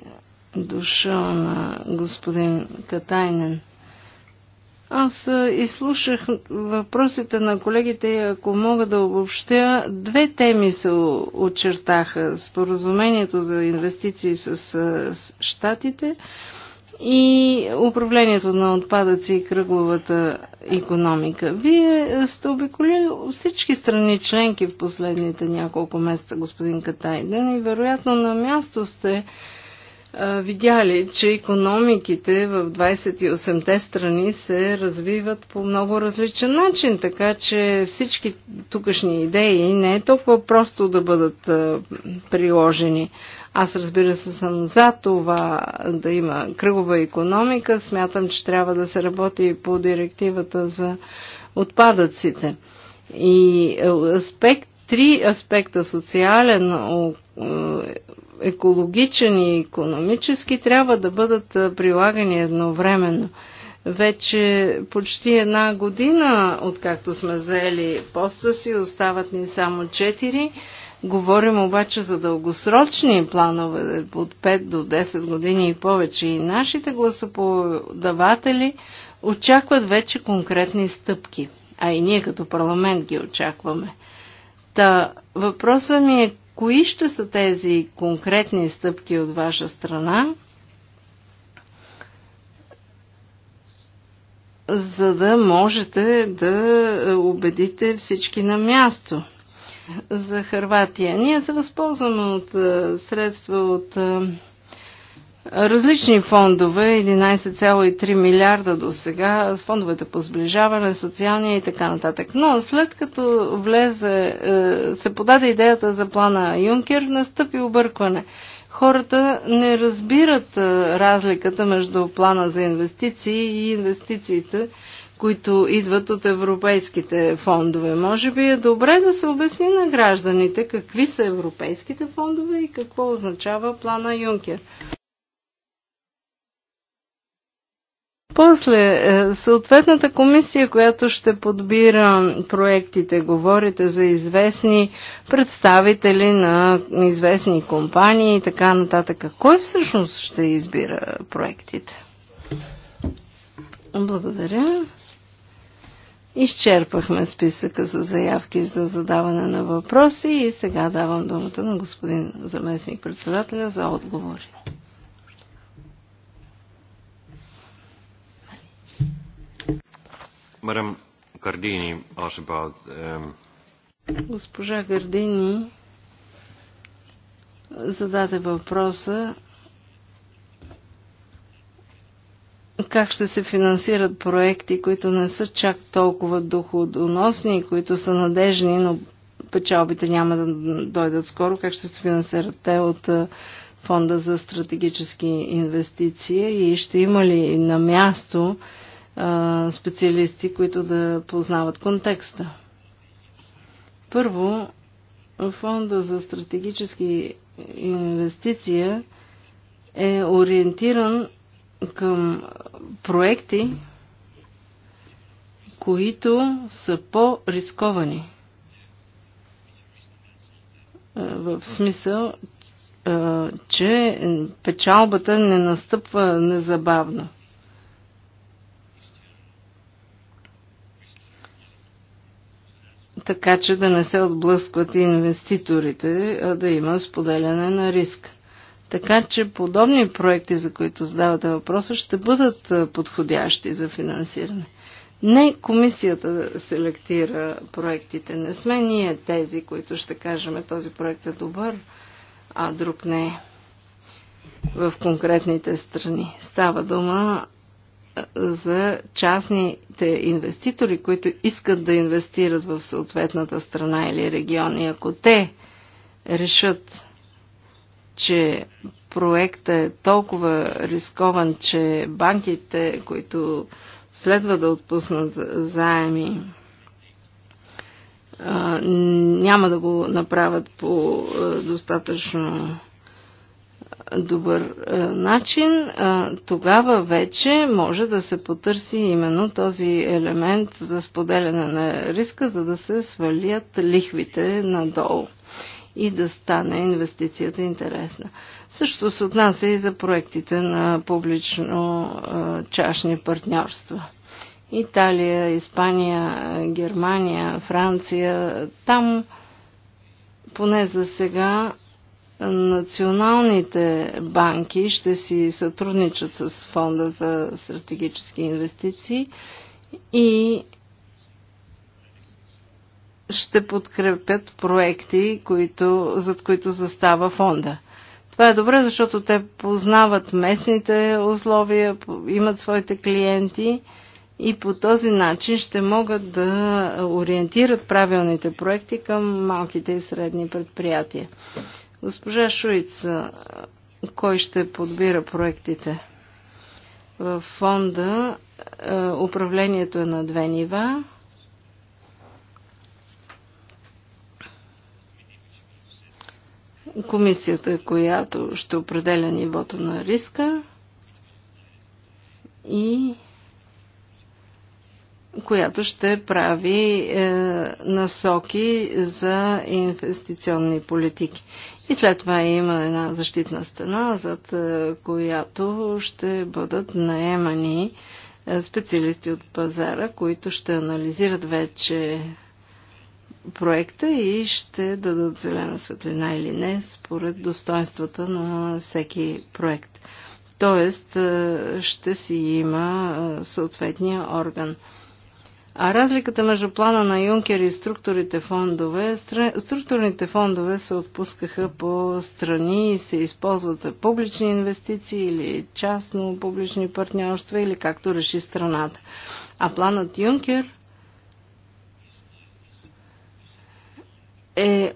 S2: дошъл на господин Катайнен. Аз изслушах въпросите на колегите и ако мога да обобщя, две теми се очертаха. Споразумението за инвестиции с Штатите и управлението на отпадъци и кръгловата економика. Вие сте обиколили всички страни членки в последните няколко месеца, господин Катайден, и вероятно на място сте видяли, че економиките в 28-те страни се развиват по много различен начин, така че всички тукашни идеи не е толкова просто да бъдат приложени. Аз разбира се съм за това да има кръгова економика. Смятам, че трябва да се работи по директивата за отпадъците. И аспект, три аспекта социален, е, екологичен и економически, трябва да бъдат прилагани едновременно. Вече почти една година, откакто сме заели поста си, остават ни само 4. Говорим обаче за дългосрочни планове от 5 до 10 години и повече. И нашите гласоподаватели очакват вече конкретни стъпки. А и ние като парламент ги очакваме. Та въпросът ми е кои ще са тези конкретни стъпки от ваша страна, за да можете да убедите всички на място за Харватия. Ние се възползваме от средства от различни фондове, 11,3 милиарда до сега, с фондовете по сближаване, социалния и така нататък. Но след като влезе, е, се подаде идеята за плана Юнкер, настъпи объркване. Хората не разбират е, разликата между плана за инвестиции и инвестициите, които идват от европейските фондове. Може би е добре да се обясни на гражданите какви са европейските фондове и какво означава плана Юнкер. После, е, съответната комисия, която ще подбира проектите, говорите за известни представители на известни компании и така нататък. Кой всъщност ще избира проектите? Благодаря. Изчерпахме списъка за заявки за задаване на въпроси и сега давам думата на господин заместник председателя за отговори.
S3: Кардини,
S1: um,
S2: Госпожа Гардини зададе въпроса как ще се финансират проекти, които не са чак толкова доходоносни, които са надежни, но печалбите няма да дойдат скоро, как ще се финансират те от фонда за стратегически инвестиции и ще има ли на място специалисти, които да познават контекста. Първо, фонда за стратегически инвестиция е ориентиран към проекти, които са по-рисковани. В смисъл, че печалбата не настъпва незабавно. така че да не се отблъскват инвеститорите, а да има споделяне на риск. Така че подобни проекти, за които задавате въпроса, ще бъдат подходящи за финансиране. Не комисията селектира проектите. Не сме ние тези, които ще кажем този проект е добър, а друг не е. В конкретните страни. Става дума за частните инвеститори, които искат да инвестират в съответната страна или регион. И ако те решат, че проектът е толкова рискован, че банките, които следва да отпуснат заеми, няма да го направят по достатъчно добър е, начин, е, тогава вече може да се потърси именно този елемент за споделяне на риска, за да се свалят лихвите надолу и да стане инвестицията интересна. Също се отнася и за проектите на публично-чашни е, партньорства. Италия, Испания, Германия, Франция, там поне за сега националните банки ще си сътрудничат с Фонда за стратегически инвестиции и ще подкрепят проекти, които, зад които застава фонда. Това е добре, защото те познават местните условия, имат своите клиенти и по този начин ще могат да ориентират правилните проекти към малките и средни предприятия. Госпожа Шуица, кой ще подбира проектите? В фонда е, управлението е на две нива. Комисията, която ще определя нивото на риска и която ще прави е, насоки за инвестиционни политики. И след това има една защитна стена, зад е, която ще бъдат наемани е, специалисти от пазара, които ще анализират вече проекта и ще дадат зелена светлина или не, според достоинствата на всеки проект. Тоест, е, ще си има е, съответния орган. А разликата между плана на Юнкер и структурите фондове, структурните фондове се отпускаха по страни и се използват за публични инвестиции или частно-публични партньорства или както реши страната. А планът Юнкер е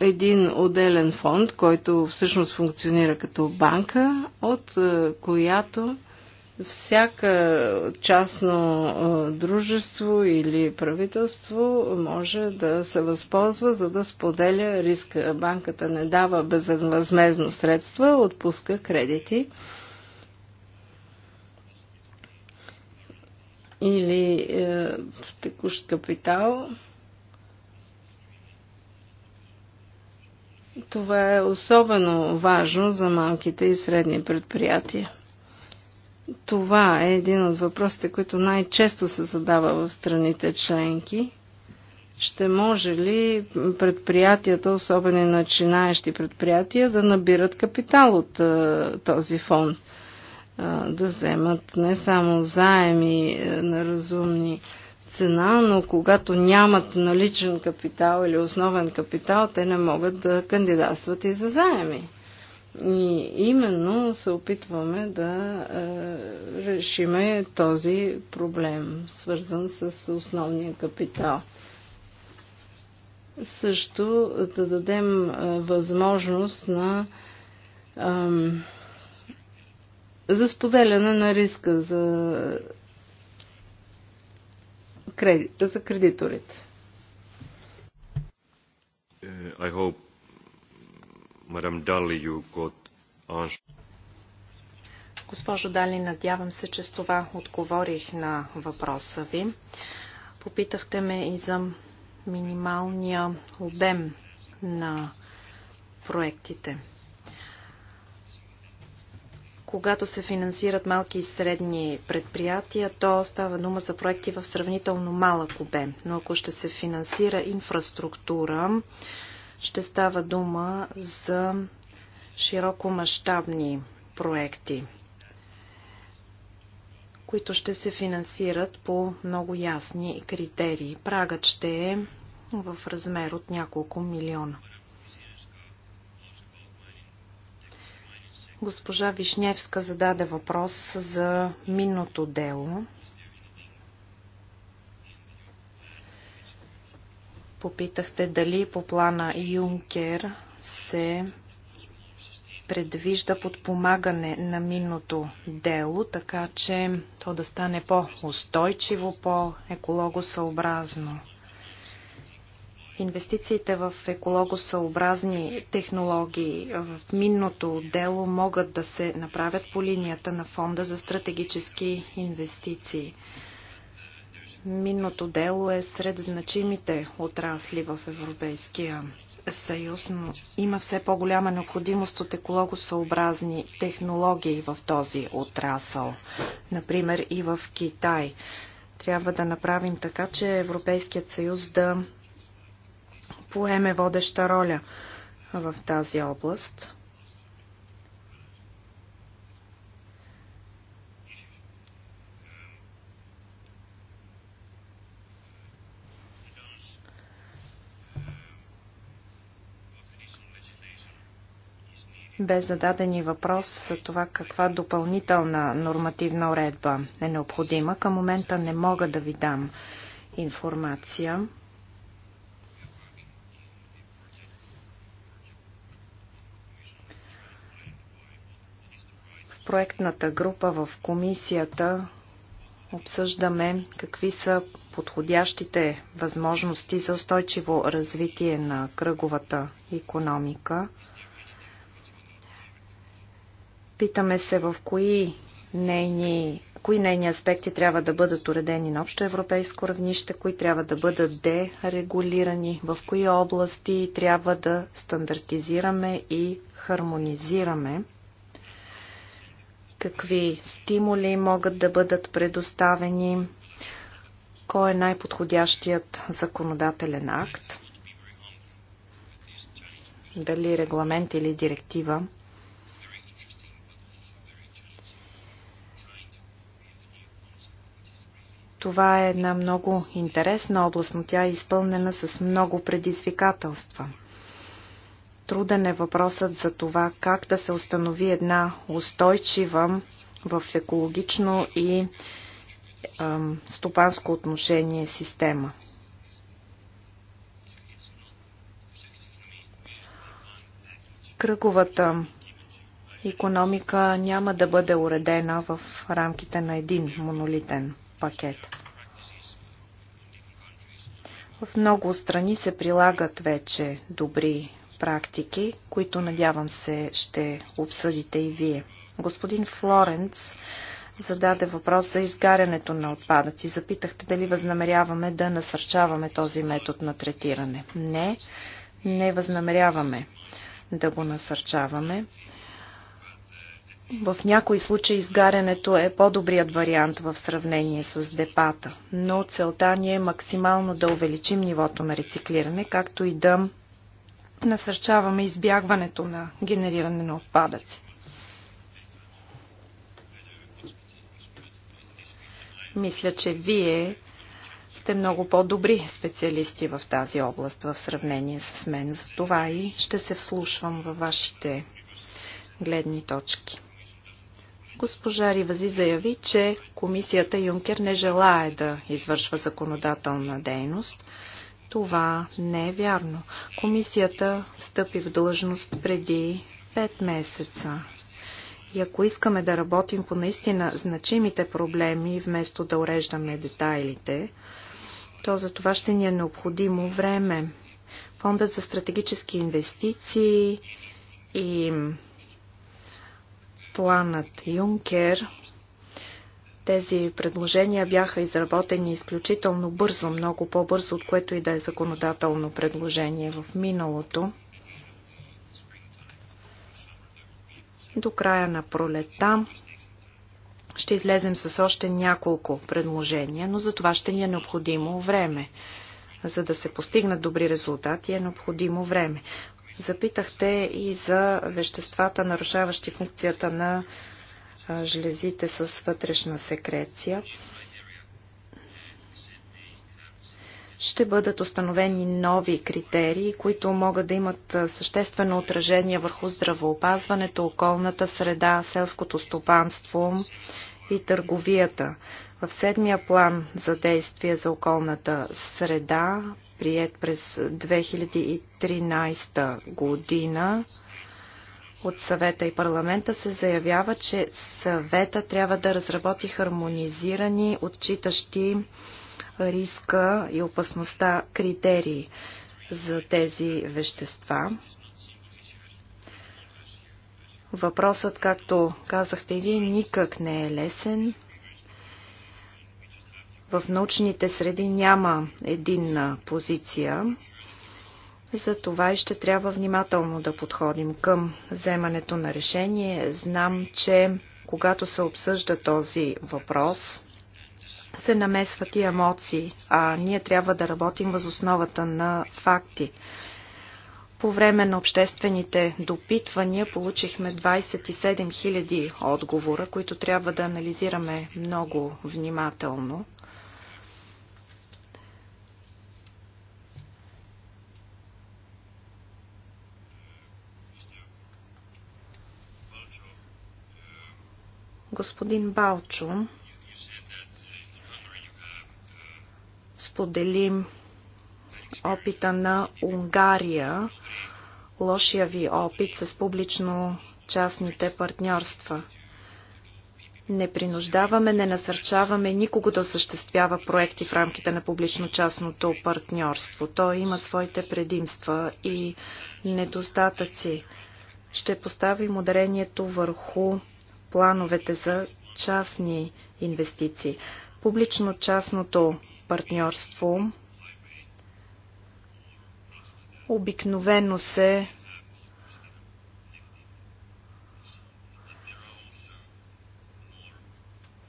S2: един отделен фонд, който всъщност функционира като банка, от е, която всяка частно дружество или правителство може да се възползва, за да споделя риска. Банката не дава безвъзмезно средства, отпуска кредити. или е, текущ капитал. Това е особено важно за малките и средни предприятия. Това е един от въпросите, които най-често се задава в страните членки. Ще може ли предприятията, особено начинаещи предприятия, да набират капитал от този фонд? да вземат не само заеми на разумни цена, но когато нямат наличен капитал или основен капитал, те не могат да кандидатстват и за заеми. И именно се опитваме да е, решиме този проблем, свързан с основния капитал. Също да дадем е, възможност на е, за споделяне на риска за, креди, за кредиторите.
S1: Е, I hope Мадам Дали,
S3: Госпожо Дали, надявам се, че с това отговорих на въпроса ви. Попитахте ме и за минималния обем на проектите. Когато се финансират малки и средни предприятия, то става дума за проекти в сравнително малък обем. Но ако ще се финансира инфраструктура, ще става дума за широкомащабни проекти, които ще се финансират по много ясни критерии. Прагът ще е в размер от няколко милиона. Госпожа Вишневска зададе въпрос за минното дело. Попитахте дали по плана Юнкер се предвижда подпомагане на минното дело, така че то да стане по-устойчиво, по-екологосъобразно. Инвестициите в екологосъобразни технологии в минното дело могат да се направят по линията на Фонда за стратегически инвестиции. Минното дело е сред значимите отрасли в Европейския съюз, но има все по-голяма необходимост от екологосъобразни технологии в този отрасъл, например и в Китай. Трябва да направим така, че Европейският съюз да поеме водеща роля в тази област. Бе зададени въпрос за това каква допълнителна нормативна уредба е необходима. Към момента не мога да ви дам информация. В проектната група в комисията обсъждаме какви са подходящите възможности за устойчиво развитие на кръговата економика – Питаме се в кои нейни кои нейни аспекти трябва да бъдат уредени на общо европейско равнище, кои трябва да бъдат дерегулирани, в кои области трябва да стандартизираме и хармонизираме, какви стимули могат да бъдат предоставени, кой е най-подходящият законодателен акт, дали регламент или директива. Това е една много интересна област, но тя е изпълнена с много предизвикателства. Труден е въпросът за това как да се установи една устойчива в екологично и ем, стопанско отношение система. Кръговата економика няма да бъде уредена в рамките на един монолитен пакет. В много страни се прилагат вече добри практики, които надявам се ще обсъдите и вие. Господин Флоренц зададе въпрос за изгарянето на отпадъци. Запитахте дали възнамеряваме да насърчаваме този метод на третиране. Не, не възнамеряваме да го насърчаваме. В някои случаи изгарянето е по-добрият вариант в сравнение с депата, но целта ни е максимално да увеличим нивото на рециклиране, както и да насърчаваме избягването на генериране на отпадъци. Мисля, че вие сте много по-добри специалисти в тази област в сравнение с мен. За това и ще се вслушвам във вашите гледни точки. Госпожа Ривази заяви, че комисията Юнкер не желае да извършва законодателна дейност. Това не е вярно. Комисията встъпи в длъжност преди 5 месеца. И ако искаме да работим по наистина значимите проблеми, вместо да уреждаме детайлите, то за това ще ни е необходимо време. Фондът за стратегически инвестиции и планът Юнкер. Тези предложения бяха изработени изключително бързо, много по-бързо, от което и да е законодателно предложение в миналото. До края на пролета ще излезем с още няколко предложения, но за това ще ни е необходимо време. За да се постигнат добри резултати е необходимо време. Запитахте и за веществата, нарушаващи функцията на жлезите с вътрешна секреция. ще бъдат установени нови критерии, които могат да имат съществено отражение върху здравоопазването, околната среда, селското стопанство и търговията. В седмия план за действие за околната среда, прият през 2013 година, от съвета и парламента се заявява, че съвета трябва да разработи хармонизирани, отчитащи риска и опасността критерии за тези вещества. Въпросът, както казахте и вие, никак не е лесен. В научните среди няма единна позиция. За това и ще трябва внимателно да подходим към вземането на решение. Знам, че когато се обсъжда този въпрос, се намесват и емоции, а ние трябва да работим въз основата на факти. По време на обществените допитвания получихме 27 000 отговора, които трябва да анализираме много внимателно. Господин Балчо, споделим опита на Унгария, лошия ви опит с публично-частните партньорства. Не принуждаваме, не насърчаваме никого да осъществява проекти в рамките на публично-частното партньорство. То има своите предимства и недостатъци. Ще поставим ударението върху плановете за частни инвестиции. Публично-частното партньорство обикновено се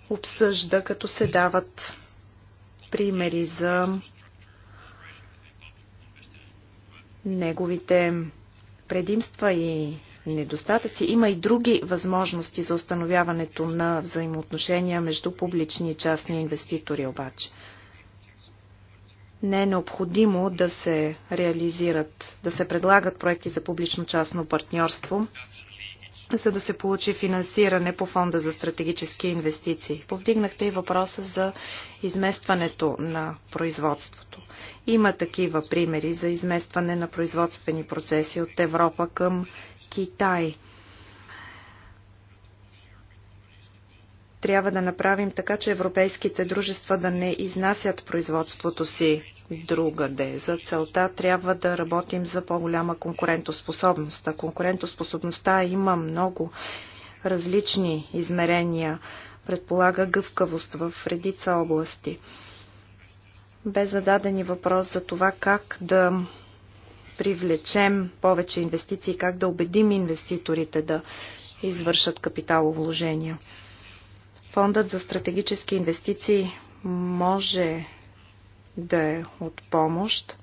S3: обсъжда, като се дават примери за неговите предимства и недостатъци. Има и други възможности за установяването на взаимоотношения между публични и частни инвеститори обаче не е необходимо да се реализират, да се предлагат проекти за публично-частно партньорство, за да се получи финансиране по фонда за стратегически инвестиции. Повдигнахте и въпроса за изместването на производството. Има такива примери за изместване на производствени процеси от Европа към Китай – трябва да направим така, че европейските дружества да не изнасят производството си другаде. За целта трябва да работим за по-голяма конкурентоспособност. А конкурентоспособността има много различни измерения, предполага гъвкавост в редица области. Бе зададен и въпрос за това как да привлечем повече инвестиции, как да убедим инвеститорите да извършат капиталовложения. вложения. Фондът за стратегически инвестиции може да е от помощ,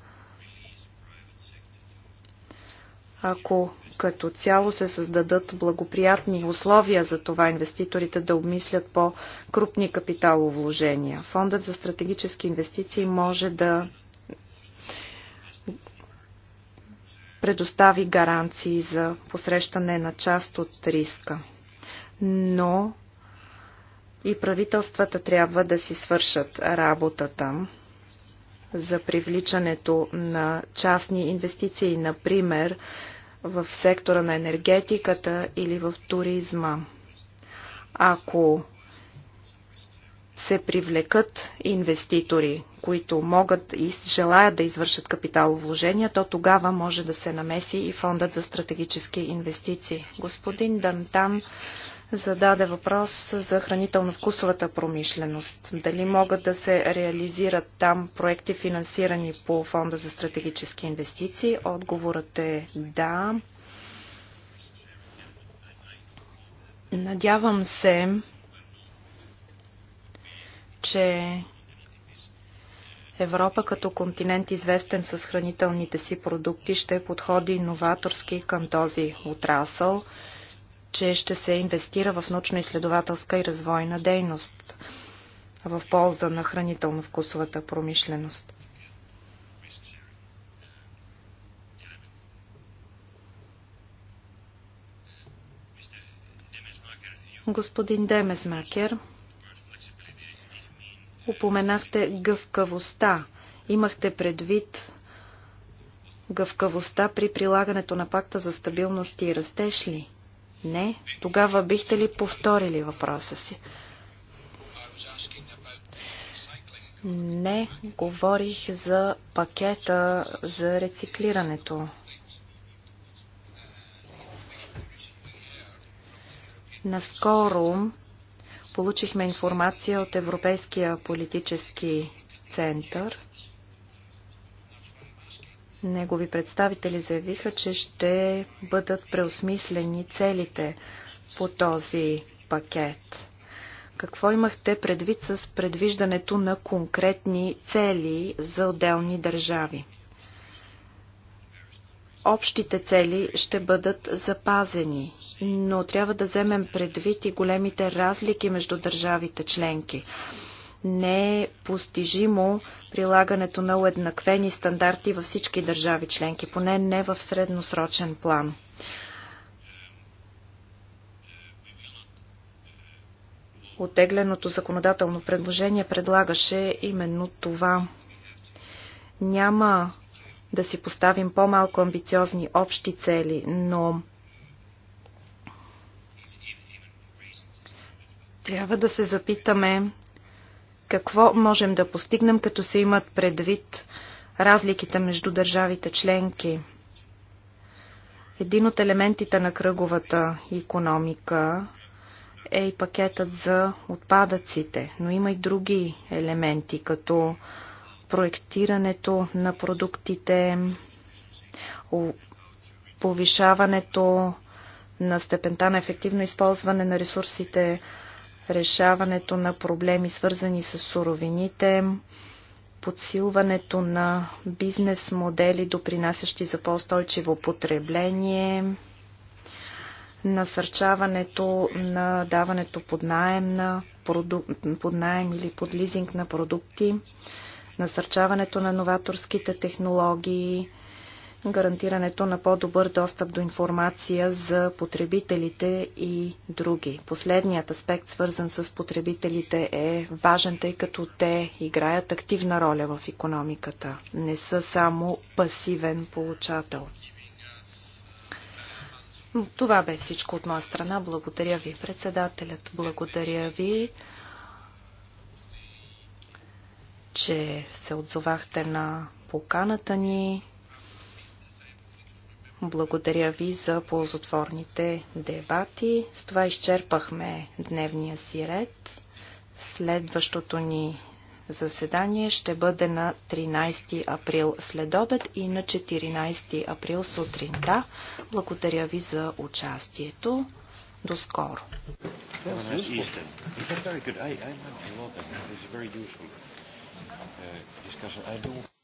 S3: ако като цяло се създадат благоприятни условия за това инвеститорите да обмислят по-крупни капиталовложения. Фондът за стратегически инвестиции може да предостави гаранции за посрещане на част от риска. Но и правителствата трябва да си свършат работата за привличането на частни инвестиции, например в сектора на енергетиката или в туризма. Ако се привлекат инвеститори, които могат и желаят да извършат капиталовложения, то тогава може да се намеси и фондът за стратегически инвестиции. Господин Дантан зададе въпрос за хранително-вкусовата промишленост. Дали могат да се реализират там проекти финансирани по Фонда за стратегически инвестиции? Отговорът е да. Надявам се, че Европа като континент, известен с хранителните си продукти, ще подходи иноваторски към този отрасъл – че ще се инвестира в научно-изследователска и развойна дейност в полза на хранително-вкусовата промишленост. Господин Демезмакер, упоменахте гъвкавостта. Имахте предвид гъвкавостта при прилагането на пакта за стабилност и растеж ли? Не. Тогава бихте ли повторили въпроса си? Не, говорих за пакета за рециклирането. Наскоро получихме информация от Европейския политически център – Негови представители заявиха, че ще бъдат преосмислени целите по този пакет. Какво имахте предвид с предвиждането на конкретни цели за отделни държави? Общите цели ще бъдат запазени, но трябва да вземем предвид и големите разлики между държавите членки не е постижимо прилагането на уеднаквени стандарти във всички държави членки, поне не в средносрочен план. Отегленото законодателно предложение предлагаше именно това. Няма да си поставим по-малко амбициозни общи цели, но трябва да се запитаме какво можем да постигнем, като се имат предвид разликите между държавите членки. Един от елементите на кръговата економика е и пакетът за отпадъците, но има и други елементи, като проектирането на продуктите, повишаването на степента на ефективно използване на ресурсите, решаването на проблеми, свързани с суровините, подсилването на бизнес модели, допринасящи за по стойчиво потребление, насърчаването на даването под найем, на продук... под найем или под лизинг на продукти, насърчаването на новаторските технологии, гарантирането на по-добър достъп до информация за потребителите и други. Последният аспект, свързан с потребителите, е важен, тъй като те играят активна роля в економиката. Не са само пасивен получател. Това бе всичко от моя страна. Благодаря ви, председателят. Благодаря ви, че се отзовахте на поканата ни благодаря ви за ползотворните дебати. С това изчерпахме дневния си ред. Следващото ни заседание ще бъде на 13 април след обед и на 14 април сутринта. Благодаря ви за участието. До скоро.
S1: Uh, discussion. I